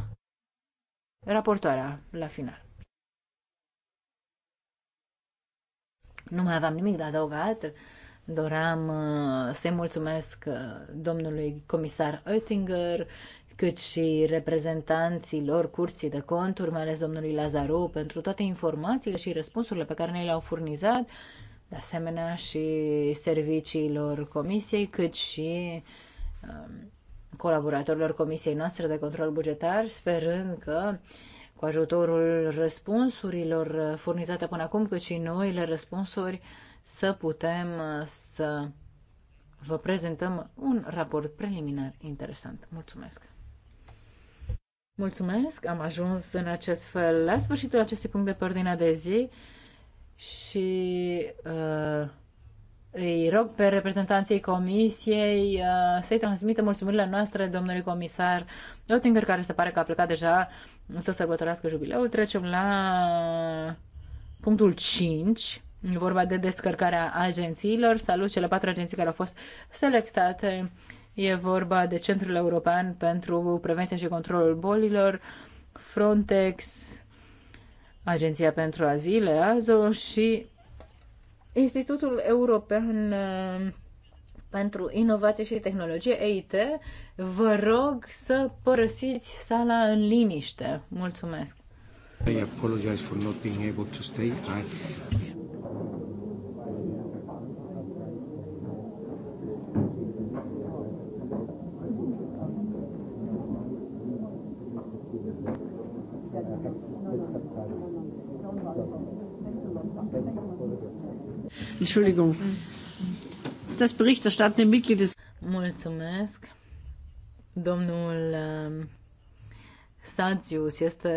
Raportoarea la final. Nu mai aveam nimic de adăugat Doream uh, să-i mulțumesc uh, domnului comisar Oettinger, cât și reprezentanților Curții de Conturi, mai ales domnului Lazaru, pentru toate informațiile și răspunsurile pe care ne le-au furnizat, de asemenea și serviciilor comisiei, cât și um, colaboratorilor comisiei noastre de control bugetar, sperând că cu ajutorul răspunsurilor uh, furnizate până acum, cât și noile răspunsuri, să putem uh, să vă prezentăm un raport preliminar interesant. Mulțumesc! Mulțumesc! Am ajuns în acest fel la sfârșitul acestui punct de pe de zi și uh, îi rog pe reprezentanții comisiei uh, să-i transmită mulțumirile noastre domnului comisar Oettinger, care se pare că a plecat deja să sărbătorească jubileul. Trecem la punctul 5 vorba de descărcarea agențiilor. Salut cele patru agenții care au fost selectate. E vorba de Centrul European pentru Prevenția și Controlul Bolilor, Frontex, Agenția pentru Azile, AZO și Institutul European uh, pentru Inovație și Tehnologie, EIT. Vă rog să părăsiți sala în liniște. Mulțumesc! I apologize for not being able to stay. I Entschuldigung. Das berichterstattende Mitglied des... Mulțumesc. Domnul um, Sazius este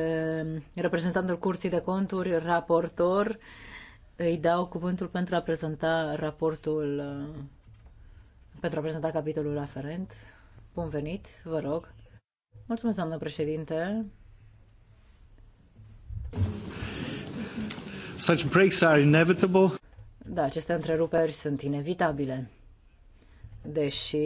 um, reprezentantul Curții de Conturi, raportor. Îi dau cuvântul pentru a prezenta raportul, um, pentru a prezenta capitolul aferent. Bun venit, vă rog. Mulțumesc, doamnă președinte. Such breaks are inevitable. Da, aceste întreruperi sunt inevitabile. Deși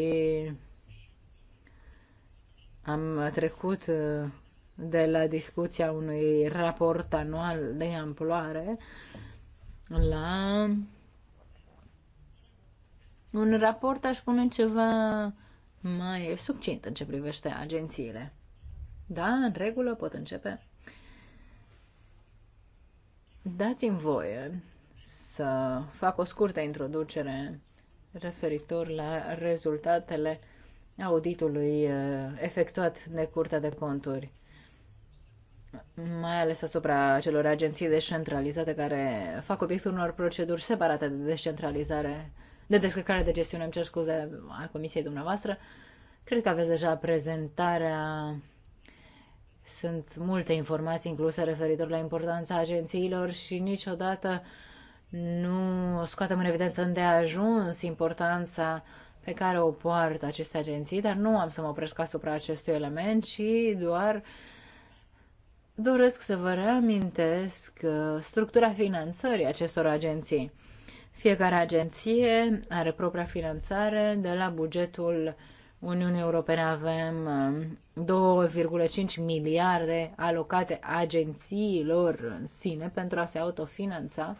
am trecut uh, de la discuția unui raport anual de amploare la un raport, aș spune, ceva mai succint în ce privește agențiile. Da, în regulă pot începe. Dați-mi voie să fac o scurtă introducere referitor la rezultatele auditului uh, efectuat de Curtea de Conturi, mai ales asupra celor agenții descentralizate care fac obiectul unor proceduri separate de descentralizare, de descărcare de gestiune, îmi cer scuze, al comisiei dumneavoastră. Cred că aveți deja prezentarea. Sunt multe informații incluse referitor la importanța agențiilor și niciodată uh, nu scoatem în evidență îndeajuns importanța pe care o poartă aceste agenții, dar nu am să mă opresc asupra acestui element, ci doar doresc să vă reamintesc uh, structura finanțării acestor agenții. Fiecare agenție are propria finanțare de la bugetul Uniunii Europene avem 2,5 um, miliarde alocate agențiilor în sine pentru a se autofinanța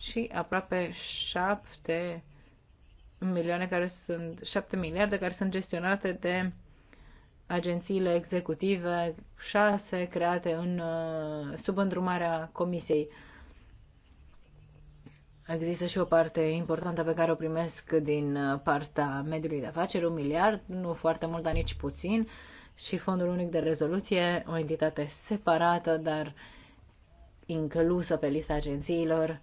și aproape 7 milioane care sunt 7 miliarde care sunt gestionate de agențiile executive, 6 create în uh, sub îndrumarea comisiei. Există și o parte importantă pe care o primesc din uh, partea mediului de afaceri, un miliard, nu foarte mult, dar nici puțin, și Fondul Unic de Rezoluție, o entitate separată, dar inclusă pe lista agențiilor,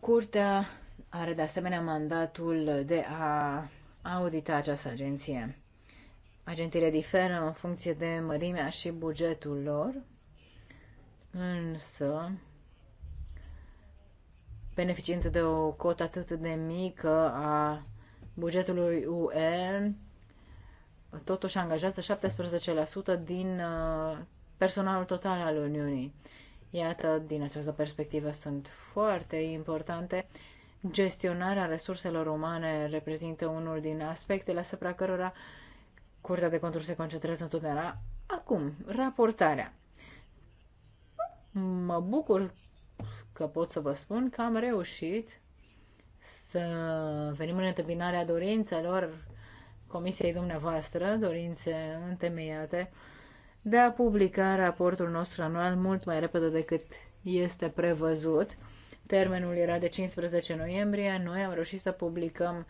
Curtea are de asemenea mandatul de a audita această agenție. Agențiile diferă în funcție de mărimea și bugetul lor, însă beneficiind de o cotă atât de mică a bugetului UE, totuși angajează 17% din uh, personalul total al Uniunii. Iată, din această perspectivă sunt foarte importante. Gestionarea resurselor umane reprezintă unul din aspectele asupra cărora Curtea de Conturi se concentrează întotdeauna. Acum, raportarea. Mă bucur că pot să vă spun că am reușit să venim în întâmpinarea dorințelor Comisiei dumneavoastră, dorințe întemeiate, uh, de a publica raportul nostru anual mult mai repede decât este prevăzut. Termenul era de 15 noiembrie, noi am reușit să publicăm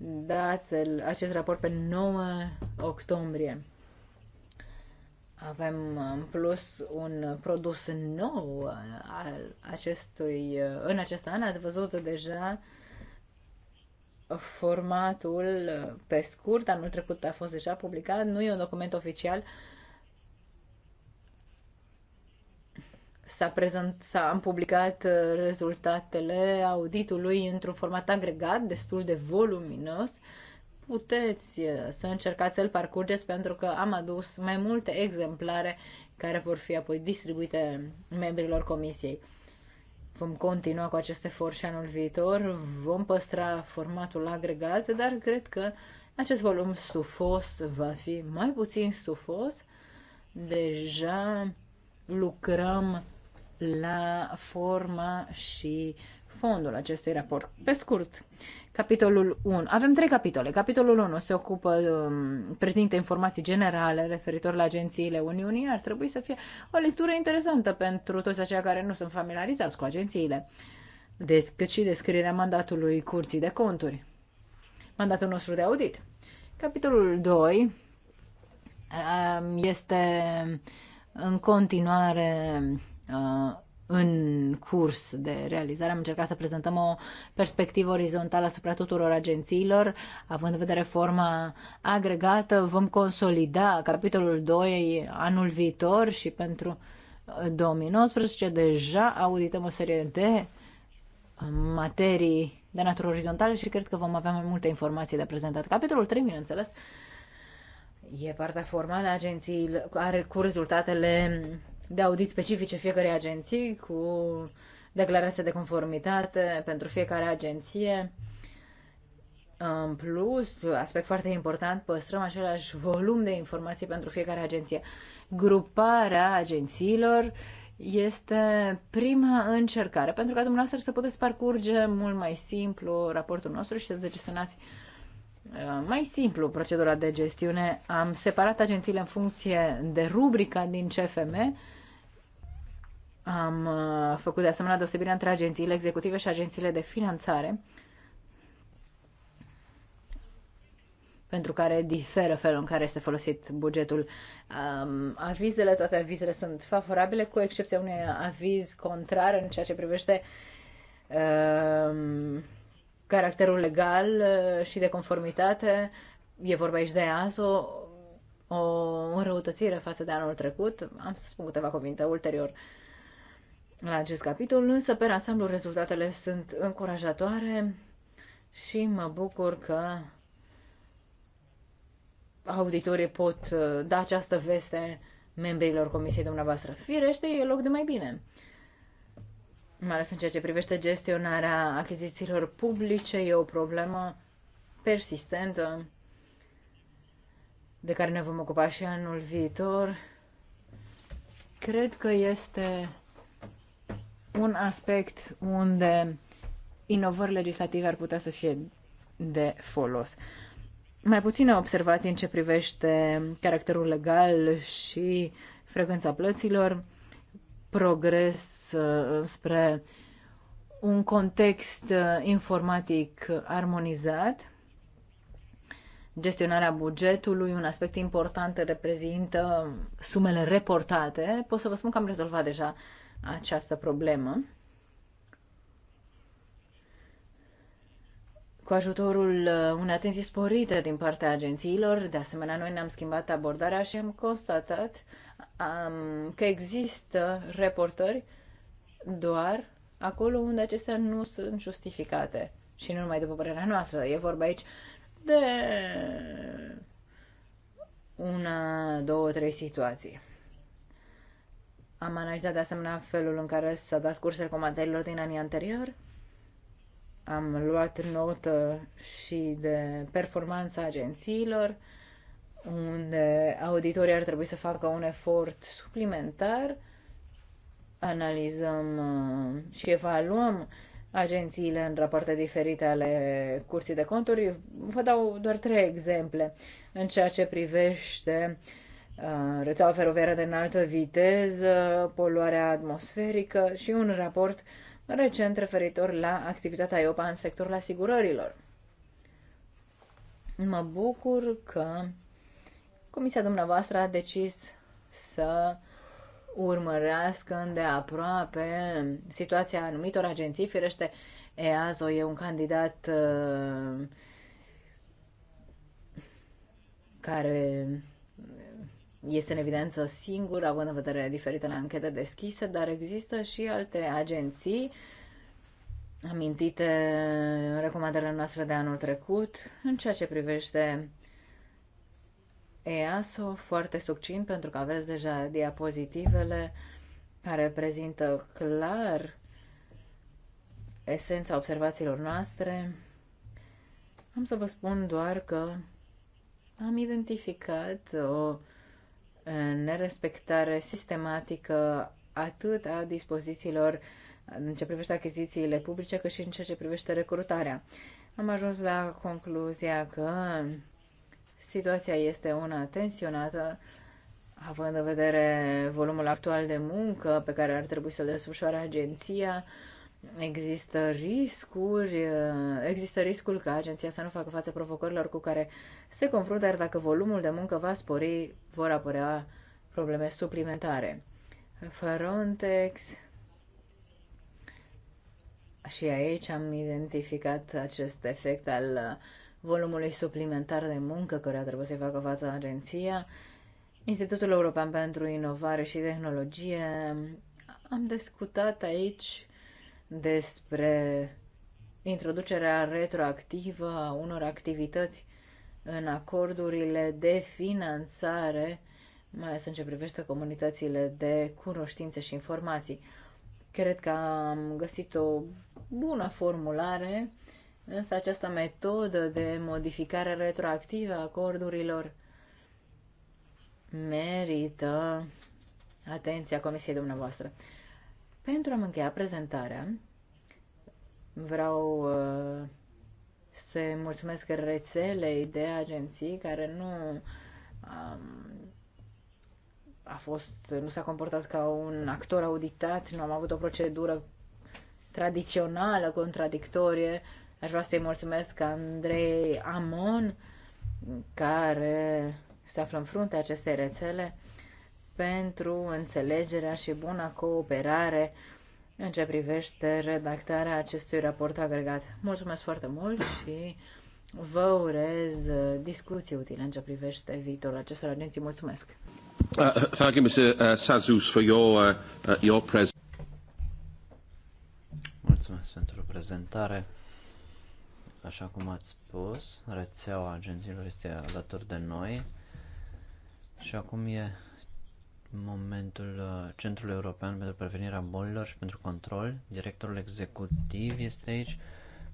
datele, acest raport pe 9 octombrie. Avem în plus un produs nou al acestui, în acest an. Ați văzut deja formatul pe scurt, anul trecut a fost deja publicat, nu e un document oficial, S-a prezent, s-a, am publicat uh, rezultatele auditului într-un format agregat, destul de voluminos. Puteți uh, să încercați să-l parcurgeți pentru că am adus mai multe exemplare care vor fi apoi distribuite membrilor comisiei. Vom continua cu acest efort și anul viitor, vom păstra formatul agregat, dar cred că acest volum sufos va fi mai puțin sufos. Deja lucrăm la forma și fondul acestui raport. Pe scurt, capitolul 1. Avem trei capitole. Capitolul 1 se ocupă, um, prezintă informații generale referitor la agențiile Uniunii. Ar trebui să fie o lectură interesantă pentru toți aceia care nu sunt familiarizați cu agențiile, cât și descrierea mandatului Curții de Conturi, mandatul nostru de audit. Capitolul 2 um, este în continuare Uh, în curs de realizare. Am încercat să prezentăm o perspectivă orizontală asupra tuturor agențiilor, având în vedere forma agregată, vom consolida capitolul 2 anul viitor și pentru 2019 uh, deja audităm o serie de uh, materii de natură orizontală și cred că vom avea mai multe informații de prezentat. Capitolul 3, bineînțeles, e partea formală a agențiilor, are cu rezultatele de audit specifice fiecarei agenții cu declarația de conformitate pentru fiecare agenție. În plus, aspect foarte important, păstrăm același volum de informații pentru fiecare agenție. Gruparea agențiilor este prima încercare, pentru ca dumneavoastră să puteți parcurge mult mai simplu raportul nostru și să gestionați uh, mai simplu procedura de gestiune. Am separat agențiile în funcție de rubrica din CFM, am uh, făcut de asemenea deosebirea între agențiile executive și agențiile de finanțare, pentru care diferă felul în care este folosit bugetul. Um, avizele, toate avizele sunt favorabile, cu excepția unui aviz contrar în ceea ce privește um, caracterul legal uh, și de conformitate. E vorba aici de o, o înrăutățire față de anul trecut. Am să spun câteva cuvinte ulterior. Uh, la acest capitol, însă pe ansamblu rezultatele sunt încurajatoare și mă bucur că auditorii pot uh, da această veste membrilor comisiei dumneavoastră. Firește, e loc de mai bine. Mai ales în ceea ce privește gestionarea achizițiilor publice, e o problemă persistentă de care ne vom ocupa și anul viitor. Cred că este un aspect unde inovări legislative ar putea să fie de folos. Mai puține observații în ce privește caracterul legal și frecvența plăților, progres uh, spre un context uh, informatic armonizat, gestionarea bugetului, un aspect important reprezintă sumele reportate. Pot să vă spun că am rezolvat deja uh, această problemă. cu ajutorul uh, unei atenții sporite din partea agențiilor. De asemenea, noi ne-am schimbat abordarea și am constatat um, că există reportări doar acolo unde acestea nu sunt justificate. Și nu numai după părerea noastră. E vorba aici de una, două, trei situații. Am analizat de asemenea felul în care s-a dat curs recomandărilor din anii anterior. Am luat notă și de performanța agențiilor, unde auditorii ar trebui să facă un efort suplimentar. Analizăm uh, și evaluăm agențiile în rapoarte diferite ale curții de conturi. Vă dau doar trei exemple în ceea ce privește uh, Uh, rețeaua feroviară de înaltă viteză, poluarea atmosferică și un raport recent referitor la activitatea IOPA în sectorul asigurărilor. Mă bucur că comisia dumneavoastră a decis să urmărească îndeaproape situația anumitor agenții. Firește, EASO e un candidat uh, care este în evidență singur, având în vedere diferitele anchete deschise, dar există și alte agenții amintite recomandările noastre de anul trecut în ceea ce privește EASO, foarte succint pentru că aveți deja diapozitivele care prezintă clar esența observațiilor noastre. Am să vă spun doar că am identificat o nerespectare sistematică atât a dispozițiilor în ce privește achizițiile publice, cât și în ceea ce privește recrutarea. Am ajuns la concluzia că situația este una tensionată, având în vedere volumul actual de muncă pe care ar trebui să-l desfășoare agenția, Există riscuri, uh, există riscul ca agenția să nu facă față provocărilor cu care se confruntă, iar dacă volumul de muncă va spori, vor apărea probleme suplimentare. Frontex și aici am identificat acest efect al uh, volumului suplimentar de muncă care trebuie să-i facă față agenția. Institutul European pentru Inovare și Tehnologie am discutat aici despre introducerea retroactivă a unor activități în acordurile de finanțare, mai ales în ce privește comunitățile de cunoștințe și informații. Cred că am găsit o bună formulare, însă această metodă de modificare retroactivă a acordurilor merită atenția comisiei dumneavoastră. Pentru a-mi încheia prezentarea, vreau uh, să mulțumesc rețelei de agenții care nu um, a fost, nu s-a comportat ca un actor auditat, nu am avut o procedură tradițională, contradictorie. Aș vrea să-i mulțumesc Andrei Amon, care se află în frunte acestei rețele pentru înțelegerea și buna cooperare în ce privește redactarea acestui raport agregat. Mulțumesc foarte mult și vă urez discuții utile în ce privește viitorul acestor agenții. Mulțumesc! Uh, thank you, Mr. Uh, Sazus, for your, uh, uh your presence. Mulțumesc pentru prezentare. Așa cum ați spus, rețeaua agențiilor este alături de noi și acum e momentul uh, Centrul European pentru Prevenirea Bolilor și pentru Control. Directorul executiv este aici.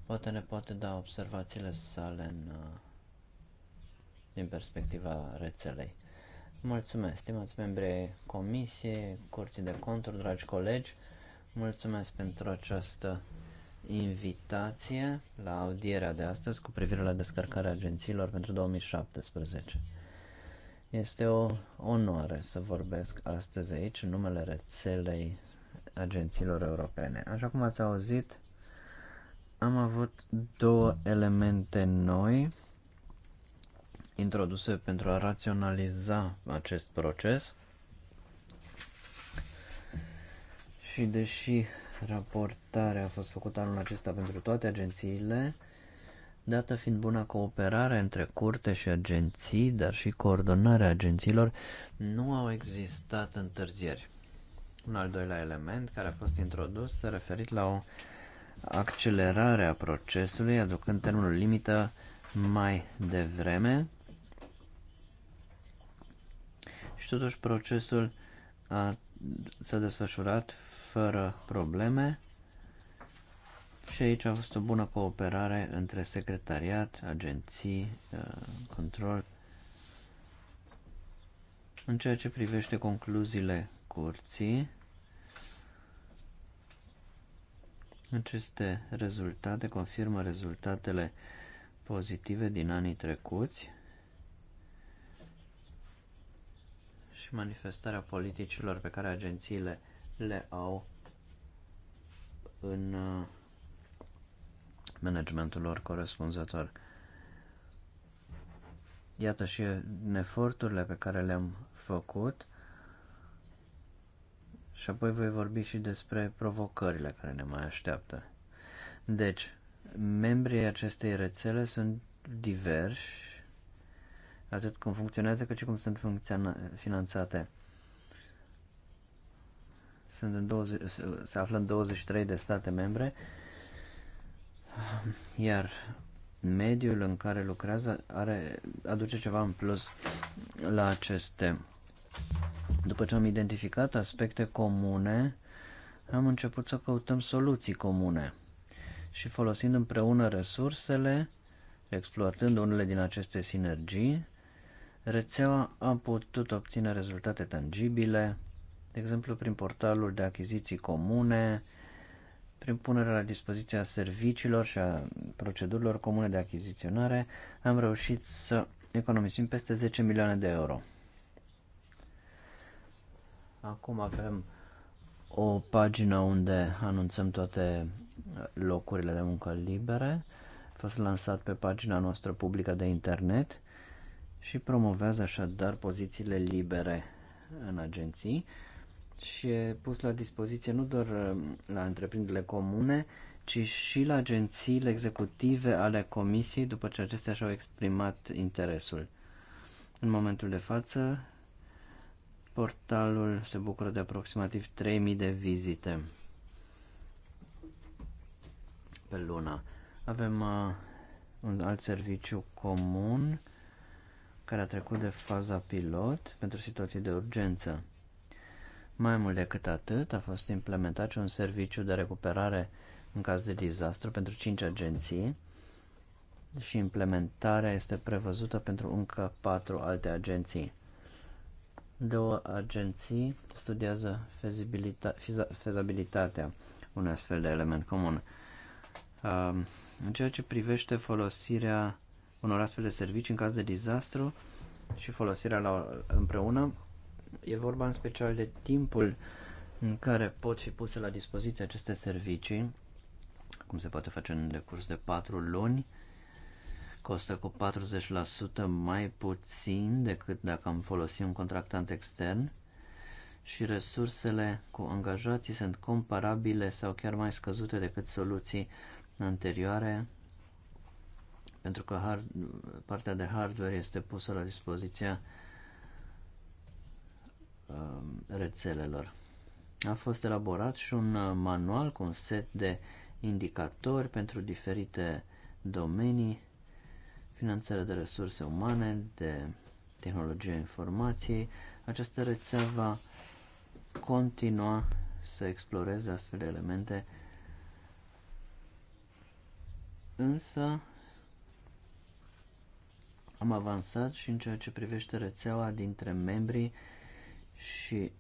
Poate ne poate da observațiile sale în, uh, din perspectiva rețelei. Mulțumesc, stimați membri Comisiei, Curții de Conturi, dragi colegi. Mulțumesc pentru această invitație la audierea de astăzi cu privire la descărcarea agențiilor pentru 2017. Este o onoare să vorbesc astăzi aici în numele rețelei agențiilor europene. Așa cum ați auzit, am avut două elemente noi introduse pentru a raționaliza acest proces. Și deși raportarea a fost făcută anul acesta pentru toate agențiile, dată fiind buna cooperare între curte și agenții, dar și coordonarea agențiilor, nu au existat întârzieri. Un al doilea element care a fost introdus s-a referit la o accelerare a procesului, aducând termenul limită mai devreme. Și totuși procesul a, s-a desfășurat fără probleme și aici a fost o bună cooperare între secretariat, agenții, uh, control. În ceea ce privește concluziile curții, aceste rezultate confirmă rezultatele pozitive din anii trecuți și manifestarea politicilor pe care agențiile le au în uh, managementul lor corespunzător. Iată și eforturile pe care le-am făcut și apoi voi vorbi și despre provocările care ne mai așteaptă. Deci, membrii acestei rețele sunt diversi, atât cum funcționează, cât și cum sunt finanțate. Sunt în 20, se află în 23 de state membre iar mediul în care lucrează are, aduce ceva în plus la aceste. După ce am identificat aspecte comune, am început să căutăm soluții comune și folosind împreună resursele, exploatând unele din aceste sinergii, rețeaua a putut obține rezultate tangibile, de exemplu prin portalul de achiziții comune, prin punerea la dispoziția serviciilor și a procedurilor comune de achiziționare, am reușit să economisim peste 10 milioane de euro. Acum avem o pagină unde anunțăm toate locurile de muncă libere. A fost lansat pe pagina noastră publică de internet și promovează așadar pozițiile libere în agenții și e pus la dispoziție nu doar um, la întreprinderile comune, ci și la agențiile executive ale comisiei după ce acestea și-au exprimat interesul. În momentul de față, portalul se bucură de aproximativ 3000 de vizite pe lună. Avem uh, un alt serviciu comun care a trecut de faza pilot pentru situații de urgență. Mai mult decât atât, a fost implementat și un serviciu de recuperare în caz de dezastru pentru 5 agenții și implementarea este prevăzută pentru încă 4 alte agenții. Două agenții studiază fezabilitatea unui astfel de element comun. În ceea ce privește folosirea unor astfel de servicii în caz de dezastru și folosirea la, împreună, E vorba în special de timpul în care pot fi puse la dispoziție aceste servicii, cum se poate face în decurs de 4 luni, costă cu 40% mai puțin decât dacă am folosi un contractant extern și resursele cu angajații sunt comparabile sau chiar mai scăzute decât soluții anterioare pentru că hard, partea de hardware este pusă la dispoziția Um, rețelelor. A fost elaborat și un uh, manual cu un set de indicatori pentru diferite domenii, finanțele de resurse umane, de tehnologie informației. Această rețea va continua să exploreze astfel de elemente, însă am avansat și în ceea ce privește rețeaua dintre membrii și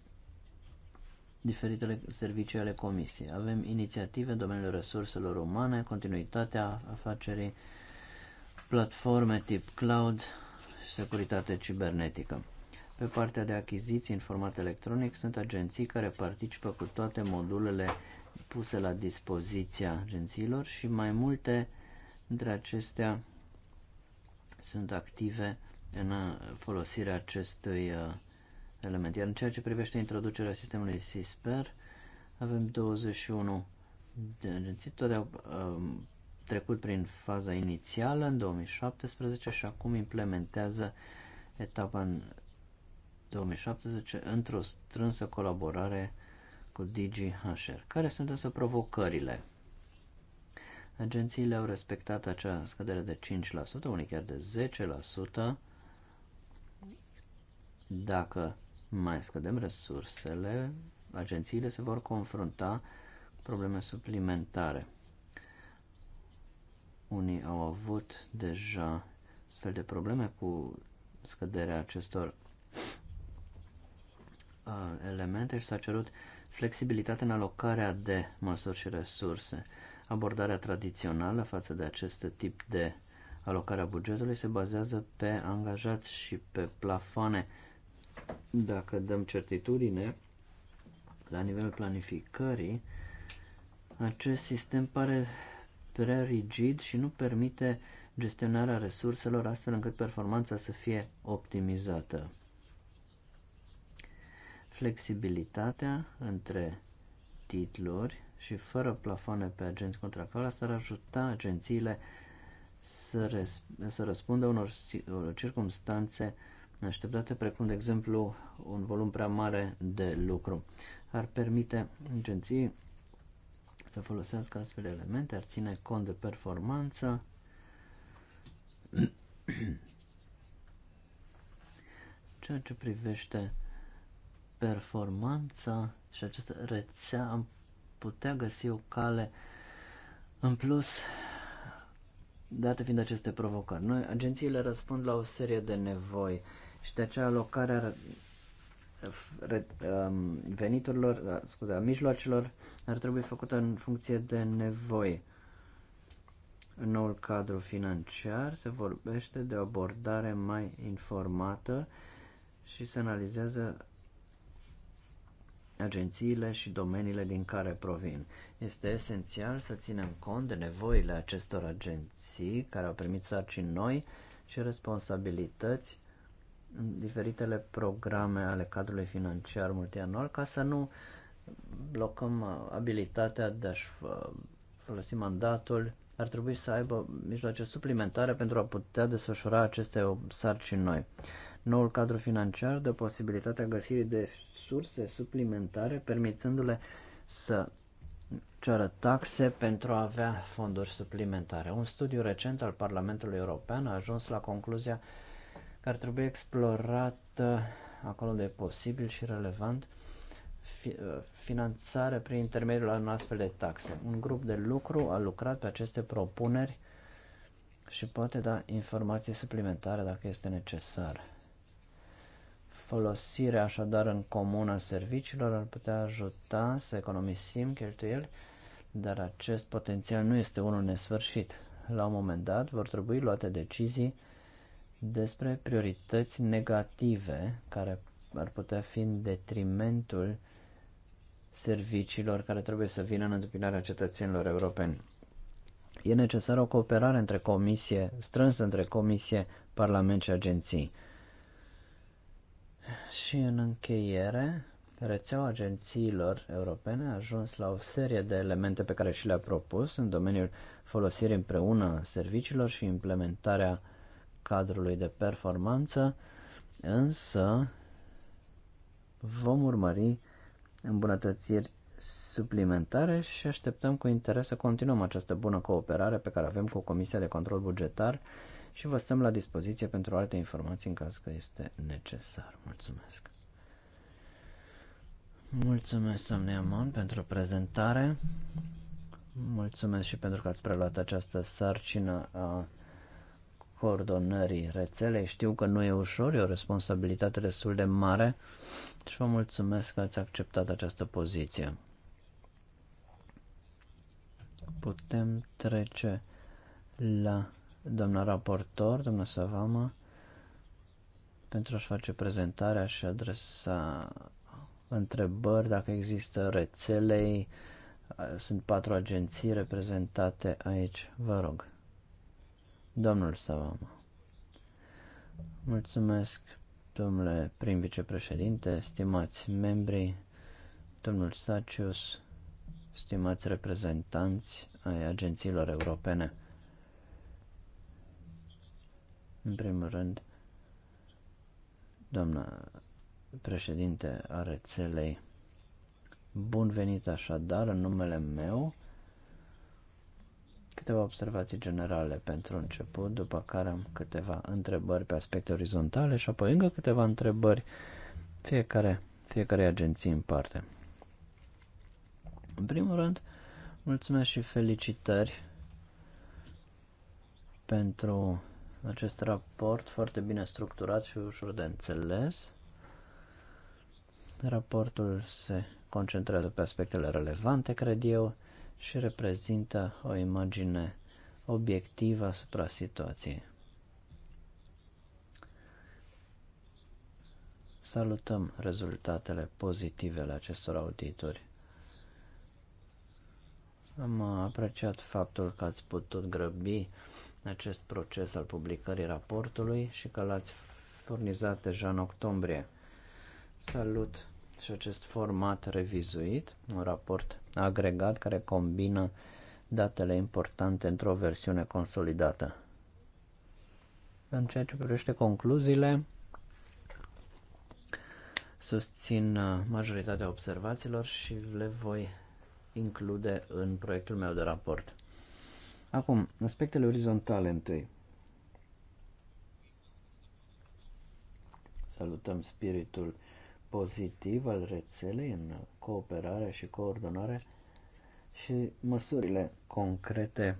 diferitele servicii ale Comisiei. Avem inițiative în domeniul resurselor umane, continuitatea afacerii, platforme tip cloud securitate cibernetică. Pe partea de achiziții în format electronic sunt agenții care participă cu toate modulele puse la dispoziția agențiilor și mai multe dintre acestea sunt active în folosirea acestui uh, element. Iar în ceea ce privește introducerea sistemului SISPER, avem 21 de agenții, toate au um, trecut prin faza inițială în 2017 și acum implementează etapa în 2017 într-o strânsă colaborare cu DGHR. Care sunt însă provocările? Agențiile au respectat acea scădere de 5%, unii chiar de 10%. Dacă mai scădem resursele, agențiile se vor confrunta cu probleme suplimentare. Unii au avut deja astfel de probleme cu scăderea acestor uh, elemente și s-a cerut flexibilitate în alocarea de măsuri și resurse. Abordarea tradițională față de acest tip de alocare a bugetului se bazează pe angajați și pe plafoane uh, dacă dăm certitudine la nivelul planificării, acest sistem pare prea rigid și nu permite gestionarea resurselor astfel încât performanța să fie optimizată. Flexibilitatea între titluri și fără plafoane pe agenți contractuali, asta ar ajuta agențiile să, răs- să răspundă unor circumstanțe așteptate, precum, de exemplu, un volum prea mare de lucru. Ar permite agenției să folosească astfel de elemente, ar ține cont de performanță, [clears throat] ceea ce privește performanța și această rețea am putea găsi o cale în plus date fiind aceste provocări. Noi, agențiile răspund la o serie de nevoi și de aceea alocarea um, veniturilor, da, scuze, a mijloacelor ar trebui făcută în funcție de nevoie. În noul cadru financiar se vorbește de o abordare mai informată și se analizează agențiile și domeniile din care provin. Este esențial să ținem cont de nevoile acestor agenții care au primit sarcini noi și responsabilități diferitele programe ale cadrului financiar multianual ca să nu blocăm uh, abilitatea de a-și uh, folosi mandatul, ar trebui să aibă mijloace suplimentare pentru a putea desfășura aceste sarcini noi. Noul cadru financiar dă posibilitatea găsirii de surse suplimentare, permițându-le să ceară taxe pentru a avea fonduri suplimentare. Un studiu recent al Parlamentului European a ajuns la concluzia ar trebui explorată acolo de posibil și relevant uh, finanțare prin intermediul unor astfel de taxe. Un grup de lucru a lucrat pe aceste propuneri și poate da informații suplimentare dacă este necesar. Folosirea așadar în comun a serviciilor ar putea ajuta să economisim cheltuieli, dar acest potențial nu este unul nesfârșit. La un moment dat vor trebui luate decizii despre priorități negative care ar putea fi în detrimentul serviciilor care trebuie să vină în întâmpinarea cetățenilor europeni. E necesară o cooperare între comisie, strânsă între comisie, parlament și agenții. Și în încheiere, rețeaua agențiilor europene a ajuns la o serie de elemente pe care și le-a propus în domeniul folosirii împreună serviciilor și implementarea uh, cadrului de performanță, însă vom urmări îmbunătățiri suplimentare și așteptăm cu interes să continuăm această bună cooperare pe care avem cu Comisia de Control Bugetar și vă stăm la dispoziție pentru alte informații în caz că este necesar. Mulțumesc! Mulțumesc, domnule Amon, pentru prezentare. Mulțumesc și pentru că ați preluat această sarcină a coordonării rețelei. Știu că nu e ușor, e o responsabilitate destul de mare și vă mulțumesc că ați acceptat această poziție. Putem trece la doamna raportor, doamna Savama, pentru a-și face prezentarea și adresa întrebări dacă există rețelei. Sunt patru agenții reprezentate aici. Vă rog. Domnul Savama. Mulțumesc, domnule prim vicepreședinte, stimați membri, domnul Sacius, stimați reprezentanți ai agențiilor europene. În primul rând, doamna președinte a rețelei, bun venit așadar în numele meu Câteva observații generale pentru început, după care am câteva întrebări pe aspecte orizontale și apoi încă câteva întrebări fiecare, fiecare agenție în parte. În primul rând, mulțumesc și felicitări pentru acest raport foarte bine structurat și ușor de înțeles. Raportul se concentrează pe aspectele relevante, cred eu, și reprezintă o imagine obiectivă asupra situației. Salutăm rezultatele pozitive ale acestor audituri. Am apreciat faptul că ați putut grăbi acest proces al publicării raportului și că l-ați furnizat deja în octombrie. Salut și acest format revizuit, un raport agregat care combină datele importante într-o versiune consolidată. În ceea ce privește concluziile, susțin uh, majoritatea observațiilor și le voi include în proiectul meu de raport. Acum, aspectele orizontale întâi. Salutăm spiritul pozitiv al rețelei în cooperare și coordonare și măsurile concrete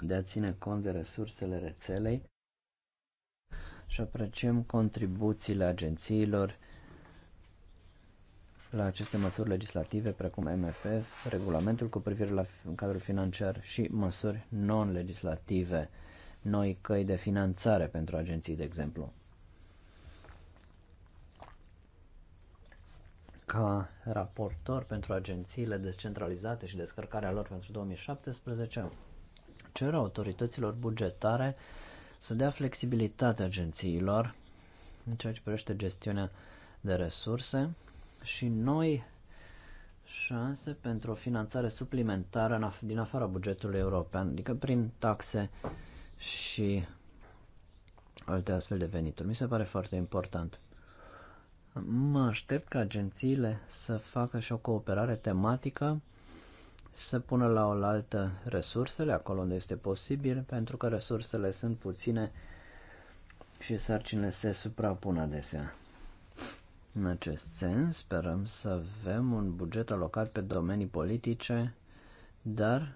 de a ține cont de resursele rețelei și apreciem contribuțiile agențiilor la aceste măsuri legislative precum MFF, regulamentul cu privire la cadrul financiar și măsuri non-legislative, noi căi de finanțare pentru agenții, de exemplu. ca raportor pentru agențiile descentralizate și descărcarea lor pentru 2017, cer autorităților bugetare să dea flexibilitate agențiilor în ceea ce privește gestiunea de resurse și noi șanse pentru o finanțare suplimentară din afara bugetului european, adică prin taxe și alte astfel de venituri. Mi se pare foarte important. Mă aștept ca agențiile să facă și o cooperare tematică, să pună la oaltă resursele acolo unde este posibil, pentru că resursele sunt puține și sarcinile se suprapun adesea. În acest sens, sperăm să avem un buget alocat pe domenii politice, dar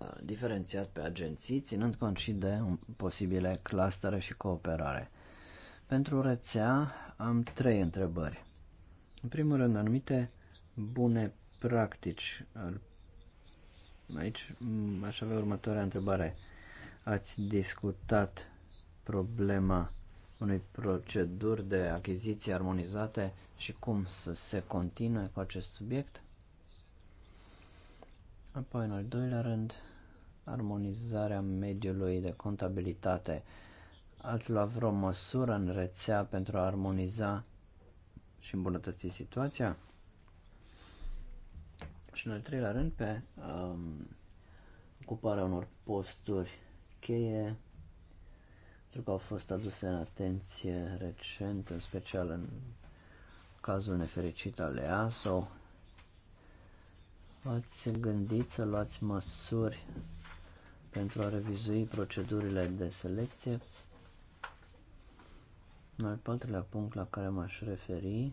Uh, diferențiat pe agenții, ținând cont și de posibile clustere și cooperare. Pentru rețea am trei întrebări. În primul rând, anumite bune practici. Aici aș avea următoarea întrebare. Ați discutat problema unei proceduri de achiziții armonizate și cum să se continue cu acest subiect? Apoi, în al doilea rând, armonizarea mediului de contabilitate. Ați luat vreo măsură în rețea pentru a armoniza și îmbunătăți situația? Și în al treilea rând, pe um, ocuparea unor posturi cheie, pentru că au fost aduse în atenție recent, în special în cazul nefericit al EASO. Ați gândit să luați măsuri pentru a revizui procedurile de selecție. În al patrulea punct la care m-aș referi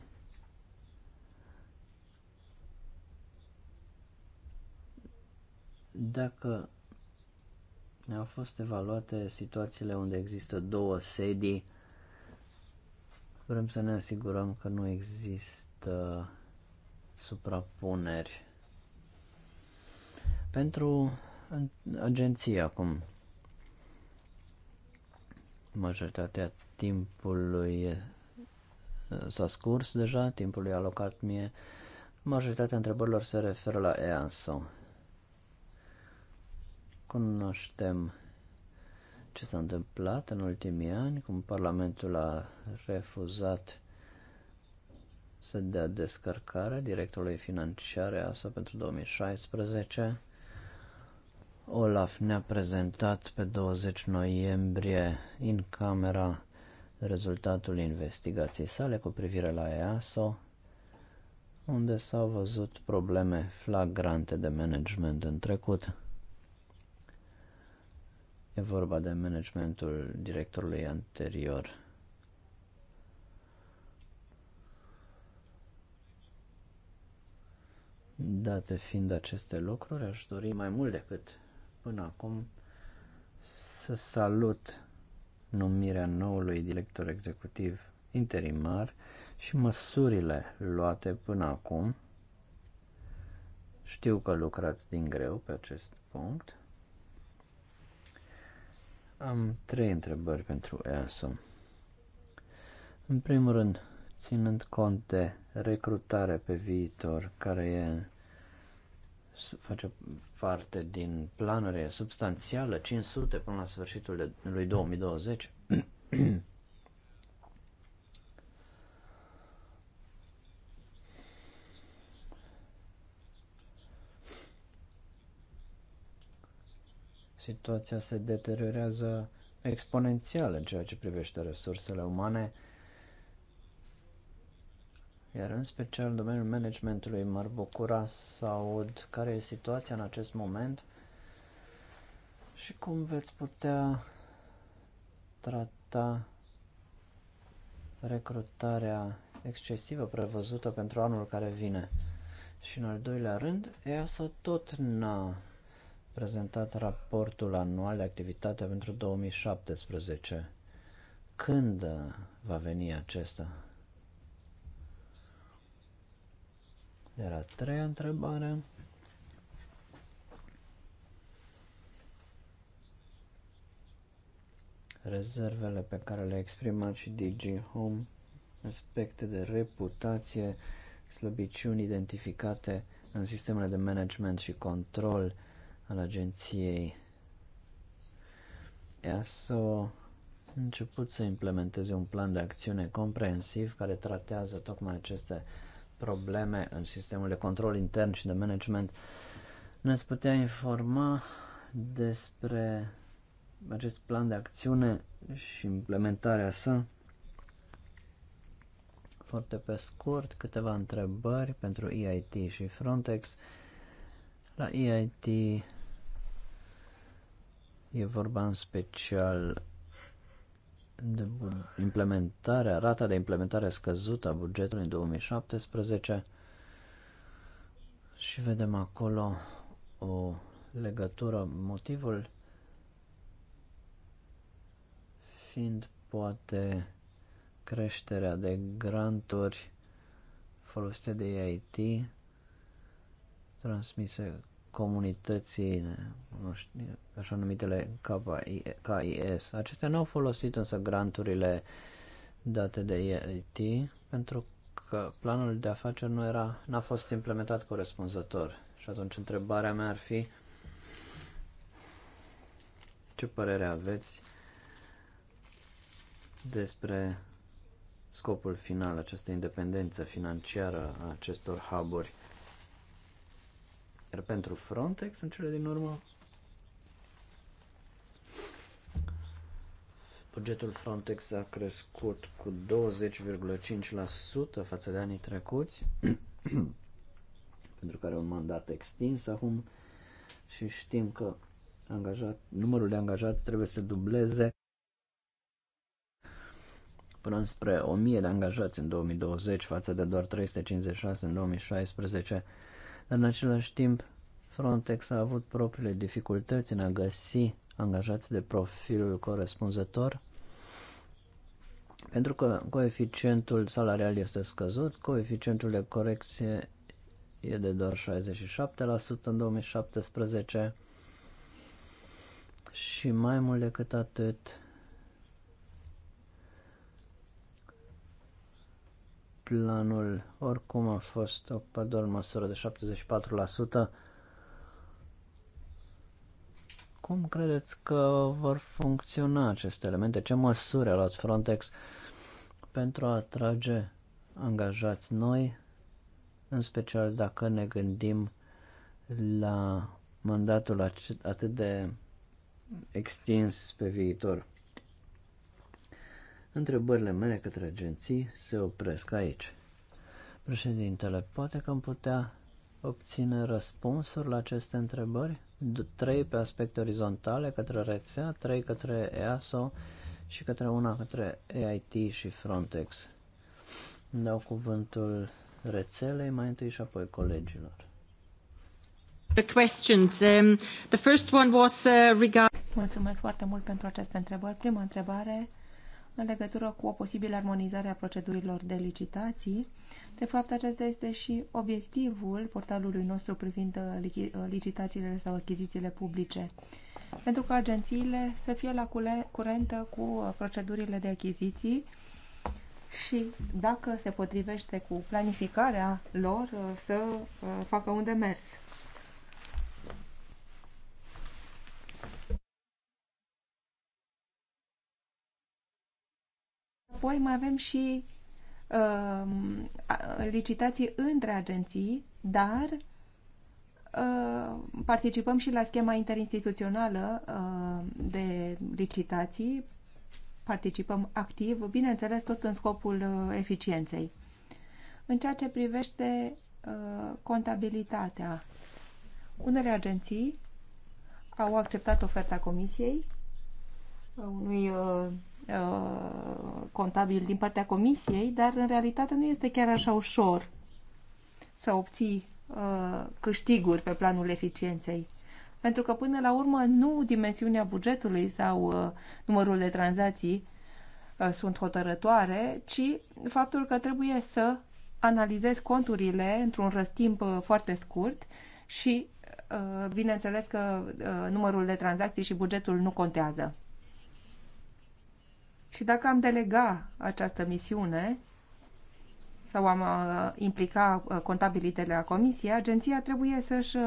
dacă au fost evaluate situațiile unde există două sedii, vrem să ne asigurăm că nu există suprapuneri. Pentru agenție acum. Majoritatea timpului s-a scurs deja, timpul timpului alocat mie. Majoritatea întrebărilor se referă la EASO. Cunoaștem ce s-a întâmplat în ultimii ani, cum Parlamentul a refuzat să dea descărcare directorului financiar EASA pentru 2016. Olaf ne-a prezentat pe 20 noiembrie în camera rezultatul investigației sale cu privire la EASO, unde s-au văzut probleme flagrante de management în trecut. E vorba de managementul directorului anterior. Date fiind aceste lucruri, aș dori mai mult decât până acum să salut numirea noului director executiv interimar și măsurile luate până acum. Știu că lucrați din greu pe acest punct. Am trei întrebări pentru EASA. În primul rând, ținând cont de recrutare pe viitor, care e face parte din planurile substanțială, 500 până la sfârșitul de, lui 2020. Situația se deteriorează exponențial în ceea ce privește resursele umane iar în special în domeniul managementului m-ar bucura să aud care e situația în acest moment și cum veți putea trata recrutarea excesivă prevăzută pentru anul care vine. Și în al doilea rând, EASA tot n-a prezentat raportul anual de activitate pentru 2017. Când va veni acesta? Era a treia întrebare. Rezervele pe care le-a exprimat și DG Home, aspecte de reputație, slăbiciuni identificate în sistemele de management și control al agenției. EASO a început să implementeze un plan de acțiune comprensiv care tratează tocmai aceste probleme în sistemul de control intern și de management, ne-ați putea informa despre acest plan de acțiune și implementarea sa? Foarte pe scurt, câteva întrebări pentru EIT și Frontex. La EIT e vorba în special de implementare, rata de implementare scăzută a bugetului în 2017 și vedem acolo o legătură, motivul fiind poate creșterea de granturi folosite de IT transmise comunității, nu știu, așa numitele KIS. Acestea nu au folosit însă granturile date de EIT pentru că planul de afaceri nu era, n-a fost implementat corespunzător. Și atunci întrebarea mea ar fi ce părere aveți despre scopul final, această independență financiară a acestor hub-uri? Iar pentru Frontex, în cele din urmă, bugetul Frontex a crescut cu 20,5% față de anii trecuți, [clears throat] pentru că are un mandat extins acum și știm că angajat, numărul de angajați trebuie să dubleze până spre 1000 de angajați în 2020 față de doar 356 în 2016 dar în același timp, Frontex a avut propriile dificultăți în a găsi angajați de profilul corespunzător, pentru că coeficientul salarial este scăzut, coeficientul de corecție e de doar 67% în 2017 și mai mult decât atât, planul oricum a fost o doar măsură de 74%. Cum credeți că vor funcționa aceste elemente? Ce măsuri a luat Frontex pentru a atrage angajați noi, în special dacă ne gândim la mandatul atât de extins pe viitor? Întrebările mele către agenții se opresc aici. Președintele, poate că am putea obține răspunsuri la aceste întrebări? Trei pe aspecte orizontale către rețea, trei către EASO și către una către EIT și Frontex. Dau cuvântul rețelei mai întâi și apoi colegilor. The questions. Um, the first one was uh, regard... Mulțumesc foarte mult pentru aceste întrebări. Prima întrebare în legătură cu o posibilă armonizare a procedurilor de licitații. De fapt, acesta este și obiectivul portalului nostru privind uh, uh, licitațiile sau achizițiile publice, pentru că agențiile să fie la curentă cu uh, procedurile de achiziții și, dacă se potrivește cu planificarea lor, să facă un demers. Apoi mai avem și uh, licitații între agenții, dar uh, participăm și la schema interinstituțională uh, de licitații, participăm activ, bineînțeles, tot în scopul uh, eficienței. În ceea ce privește uh, contabilitatea, unele agenții au acceptat oferta comisiei uh, unui Uh, contabil din partea comisiei, dar în realitate nu este chiar așa ușor să obții uh, câștiguri pe planul eficienței. Pentru că până la urmă nu dimensiunea bugetului sau uh, numărul de tranzacții sunt hotărătoare, ci faptul că trebuie să analizezi conturile într-un răstimp foarte scurt și bineînțeles că numărul de tranzacții și bugetul nu contează. Și dacă am delega această misiune sau am uh, implica uh, contabilii de la comisie, agenția trebuie să-și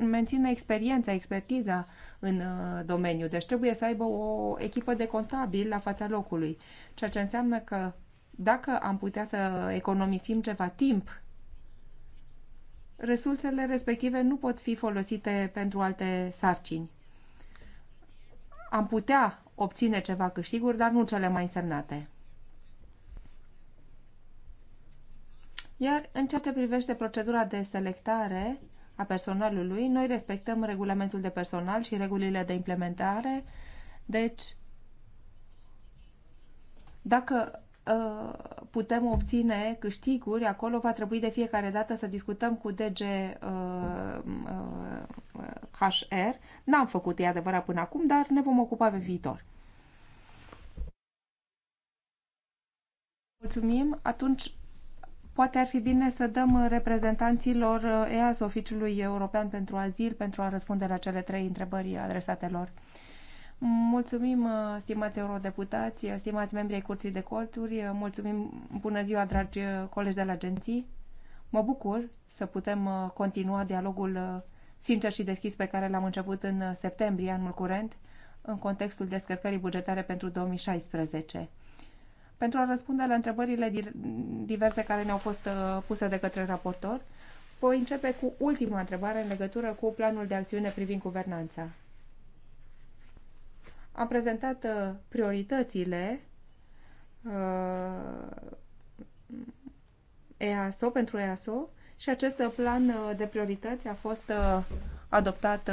mențină experiența, expertiza în uh, domeniu. Deci trebuie să aibă o echipă de contabili la fața locului, ceea ce înseamnă că dacă am putea să economisim ceva timp, resursele respective nu pot fi folosite pentru alte sarcini. Am putea obține ceva câștiguri, dar nu cele mai însemnate. Iar în ceea ce privește procedura de selectare a personalului, noi respectăm regulamentul de personal și regulile de implementare. Deci, dacă ă, putem obține câștiguri, acolo va trebui de fiecare dată să discutăm cu DG uh, ă, ă, uh, HR. N-am făcut, e adevărat, până acum, dar ne vom ocupa pe viitor. Mulțumim. Atunci, poate ar fi bine să dăm uh, reprezentanților uh, EAS, Oficiului European pentru Azil, pentru a răspunde la cele trei întrebări adresate lor. Mulțumim, uh, stimați eurodeputați, stimați membri ai Curții de Colțuri, mulțumim, bună ziua, dragi colegi de la agenții. Mă bucur să putem continua dialogul sincer și deschis pe care l-am început în septembrie anul curent, în contextul descărcării bugetare pentru 2016 pentru a răspunde la întrebările diverse care ne-au fost uh, puse de către raportor. Voi începe cu ultima întrebare în legătură cu planul de acțiune privind guvernanța. Am prezentat uh, prioritățile uh, EASO pentru EASO și acest plan de priorități a fost adoptat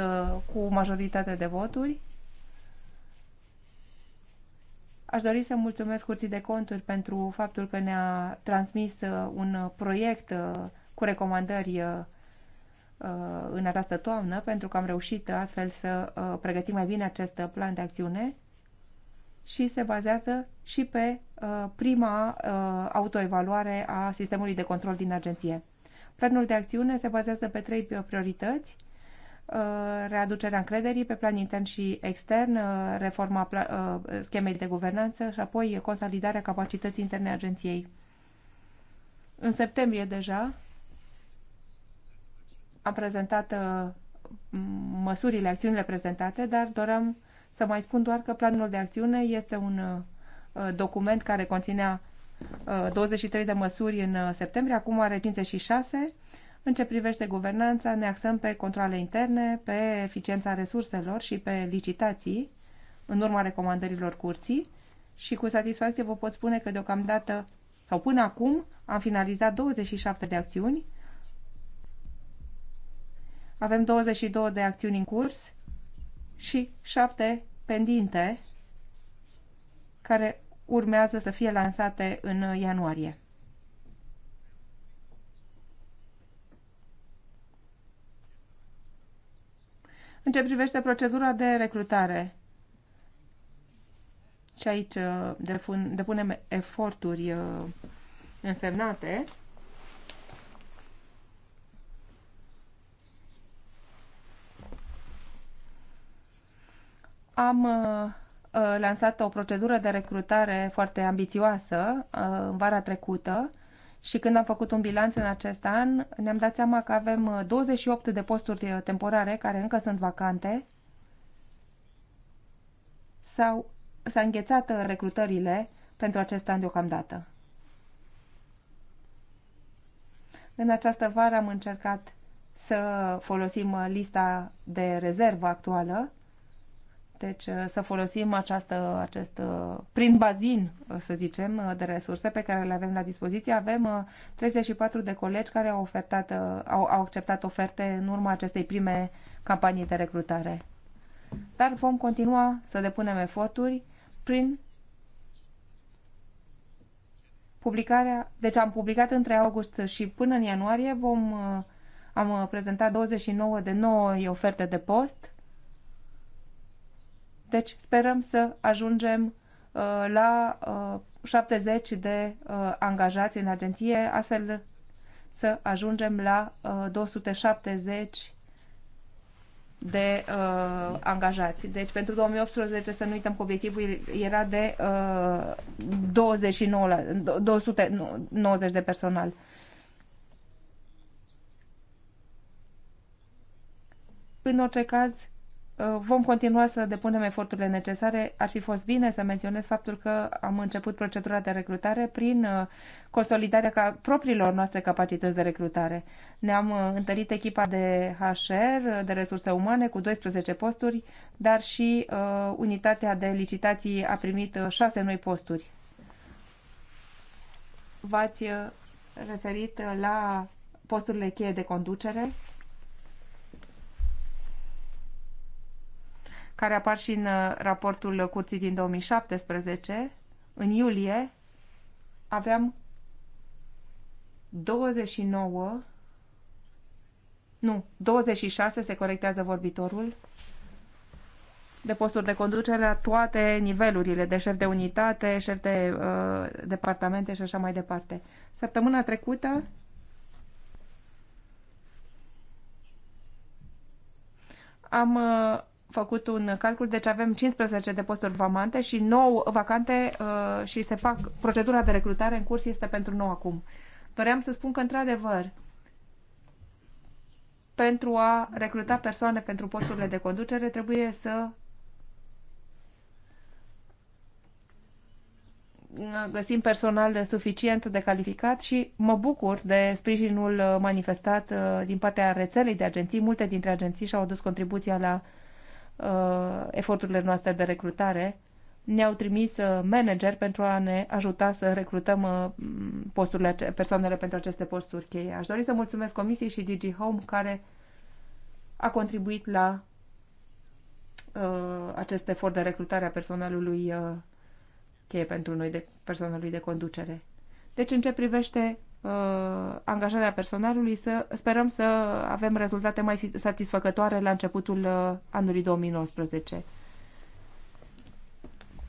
cu majoritate de voturi Aș dori să mulțumesc Curții de Conturi pentru faptul că ne-a transmis uh, un proiect uh, cu recomandări uh, în această toamnă, pentru că am reușit astfel să pregătim mai bine acest plan de acțiune și se bazează și pe prima autoevaluare a sistemului de control din agenție. Planul de acțiune se bazează pe trei priorități Uh, readucerea încrederii pe plan intern și extern, uh, reforma uh, schemei de guvernanță și apoi consolidarea capacității interne a agenției. În septembrie deja am prezentat măsurile, acțiunile prezentate, dar doream să mai spun doar că planul de acțiune este un document care conținea 23 de măsuri în septembrie, acum are 56 în ce privește guvernanța, ne axăm pe controle interne, pe eficiența resurselor și pe licitații, în urma recomandărilor curții, și cu satisfacție vă pot spune că deocamdată, sau până acum, am finalizat 27 de acțiuni, avem 22 de acțiuni în curs și 7 pendinte care urmează să fie lansate în ianuarie. În ce privește procedura de recrutare, și aici uh, depunem eforturi uh, însemnate, am uh, lansat o procedură de recrutare foarte ambițioasă în vara trecută și când am făcut un bilanț în acest an, ne-am dat seama că avem 28 uh, de posturi uh, temporare care încă sunt vacante sau s-a înghețat uh, recrutările pentru acest an deocamdată. În această vară am încercat să folosim lista de rezervă actuală deci uh, să folosim această, acest, uh, prin bazin, uh, să zicem, de resurse pe care le avem la dispoziție. Avem 34 de colegi care au, ofertat, au, au acceptat oferte în urma acestei prime campanii de recrutare. Dar vom continua să depunem eforturi prin publicarea. Deci am publicat între august și până în ianuarie vom, am prezentat 29 de noi oferte de post deci sperăm să ajungem uh, la 70 uh, de uh, angajați în agenție, astfel să ajungem la 270 de uh, angajați. Deci pentru 2018, să nu uităm că obiectivul era de uh, 29 la, 290 de personal. În orice caz, Vom continua să depunem eforturile necesare. Ar fi fost bine să menționez faptul că am început procedura de recrutare prin uh, consolidarea ca propriilor noastre capacități de recrutare. Ne-am uh, întărit echipa de HR, uh, de resurse umane, cu 12 posturi, dar și uh, unitatea de licitații a primit 6 noi posturi. V-ați referit la posturile cheie de conducere care apar și în uh, raportul curții din 2017, în iulie aveam 29, nu, 26 se corectează vorbitorul, de posturi de conducere la toate nivelurile, de șef de unitate, șef de uh, departamente și așa mai departe. Săptămâna trecută am uh, făcut un calcul, deci avem 15 de posturi vamante și 9 vacante uh, și se fac procedura de recrutare în curs este pentru nou acum. Doream să spun că, într-adevăr, pentru a recruta persoane pentru posturile de conducere trebuie să uh, găsim personal suficient de calificat și mă bucur de sprijinul uh, manifestat uh, din partea rețelei de agenții. Multe dintre agenții și-au adus contribuția la uh, Uh, eforturile noastre de recrutare, ne-au trimis uh, manager pentru a ne ajuta să recrutăm uh, posturile, persoanele pentru aceste posturi cheie. Aș dori să mulțumesc Comisiei și Digi Home care a contribuit la uh, acest efort de recrutare a personalului uh, cheie pentru noi, de personalului de conducere. Deci, în ce privește Uh, angajarea personalului, să sperăm să avem rezultate mai satisfăcătoare la începutul uh, anului 2019.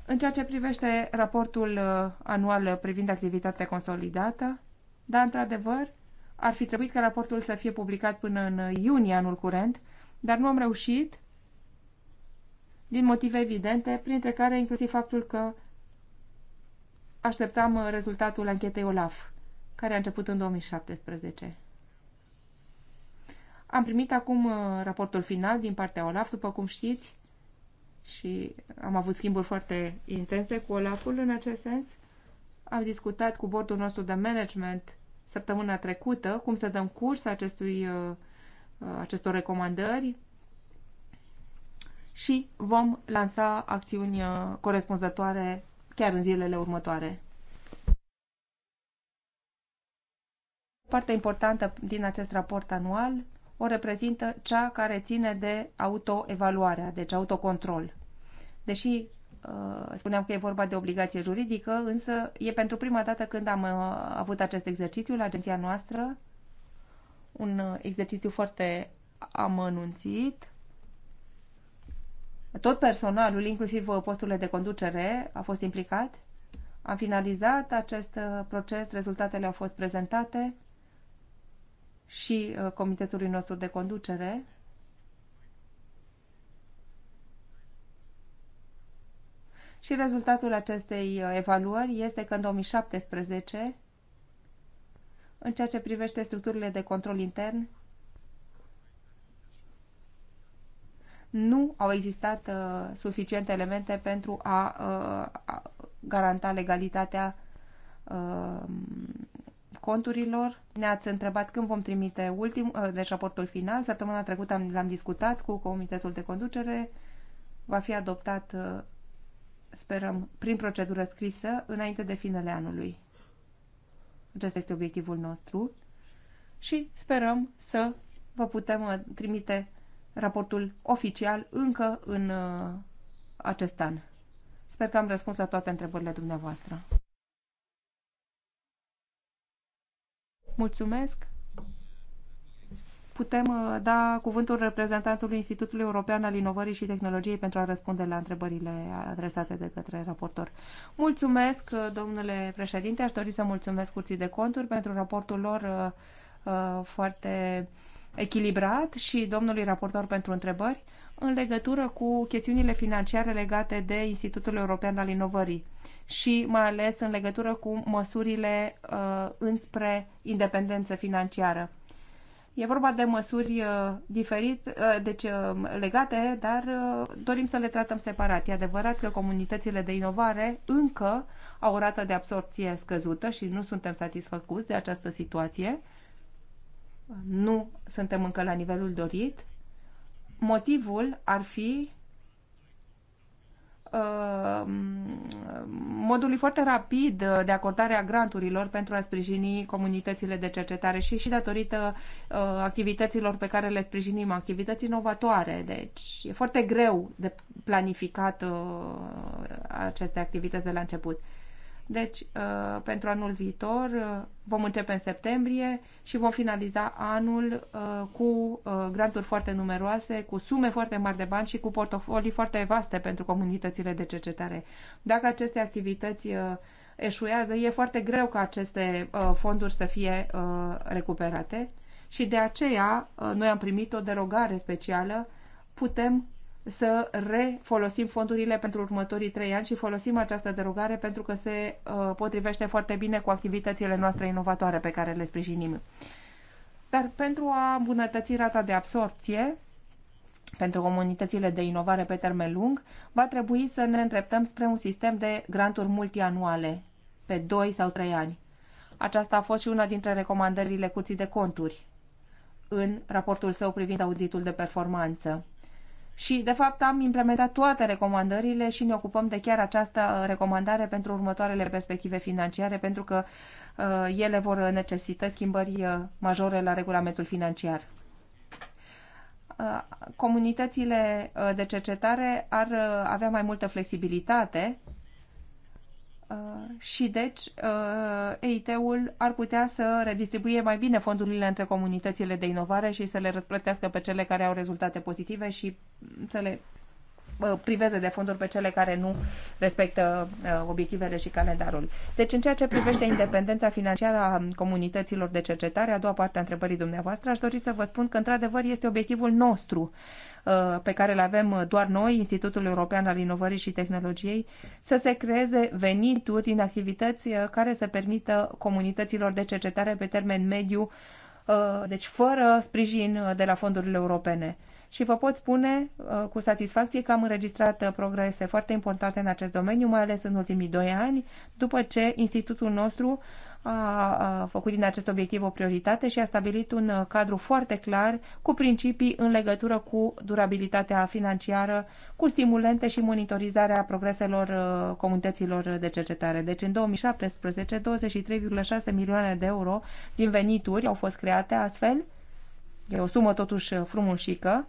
În ceea ce privește raportul uh, anual privind activitatea consolidată, dar într-adevăr, ar fi trebuit ca raportul să fie publicat până în iunie anul curent, dar nu am reușit din motive evidente, printre care inclusiv faptul că așteptam rezultatul anchetei OLAF care a început în 2017. Am primit acum uh, raportul final din partea OLAF, după cum știți, și am avut schimburi foarte intense cu OLAF-ul în acest sens. Am discutat cu bordul nostru de management săptămâna trecută cum să dăm curs acestui, uh, uh, acestor recomandări și vom lansa acțiuni corespunzătoare chiar în zilele următoare. Partea importantă din acest raport anual o reprezintă cea care ține de autoevaluarea, deci autocontrol. Deși uh, spuneam că e vorba de obligație juridică, însă e pentru prima dată când am uh, avut acest exercițiu la agenția noastră, un uh, exercițiu foarte amănunțit. Tot personalul, inclusiv posturile de conducere, a fost implicat. Am finalizat acest proces, rezultatele au fost prezentate și uh, comitetului nostru de conducere. Și rezultatul acestei uh, evaluări este că în 2017, în ceea ce privește structurile de control intern, nu au existat uh, suficiente elemente pentru a, uh, a garanta legalitatea uh, conturilor. Ne-ați întrebat când vom trimite ultim, ă, deci raportul final. Săptămâna trecută am, l-am discutat cu Comitetul de Conducere. Va fi adoptat, ă, sperăm, prin procedură scrisă înainte de finele anului. Acesta este obiectivul nostru și sperăm să vă putem ă, trimite raportul oficial încă în acest an. Sper că am răspuns la toate întrebările dumneavoastră. Mulțumesc. Putem uh, da cuvântul reprezentantului Institutului European al Inovării și Tehnologiei pentru a răspunde la întrebările adresate de către raportor. Mulțumesc, uh, domnule președinte. Aș dori să mulțumesc Curții de Conturi pentru raportul lor uh, foarte echilibrat și domnului raportor pentru întrebări în legătură cu chestiunile financiare legate de Institutul European al Inovării și mai ales în legătură cu măsurile uh, înspre independență financiară. E vorba de măsuri uh, diferit, uh, deci uh, legate, dar uh, dorim să le tratăm separat. E adevărat că comunitățile de inovare încă au o rată de absorpție scăzută și nu suntem satisfăcuți de această situație. Nu suntem încă la nivelul dorit. Motivul ar fi Uh, modului foarte rapid de acordare a granturilor pentru a sprijini comunitățile de cercetare și și datorită uh, activităților pe care le sprijinim, activități inovatoare. Deci e foarte greu de planificat uh, aceste activități de la început. Deci, uh, pentru anul viitor uh, vom începe în septembrie și vom finaliza anul uh, cu granturi foarte numeroase, cu sume foarte mari de bani și cu portofolii foarte vaste pentru comunitățile de cercetare. Dacă aceste activități eșuează, e foarte greu ca aceste fonduri să fie recuperate și de aceea noi am primit o derogare specială, putem să refolosim fondurile pentru următorii trei ani și folosim această derogare pentru că se uh, potrivește foarte bine cu activitățile noastre inovatoare pe care le sprijinim. Dar pentru a îmbunătăți rata de absorpție, pentru comunitățile de inovare pe termen lung, va trebui să ne îndreptăm spre un sistem de granturi multianuale, pe 2 sau 3 ani. Aceasta a fost și una dintre recomandările Curții de Conturi în raportul său privind auditul de performanță și, de fapt, am implementat toate recomandările și ne ocupăm de chiar această uh, recomandare pentru următoarele perspective financiare, pentru că uh, ele vor necesită schimbări uh, majore la regulamentul financiar. Uh, comunitățile de cercetare ar avea mai multă flexibilitate Uh, și deci uh, EIT-ul ar putea să redistribuie mai bine fondurile între comunitățile de inovare și să le răsplătească pe cele care au rezultate pozitive și să le uh, priveze de fonduri pe cele care nu respectă obiectivele și calendarul. Deci, în ceea ce privește independența financiară a comunităților de cercetare, a doua parte a întrebării dumneavoastră, aș dori să vă spun că, într-adevăr, este obiectivul nostru Uh, pe care le avem doar noi, Institutul European al Inovării și Tehnologiei, să se creeze venituri din activități uh, care să permită comunităților de cercetare pe termen mediu, uh, deci fără sprijin de la fondurile europene. Și vă pot spune cu satisfacție că am înregistrat progrese foarte importante în acest domeniu, mai ales în ultimii doi ani, după ce institutul nostru a făcut din acest obiectiv o prioritate și a stabilit un uh, cadru foarte clar cu principii în legătură cu durabilitatea financiară, cu stimulente și monitorizarea progreselor uh, comunităților de cercetare. Deci în 2017, 23,6 milioane de euro din venituri au fost create astfel. E o sumă totuși uh, frumușică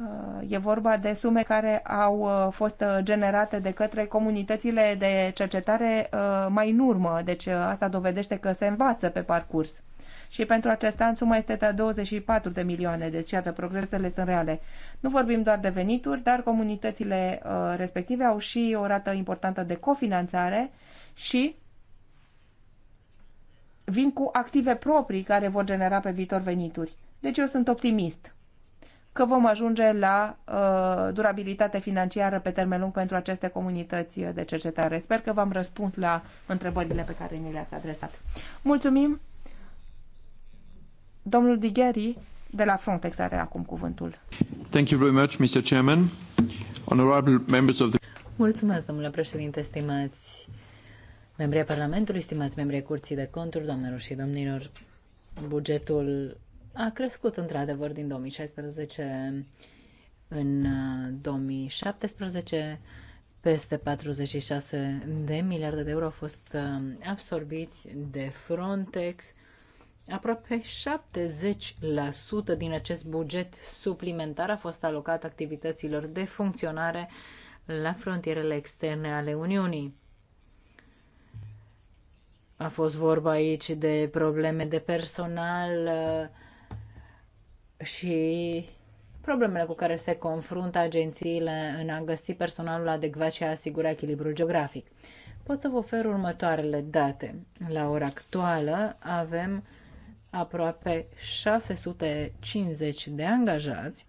Uh, e vorba de sume care au uh, fost uh, generate de către comunitățile de cercetare mai în urmă, deci asta dovedește că se învață pe parcurs. Și pentru acest an suma este de 24 de milioane, deci iată, progresele sunt reale. Nu vorbim doar de venituri, dar comunitățile respective au și o rată importantă de cofinanțare și vin cu active proprii care vor genera pe viitor venituri. Deci eu sunt optimist că vom ajunge la uh, durabilitate financiară pe termen lung pentru aceste comunități de cercetare. Sper că v-am răspuns la întrebările pe care ni le-ați adresat. Mulțumim! Domnul Digheri de la Frontex are acum cuvântul. Thank you very much, Mr. Chairman. Honorable members of the... Mulțumesc, domnule președinte, stimați membrii Parlamentului, stimați membrii Curții de Conturi, doamnelor și domnilor. Bugetul a crescut într-adevăr din 2016 în 2017 uh, peste 46 de miliarde de euro au fost uh, absorbiți de Frontex. Aproape 70% din acest buget suplimentar a fost alocat activităților de funcționare la frontierele externe ale Uniunii. A fost vorba aici de probleme de personal, uh, și problemele cu care se confruntă agențiile în a găsi personalul adecvat și a asigura echilibrul geografic. Pot să vă ofer următoarele date. La ora actuală avem aproape 650 de angajați.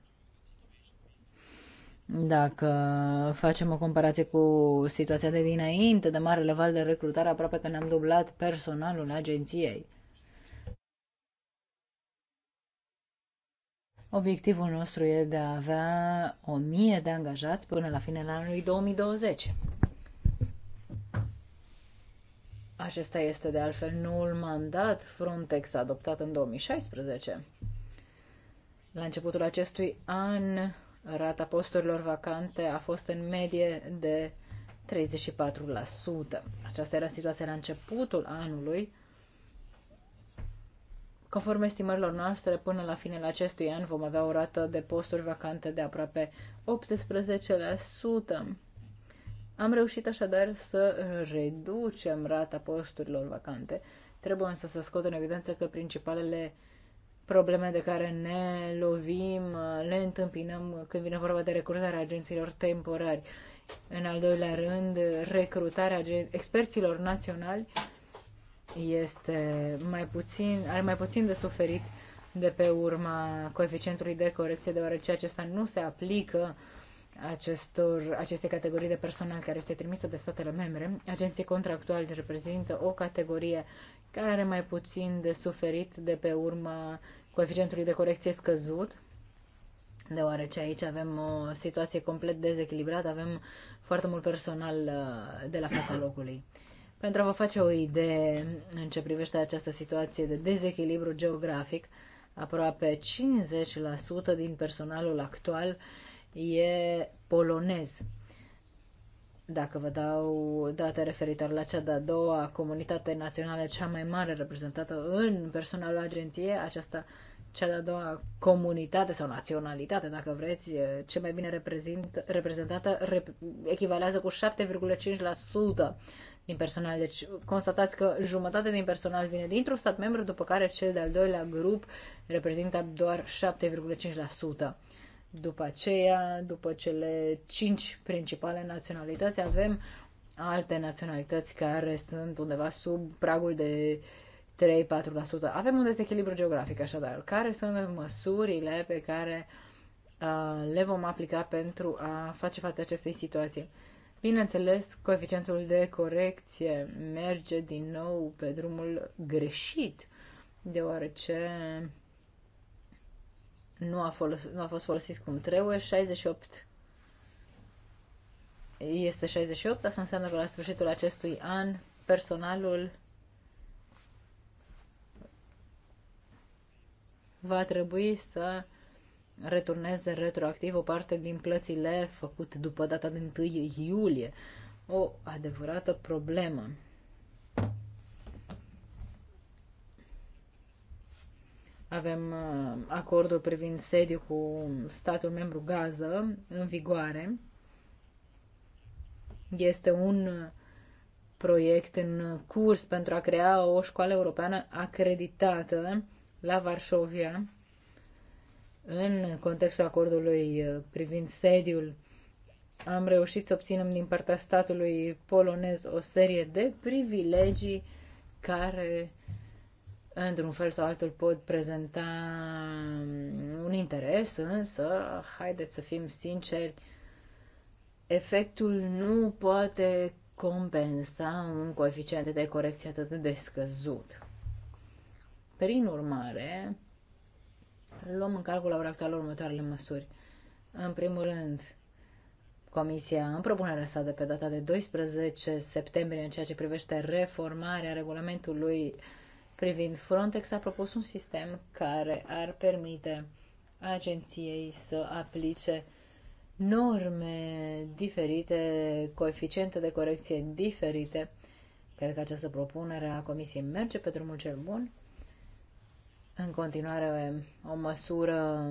Dacă facem o comparație cu situația de dinainte, de marele val de recrutare, aproape că ne-am dublat personalul agenției. Obiectivul nostru e de a avea 1000 de angajați până la finele anului 2020. Acesta este de altfel noul mandat Frontex adoptat în 2016. La începutul acestui an, rata posturilor vacante a fost în medie de 34%. Aceasta era situația la începutul anului, Conform estimărilor noastre, până la finele acestui an vom avea o rată de posturi vacante de aproape 18%. Am reușit așadar să reducem rata posturilor vacante. Trebuie însă să scot în evidență că principalele probleme de care ne lovim, le întâmpinăm când vine vorba de recrutarea agenților temporari. În al doilea rând, recrutarea experților naționali este mai puțin, are mai puțin de suferit de pe urma coeficientului de corecție, deoarece acesta nu se aplică acestor, aceste categorii de personal care este trimisă de statele membre. Agenții contractuali reprezintă o categorie care are mai puțin de suferit de pe urma coeficientului de corecție scăzut, deoarece aici avem o situație complet dezechilibrată, avem foarte mult personal uh, de la fața locului. Pentru a vă face o idee în ce privește această situație de dezechilibru geografic, aproape 50% din personalul actual e polonez. Dacă vă dau date referitoare la cea de-a doua comunitate națională cea mai mare reprezentată în personalul agenției, aceasta cea de-a doua comunitate sau naționalitate, dacă vreți, cea mai bine reprezint, reprezentată, rep, echivalează cu 7,5% din personal. Deci constatați că jumătate din personal vine dintr-un stat membru, după care cel de-al doilea grup reprezintă doar 7,5%. După aceea, după cele cinci principale naționalități, avem alte naționalități care sunt undeva sub pragul de 3-4%. Avem un dezechilibru geografic, așadar. Care sunt măsurile pe care uh, le vom aplica pentru a face față acestei situații? Bineînțeles, coeficientul de corecție merge din nou pe drumul greșit, deoarece nu a, folos- nu a fost folosit cum trebuie. 68 este 68, asta înseamnă că la sfârșitul acestui an personalul va trebui să returneze retroactiv o parte din plățile făcute după data de 1 iulie. O adevărată problemă. Avem uh, acordul privind sediu cu statul membru Gaza în vigoare. Este un uh, proiect în curs pentru a crea o școală europeană acreditată la Varșovia în contextul acordului uh, privind sediul, am reușit să obținem din partea statului polonez o serie de privilegii care, într-un fel sau altul, pot prezenta um, un interes, însă, haideți să fim sinceri, efectul nu poate compensa un coeficient de corecție atât de scăzut. Prin urmare, luăm în calcul la ora actuală următoarele măsuri. În primul rând, Comisia, în propunerea sa de pe data de 12 septembrie, în ceea ce privește reformarea regulamentului privind Frontex, a propus un sistem care ar permite agenției să aplice norme diferite, coeficiente de corecție diferite. Cred că această propunere a Comisiei merge pe drumul cel bun în continuare o măsură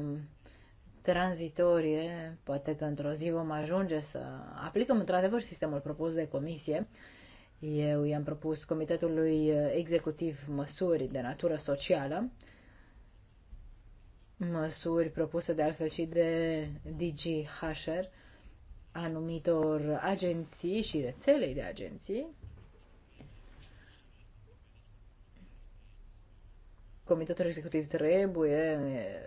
tranzitorie, poate că într-o zi vom ajunge să aplicăm într-adevăr sistemul propus de comisie. Eu i-am propus Comitetului Executiv măsuri de natură socială, măsuri propuse de altfel și de DG Hasher, anumitor agenții și rețelei de agenții, Comitetul Executiv trebuie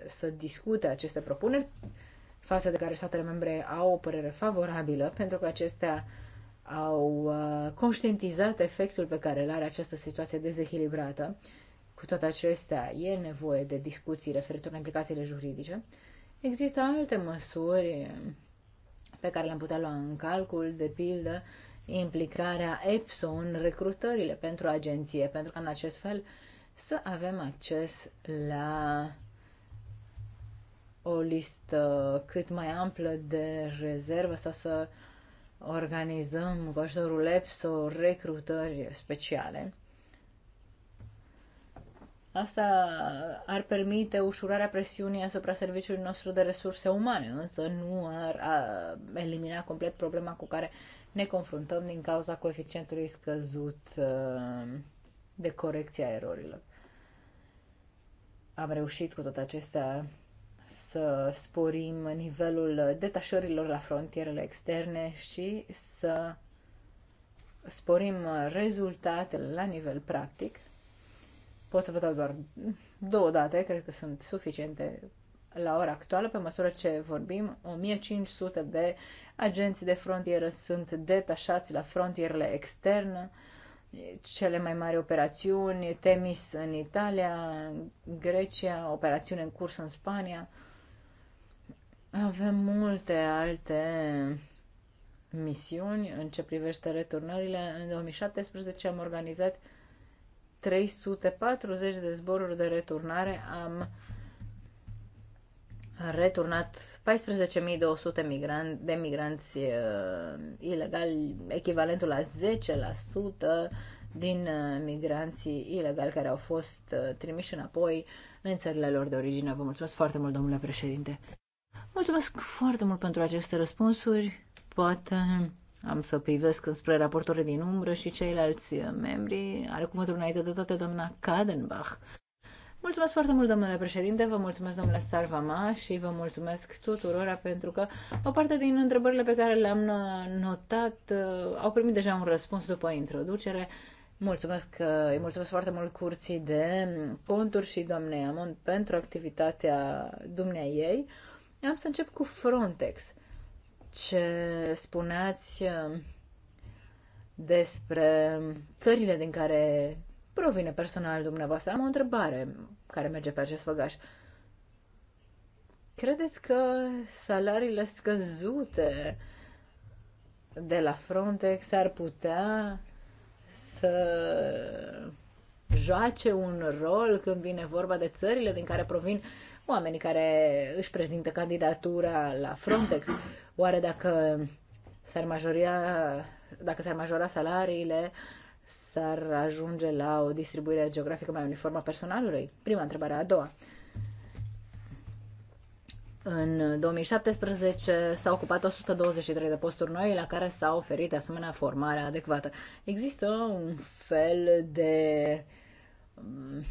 să discute aceste propuneri, față de care statele membre au o părere favorabilă, pentru că acestea au uh, conștientizat efectul pe care îl are această situație dezechilibrată. Cu toate acestea, e nevoie de discuții referitor la implicațiile juridice. Există alte măsuri pe care le-am putea lua în calcul, de pildă implicarea EPSO în recrutările pentru agenție, pentru că în acest fel uh, să avem acces la o listă cât mai amplă de rezervă sau să organizăm cu ajutorul EPSO recrutări speciale. Asta ar permite ușurarea presiunii asupra serviciului nostru de resurse umane, însă nu ar elimina complet problema cu care ne confruntăm din cauza coeficientului scăzut uh, de corecție erorilor. Am reușit cu toate acestea să sporim nivelul detașărilor la frontierele externe și să sporim rezultatele la nivel practic. Pot să vă dau doar două date, cred că sunt suficiente la ora actuală, pe măsură ce vorbim, 1500 de agenți de frontieră sunt detașați la frontierele externe, cele mai mari operațiuni, Temis în Italia, Grecia, operațiune în curs în Spania. Avem multe alte misiuni în ce privește returnările. În 2017 am organizat 340 de zboruri de returnare, am returnat 14.200 migran- de migranți uh, ilegali, echivalentul la 10% din uh, migranții ilegali care au fost uh, trimiși înapoi în țările lor de origine. Vă mulțumesc foarte mult, domnule președinte. Mulțumesc foarte mult pentru aceste răspunsuri. Poate am să privesc înspre raportorii din umbră și ceilalți uh, membri. Are cuvântul înainte de toate doamna Kadenbach Mulțumesc foarte mult, domnule președinte, vă mulțumesc, domnule Sarvama, și vă mulțumesc tuturora pentru că o parte din întrebările pe care le-am uh, notat uh, au primit deja un răspuns după introducere. Mulțumesc, uh, îi mulțumesc foarte mult curții de conturi și doamnei Amon pentru activitatea dumneai ei. Am să încep cu Frontex. Ce spuneați despre țările din care provine personal dumneavoastră. Am o întrebare care merge pe acest făgaș. Credeți că salariile scăzute de la Frontex ar putea să joace un rol când vine vorba de țările din care provin oamenii care își prezintă candidatura la Frontex? Oare dacă s-ar majoria, dacă s-ar majora salariile, uh, s-ar ajunge la o distribuire geografică mai uniformă a personalului? Prima întrebare, a doua. În 2017 s-au ocupat 123 de posturi noi la care s-a oferit asemenea formare adecvată. Există un fel de mm,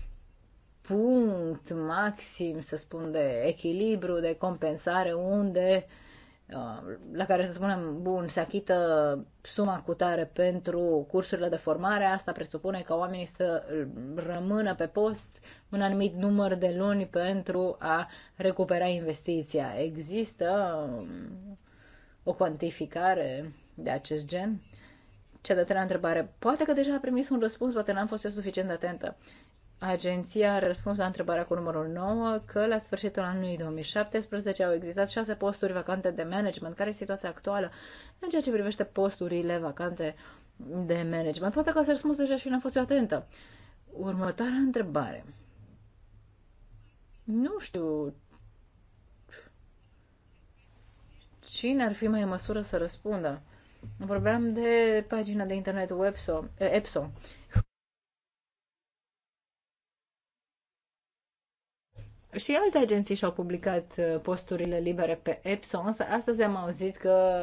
punct maxim, să spun, de echilibru, de compensare unde uh, Uh, la care să spunem, bun, se achită suma cu tare pentru cursurile de formare, asta presupune ca oamenii să rămână pe post un anumit număr de luni pentru a recupera investiția. Există um, o cuantificare de acest gen? Cea de treia întrebare. Poate că deja a primit un răspuns, poate n-am fost eu suficient de atentă. Agenția a răspuns la întrebarea cu numărul 9 că la sfârșitul anului 2017 au existat șase posturi vacante de management. Care e situația actuală în ceea ce privește posturile vacante de management? Poate că ați răspuns deja și n-am fost eu atentă. Următoarea întrebare. Nu știu cine ar fi mai în măsură să răspundă. Vorbeam de pagina de internet Webso, EPSO. Și alte agenții și-au publicat uh, posturile libere pe Epson. Astăzi am auzit că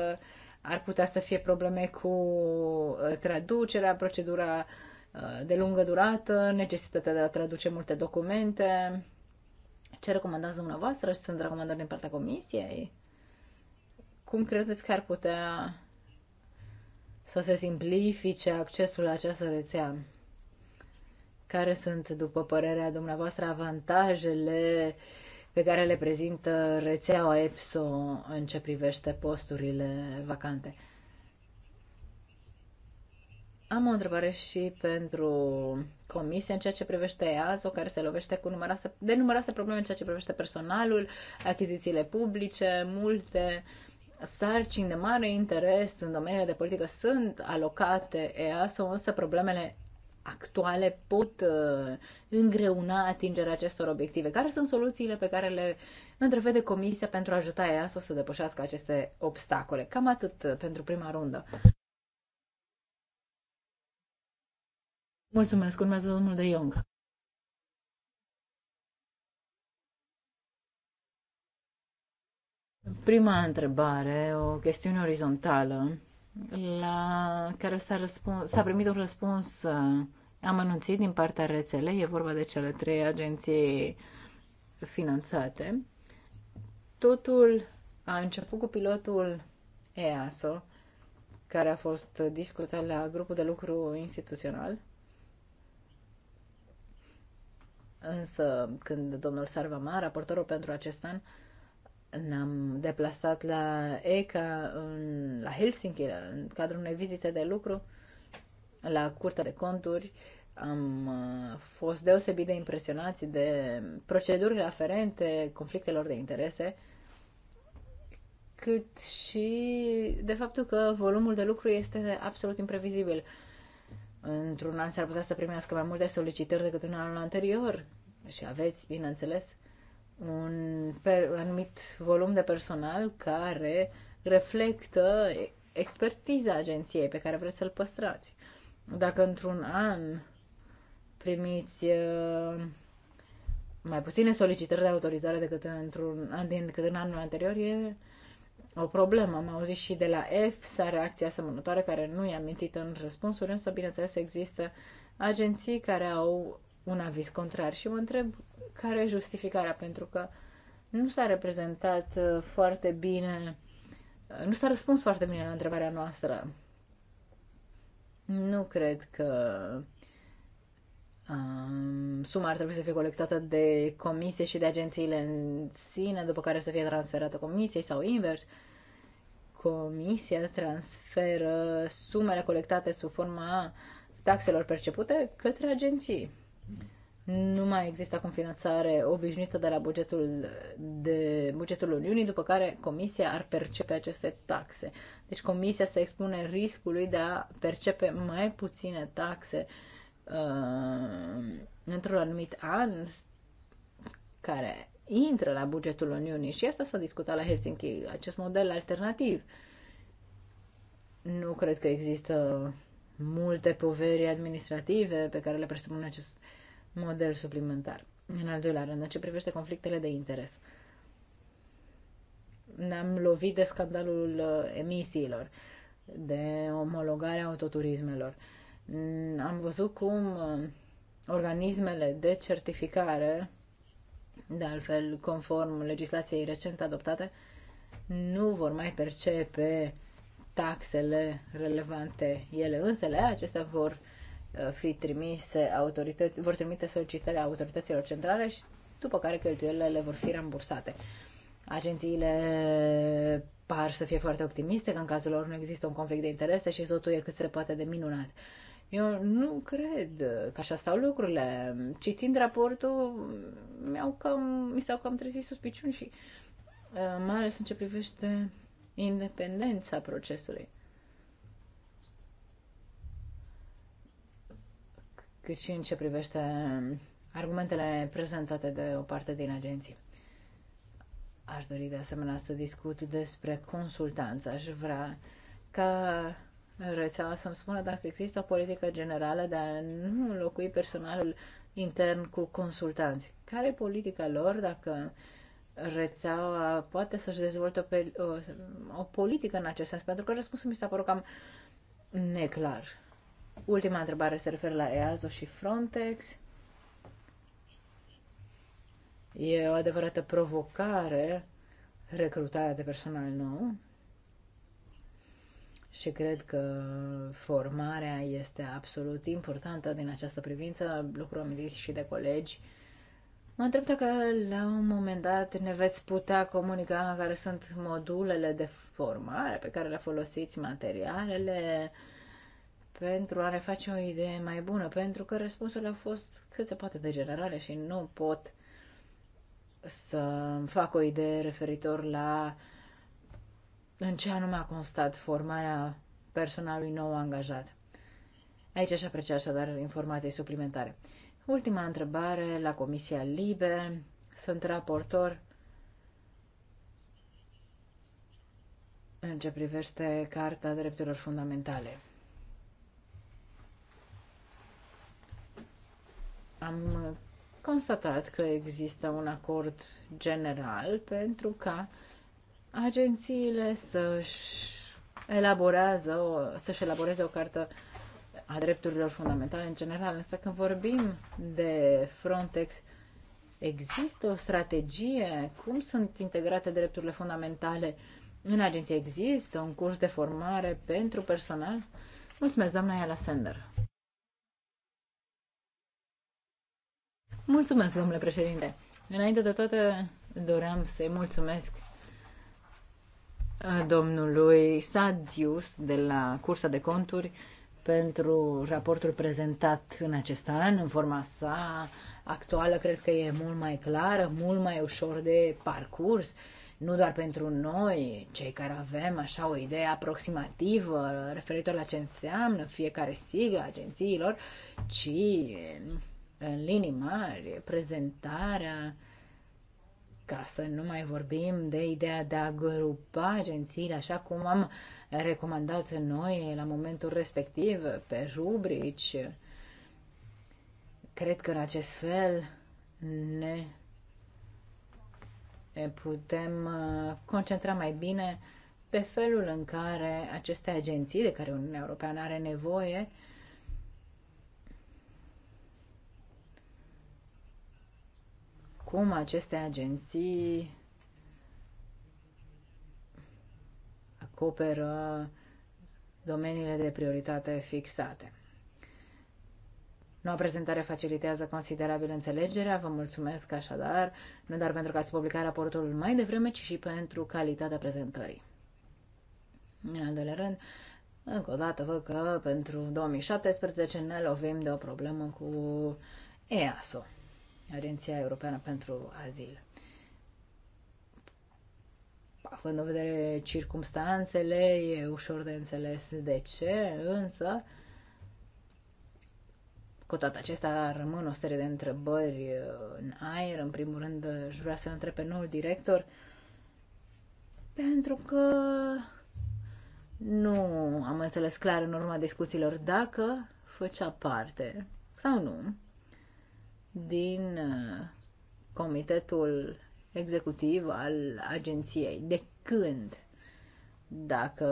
ar putea să fie probleme cu uh, traducerea, procedura uh, de lungă durată, necesitatea de a traduce multe documente. Ce recomandați dumneavoastră? Sunt recomandări din partea comisiei? Cum credeți că ar putea să se simplifice accesul la această rețea? Care sunt, după părerea dumneavoastră, avantajele pe care le prezintă rețeaua EPSO în ce privește posturile vacante? Am o întrebare și pentru comisie în ceea ce privește EASO, care se lovește cu numeroase, de numeroase probleme în ceea ce privește personalul, achizițiile publice, multe sarcini de mare interes în domeniile de politică sunt alocate EASO, însă problemele actuale pot uh, îngreuna atingerea acestor obiective? Care sunt soluțiile pe care le întrevede Comisia pentru a ajuta EASO să depășească aceste obstacole? Cam atât uh, pentru prima rundă. Mulțumesc. Urmează domnul de Young. Prima întrebare, o chestiune orizontală la care s-a, răspuns, s-a primit un răspuns uh, amănunțit din partea rețelei, e vorba de cele trei agenții finanțate. Totul a început cu pilotul EASO, care a fost discutat la grupul de lucru instituțional. Însă, când domnul Sarvamar, raportorul pentru acest an, ne-am deplasat la ECA, în, la Helsinki, în cadrul unei vizite de lucru la Curtea de Conturi. Am uh, fost deosebit de impresionați de procedurile aferente conflictelor de interese, cât și de faptul că volumul de lucru este absolut imprevizibil. Într-un an s-ar putea să primească mai multe solicitări decât în anul anterior și aveți, bineînțeles, un, per, un anumit volum de personal care reflectă expertiza agenției pe care vreți să-l păstrați. Dacă într-un an primiți uh, mai puține solicitări de autorizare decât, într-un, an, decât în anul anterior, e o problemă. Am auzit și de la sa reacția asemănătoare care nu e mintit în răspunsuri, însă bineînțeles există agenții care au un aviz contrar și mă întreb care e justificarea, pentru că nu s-a reprezentat uh, foarte bine, uh, nu s-a răspuns foarte bine la întrebarea noastră. Nu cred că um, suma ar trebui să fie colectată de comisie și de agențiile în sine, după care să fie transferată comisiei sau invers. Comisia transferă sumele colectate sub forma taxelor percepute către agenții. Nu mai există acum finanțare obișnuită de la bugetul, de bugetul Uniunii, după care Comisia ar percepe aceste taxe. Deci Comisia se expune riscului de a percepe mai puține taxe uh, într-un anumit an care intră la bugetul Uniunii și asta s-a discutat la Helsinki, acest model alternativ. Nu cred că există multe poveri administrative pe care le presupune acest model suplimentar. În al doilea rând, în ce privește conflictele de interes. Ne-am lovit de scandalul uh, emisiilor, de omologarea autoturismelor. Am văzut cum uh, organismele de certificare, de altfel conform legislației recent adoptate, nu vor mai percepe taxele relevante ele însele, acestea vor uh, fi trimise autorități, vor trimite solicitări autorităților centrale și după care cheltuielile le vor fi rambursate. Agențiile par să fie foarte optimiste că în cazul lor nu există un conflict de interese și totul e cât se poate de minunat. Eu nu cred că așa stau lucrurile. Citind raportul, mi-au cam, mi s-au cam trezit suspiciuni și uh, mai ales în ce privește independența procesului. Cât și în ce privește argumentele prezentate de o parte din agenții. Aș dori de asemenea să discut despre consultanță. Aș vrea ca rețeaua să-mi spună dacă există o politică generală de a nu înlocui personalul intern cu consultanți. Care e politica lor dacă uh, rețeaua poate să-și dezvolte pe, o, o politică în acest sens, pentru că răspunsul mi s-a părut cam neclar. Ultima întrebare se referă la EASO și Frontex. E o adevărată provocare recrutarea de personal nou și cred că formarea este absolut importantă din această privință, lucru amintit și de colegi Mă întreb dacă la un moment dat ne veți putea comunica care sunt modulele de formare pe care le folosiți, materialele, pentru a ne face o idee mai bună, pentru că răspunsurile au fost cât se poate de generale și nu pot să fac o idee referitor la în ce anume a constat formarea personalului nou angajat. Aici aș aprecia așadar informații suplimentare. Ultima întrebare la Comisia Libe. Sunt raportor în ce privește Carta Drepturilor Fundamentale. Am constatat că există un acord general pentru ca agențiile să-și elaborează, să-și elaboreze o cartă a drepturilor fundamentale în general, însă când vorbim de Frontex, există o strategie? Cum sunt integrate drepturile fundamentale în agenție? Există un curs de formare pentru personal? Mulțumesc, doamna Iala Sender. Mulțumesc, domnule președinte. Înainte de toate, doream să-i mulțumesc uh, domnului Sadzius de la Cursa de Conturi pentru raportul prezentat în acest an, în forma sa actuală, cred că e mult mai clară, mult mai ușor de parcurs, nu doar pentru noi, cei care avem așa o idee aproximativă referitor la ce înseamnă fiecare sigla agențiilor, ci în linii mari, prezentarea ca să nu mai vorbim de ideea de a grupa agențiile așa cum am recomandat noi la momentul respectiv pe rubrici. Cred că în acest fel ne putem uh, concentra mai bine pe felul în care aceste agenții de care Uniunea Europeană are nevoie cum aceste agenții acoperă domeniile de prioritate fixate. Noua prezentare facilitează considerabil înțelegerea. Vă mulțumesc așadar, nu doar pentru că ați publicat raportul mai devreme, ci și pentru calitatea prezentării. În al doilea rând, încă o dată văd că pentru 2017 ne lovim de o problemă cu EASO, Agenția Europeană pentru Azil având în vedere circumstanțele, e ușor de înțeles de ce, însă, cu toate acestea, rămân o serie de întrebări în aer. În primul rând, aș vrea să întreb pe noul director, pentru că nu am înțeles clar în urma discuțiilor dacă făcea parte sau nu din uh, comitetul executiv al agenției. De când? Dacă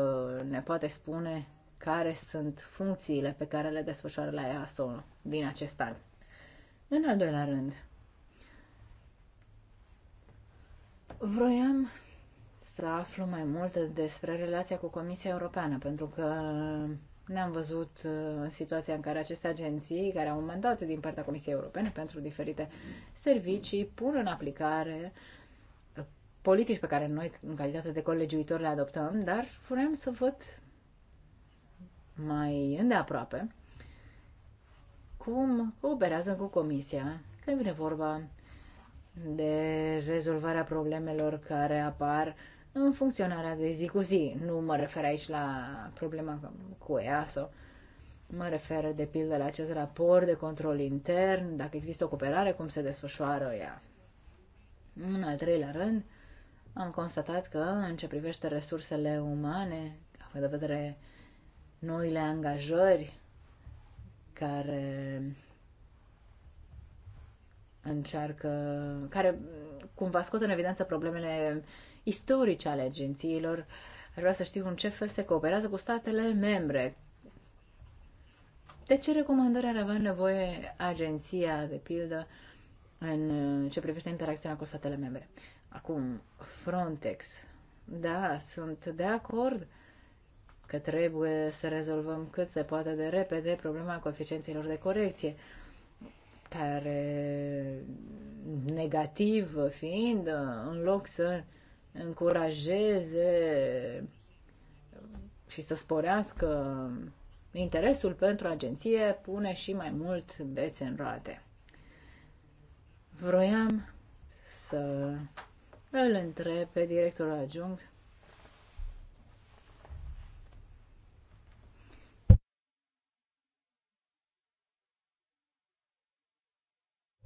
ne poate spune care sunt funcțiile pe care le desfășoară la EASO din acest an. În al doilea rând, vroiam să aflu mai multe despre relația cu Comisia Europeană, pentru că ne-am văzut uh, în situația în care aceste agenții, care au un mandat din partea Comisiei Europene pentru diferite servicii, pun în aplicare uh, politici pe care noi, în calitate de colegiuitor le adoptăm, dar vrem să văd mai îndeaproape cum cooperează cu Comisia când vine vorba de rezolvarea problemelor care apar în funcționarea de zi cu zi. Nu mă refer aici la problema cu EASO, mă refer de pildă la acest raport de control intern, dacă există o cooperare, cum se desfășoară ea. În al treilea rând, am constatat că, în ce privește resursele umane, având de vedere noile angajări care încearcă, care cumva scot în evidență problemele istorice ale agențiilor. Aș vrea să știu în ce fel se cooperează cu statele membre. De ce recomandări ar avea nevoie agenția, de pildă, în ce privește interacțiunea cu statele membre? Acum, Frontex. Da, sunt de acord că trebuie să rezolvăm cât se poate de repede problema coeficienților de corecție, care negativ fiind, în loc să încurajeze și să sporească interesul pentru agenție, pune și mai mult bețe în roate. Vroiam să îl întreb pe directorul adjunct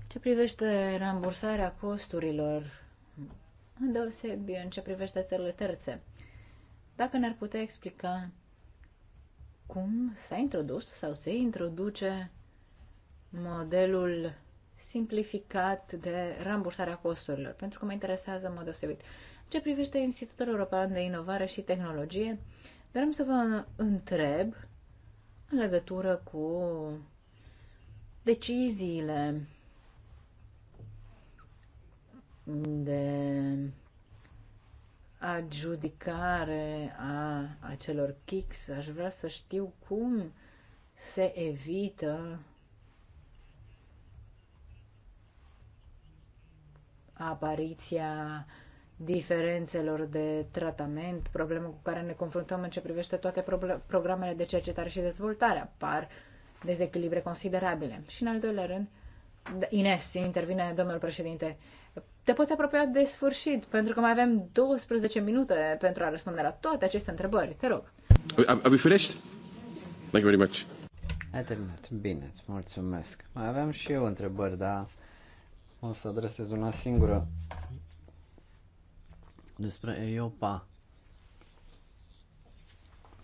Ce privește rambursarea costurilor îndeosebi în ce privește țările terțe. Dacă ne-ar putea explica cum s-a introdus sau se introduce modelul simplificat de rambursarea costurilor, pentru că mă interesează în mod deosebit. În ce privește Institutul European de Inovare și Tehnologie, vreau să vă întreb în legătură cu deciziile de adjudicare a acelor kicks. Aș vrea să știu cum se evită apariția diferențelor de tratament, problemă cu care ne confruntăm în ce privește toate programele de cercetare și dezvoltare. Apar dezechilibre considerabile. Și în al doilea rând, Ines, intervine domnul președinte, te poți apropia de sfârșit, pentru că mai avem 12 minute pentru a răspunde la toate aceste întrebări. Te rog. Are we finished? Thank you very much. Ai terminat. Bine, îți mulțumesc. Mai aveam și eu întrebări, dar o să adresez una singură despre EIOPA.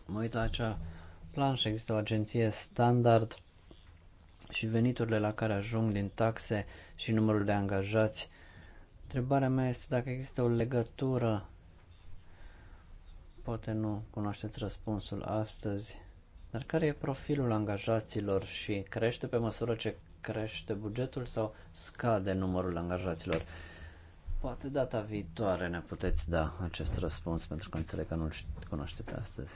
Mă uit la acea planșă, există o agenție standard și veniturile la care ajung din taxe și numărul de angajați Întrebarea mea este dacă există o legătură, poate nu cunoașteți răspunsul astăzi, dar care e profilul angajaților și crește pe măsură ce crește bugetul sau scade numărul angajaților? Poate data viitoare ne puteți da acest răspuns, pentru că înțeleg că nu-l cunoașteți astăzi.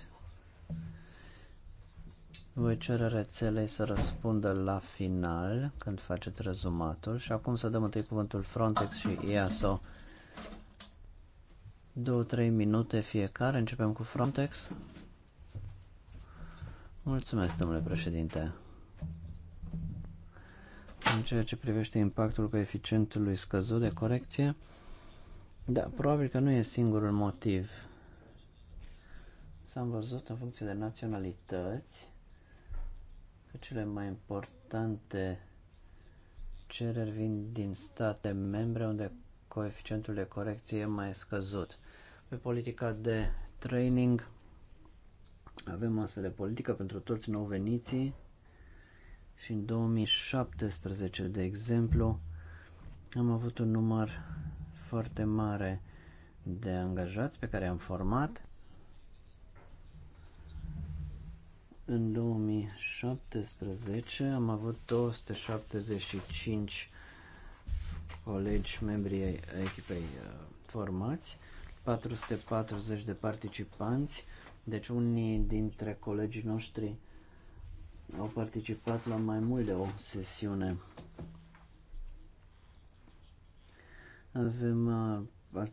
Voi cere rețelei să răspundă la final, când faceți rezumatul, și acum să dăm întâi cuvântul Frontex și EASO. 2-3 minute fiecare, începem cu Frontex. Mulțumesc, domnule președinte. În ceea ce privește impactul coeficientului scăzut de corecție, da, probabil că nu e singurul motiv. S-am văzut în funcție de naționalități că cele mai importante cereri vin din state membre unde coeficientul de corecție e mai scăzut. Pe politica de training avem astfel de politică pentru toți nou veniții și în 2017, de exemplu, am avut un număr foarte mare de angajați pe care am format În 2017 am avut 275 colegi membri ai echipei uh, formați, 440 de participanți, deci unii dintre colegii noștri au participat la mai mult de o sesiune. Avem uh,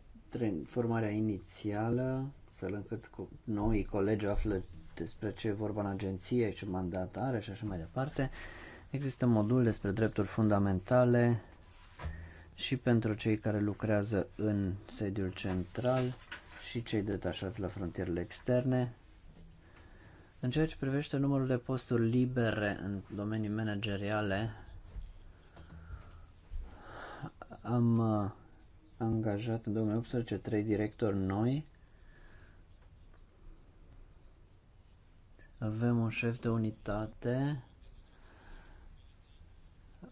formarea inițială, fel încât noi colegi află despre ce e vorba în agenție, ce mandat are și așa mai departe. Există modul despre drepturi fundamentale și pentru cei care lucrează în sediul central și cei detașați la frontierele externe. În ceea ce privește numărul de posturi libere în domenii manageriale, am uh, angajat în 2018 trei directori noi Avem un șef de unitate.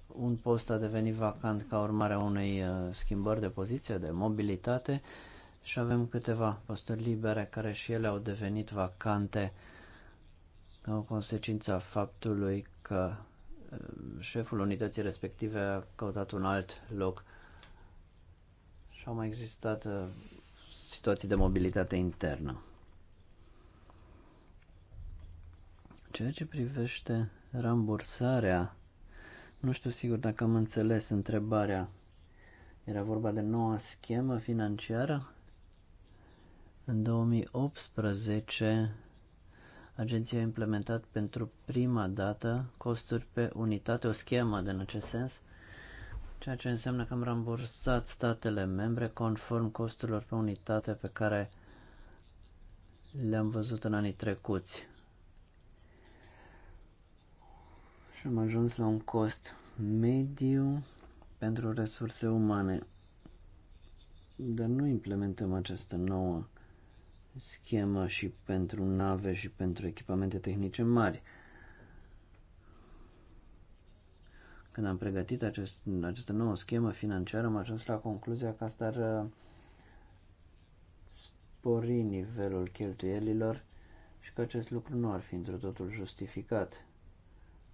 Un post a devenit vacant ca urmare a unei uh, schimbări de poziție, de mobilitate și avem câteva posturi libere care și ele au devenit vacante ca o consecință a faptului că uh, șeful unității respective a căutat un alt loc și au mai existat uh, situații de mobilitate internă. Ceea ce privește rambursarea, nu știu sigur dacă am înțeles întrebarea. Era vorba de noua schemă financiară? În 2018, agenția a implementat pentru prima dată costuri pe unitate, o schemă de în acest sens, ceea ce înseamnă că am rambursat statele membre conform costurilor pe unitate pe care le-am văzut în anii trecuți. și am ajuns la un cost mediu pentru resurse umane. Dar nu implementăm această nouă schemă și pentru nave și pentru echipamente tehnice mari. Când am pregătit acest, această nouă schemă financiară, am ajuns la concluzia că asta ar uh, spori nivelul cheltuielilor și că acest lucru nu ar fi într totul justificat.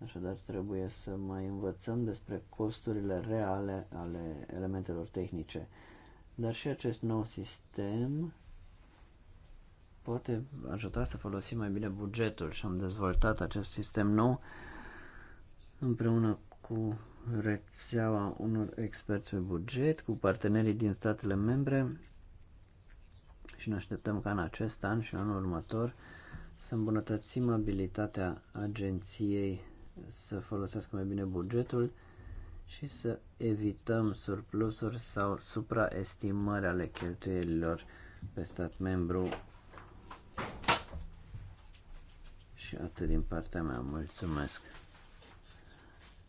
Așadar trebuie să mai învățăm despre costurile reale ale elementelor tehnice. Dar și acest nou sistem poate ajuta să folosim mai bine bugetul și am dezvoltat acest sistem nou împreună cu rețeaua unor experți pe buget, cu partenerii din statele membre și ne așteptăm ca în acest an și în anul următor să îmbunătățim abilitatea agenției să folosească mai bine bugetul și să evităm surplusuri sau supraestimări ale cheltuielilor pe stat membru. Și atât din partea mea. Mulțumesc!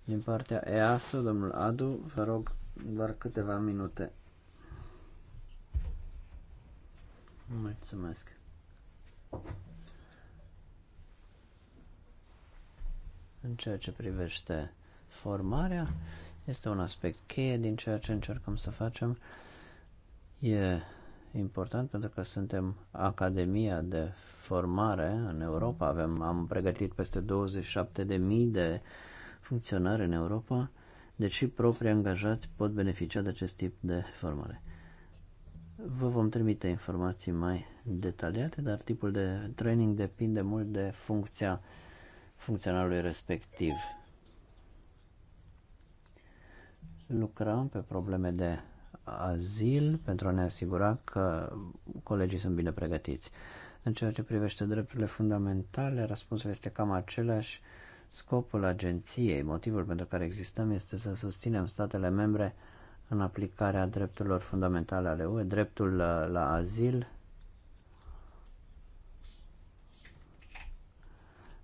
Din partea EASO, domnul Adu, vă rog doar câteva minute. Mulțumesc! În ceea ce privește formarea, este un aspect cheie din ceea ce încercăm să facem. E important pentru că suntem Academia de Formare în Europa. Avem, am pregătit peste 27.000 de funcționari în Europa, deci și proprii angajați pot beneficia de acest tip de formare. Vă vom trimite informații mai detaliate, dar tipul de training depinde mult de funcția funcționarului respectiv. Lucrăm pe probleme de azil pentru a ne asigura că colegii sunt bine pregătiți. În ceea ce privește drepturile fundamentale, răspunsul este cam același. Scopul agenției, motivul pentru care existăm, este să susținem statele membre în aplicarea drepturilor fundamentale ale UE, dreptul la, la azil.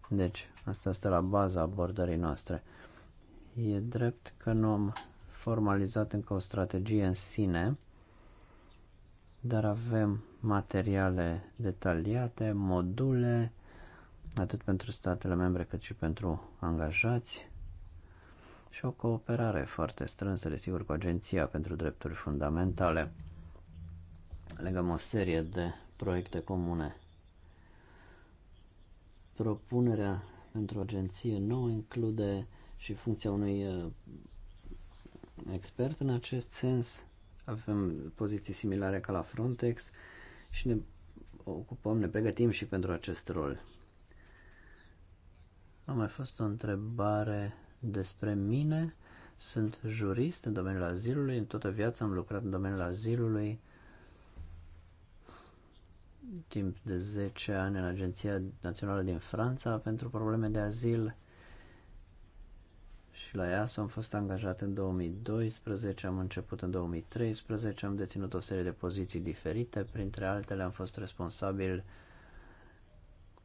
Deci, Asta stă la baza abordării noastre. E drept că nu am formalizat încă o strategie în sine, dar avem materiale detaliate, module, atât pentru statele membre cât și pentru angajați și o cooperare foarte strânsă, desigur, cu Agenția pentru Drepturi Fundamentale. Legăm o serie de proiecte comune. Propunerea pentru o agenție nouă include și funcția unui uh, expert în acest sens. Avem poziții similare ca la Frontex și ne ocupăm, ne pregătim și pentru acest rol. A mai fost o întrebare despre mine. Sunt jurist în domeniul azilului, în toată viața am lucrat în domeniul azilului timp de 10 ani în Agenția Națională din Franța pentru probleme de azil și la ea am fost angajat în 2012, am început în 2013, am deținut o serie de poziții diferite, printre altele am fost responsabil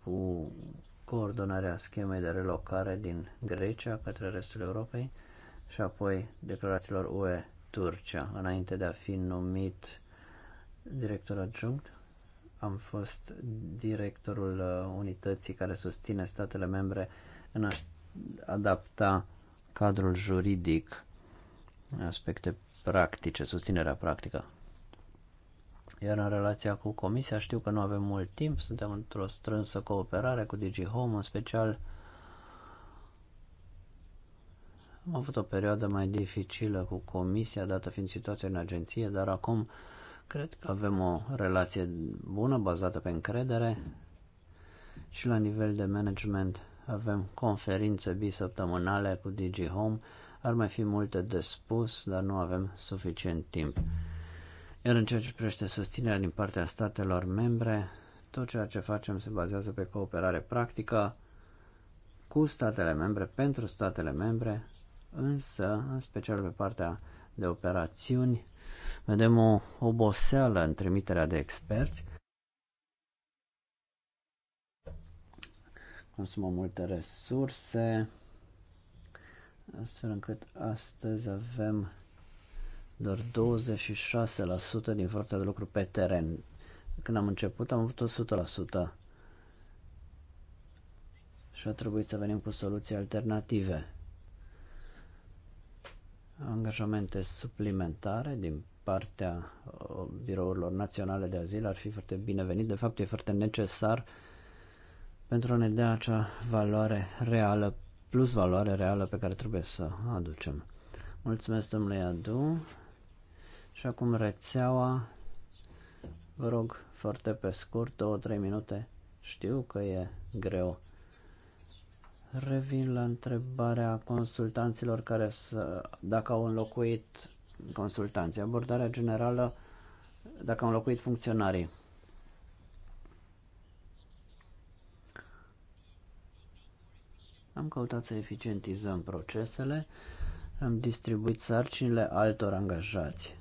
cu coordonarea schemei de relocare din Grecia către restul Europei și apoi declarațiilor UE Turcia, înainte de a fi numit director adjunct am fost directorul uh, unității care susține statele membre în a adapta cadrul juridic, aspecte practice, susținerea practică. Iar în relația cu Comisia știu că nu avem mult timp, suntem într-o strânsă cooperare cu DigiHome, în special am avut o perioadă mai dificilă cu Comisia, dată fiind situația în agenție, dar acum uh, Cred că avem o relație bună, bazată pe încredere și la nivel de management avem conferințe bisăptămânale cu Digi Home. Ar mai fi multe de spus, dar nu avem suficient timp. Iar în ceea ce privește susținerea din partea statelor membre, tot ceea ce facem se bazează pe cooperare practică cu statele membre, pentru statele membre, însă, în special pe partea de operațiuni, Vedem o oboseală în trimiterea de experți. Consumă multe resurse, astfel încât astăzi avem doar 26% din forța de lucru pe teren. Când am început am avut 100% și a trebuit să venim cu soluții alternative. Angajamente suplimentare din partea uh, birourilor naționale de azil ar fi foarte binevenit. De fapt, e foarte necesar pentru a ne da acea valoare reală, plus valoare reală pe care trebuie să aducem. Mulțumesc, domnule Adu. Și acum rețeaua. Vă rog, foarte pe scurt, 2-3 minute. Știu că e greu. Revin la întrebarea consultanților care să, dacă au înlocuit consultanții. Abordarea generală dacă am locuit funcționarii. Am căutat să eficientizăm procesele, am distribuit sarcinile altor angajați.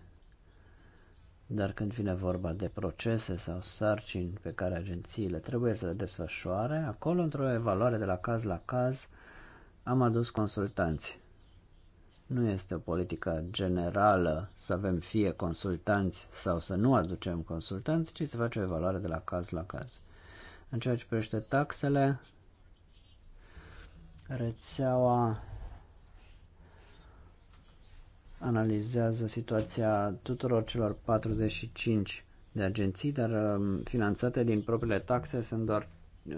Dar când vine vorba de procese sau sarcini pe care agențiile trebuie să le desfășoare, acolo, într-o evaluare de la caz la caz, am adus consultanți. Nu este o politică generală să avem fie consultanți sau să nu aducem consultanți, ci se face o evaluare de la caz la caz. În ceea ce privește taxele, rețeaua analizează situația tuturor celor 45 de agenții, dar um, finanțate din propriile taxe sunt doar uh,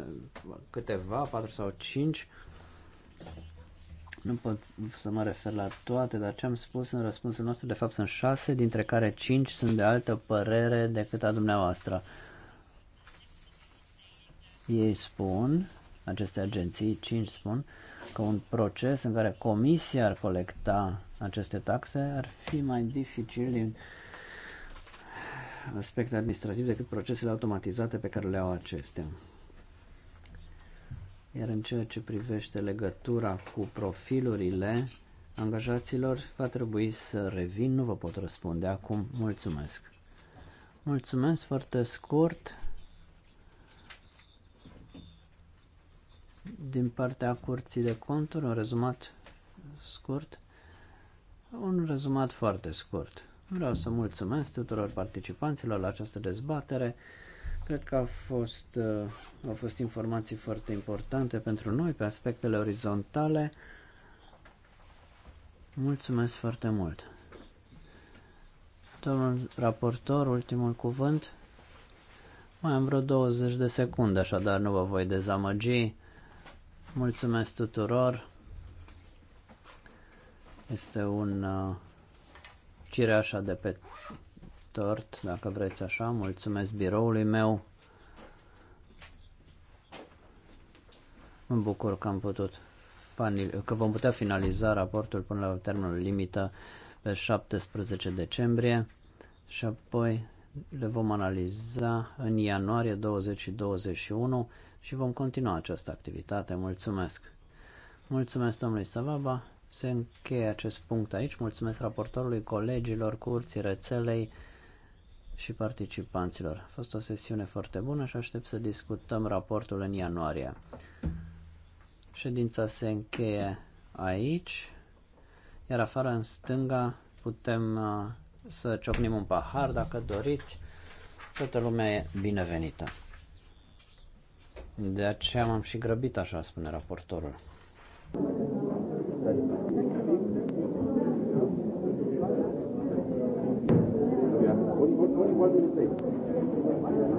câteva, 4 sau 5 nu pot să mă refer la toate, dar ce am spus în răspunsul nostru de fapt sunt șase, dintre care cinci sunt de altă părere decât a dumneavoastră. Ei spun, aceste agenții, cinci spun, că un proces în care comisia ar colecta aceste taxe ar fi mai dificil din aspect administrativ decât procesele automatizate pe care le au acestea. Iar în ceea ce privește legătura cu profilurile angajaților, va trebui să revin, nu vă pot răspunde acum. Mulțumesc! Mulțumesc foarte scurt din partea Curții de Conturi, un rezumat scurt, un rezumat foarte scurt. Vreau să mulțumesc tuturor participanților la această dezbatere. Cred că a fost, uh, au fost informații foarte importante pentru noi pe aspectele orizontale. Mulțumesc foarte mult. Domnul raportor, ultimul cuvânt. Mai am vreo 20 de secunde, așadar nu vă voi dezamăgi. Mulțumesc tuturor. Este un uh, cireașa de pe tort, dacă vreți așa. Mulțumesc biroului meu. Mă bucur că am putut că vom putea finaliza raportul până la termenul limită pe 17 decembrie și apoi le vom analiza în ianuarie 2021 și și vom continua această activitate. Mulțumesc! Mulțumesc domnului Savaba! Se încheie acest punct aici. Mulțumesc raportorului, colegilor, curții, rețelei, și participanților. A fost o sesiune foarte bună și aștept să discutăm raportul în ianuarie. Ședința se încheie aici, iar afară în stânga putem uh, să ciocnim un pahar dacă doriți. Toată lumea e binevenită. De aceea m-am și grăbit așa, spune raportorul.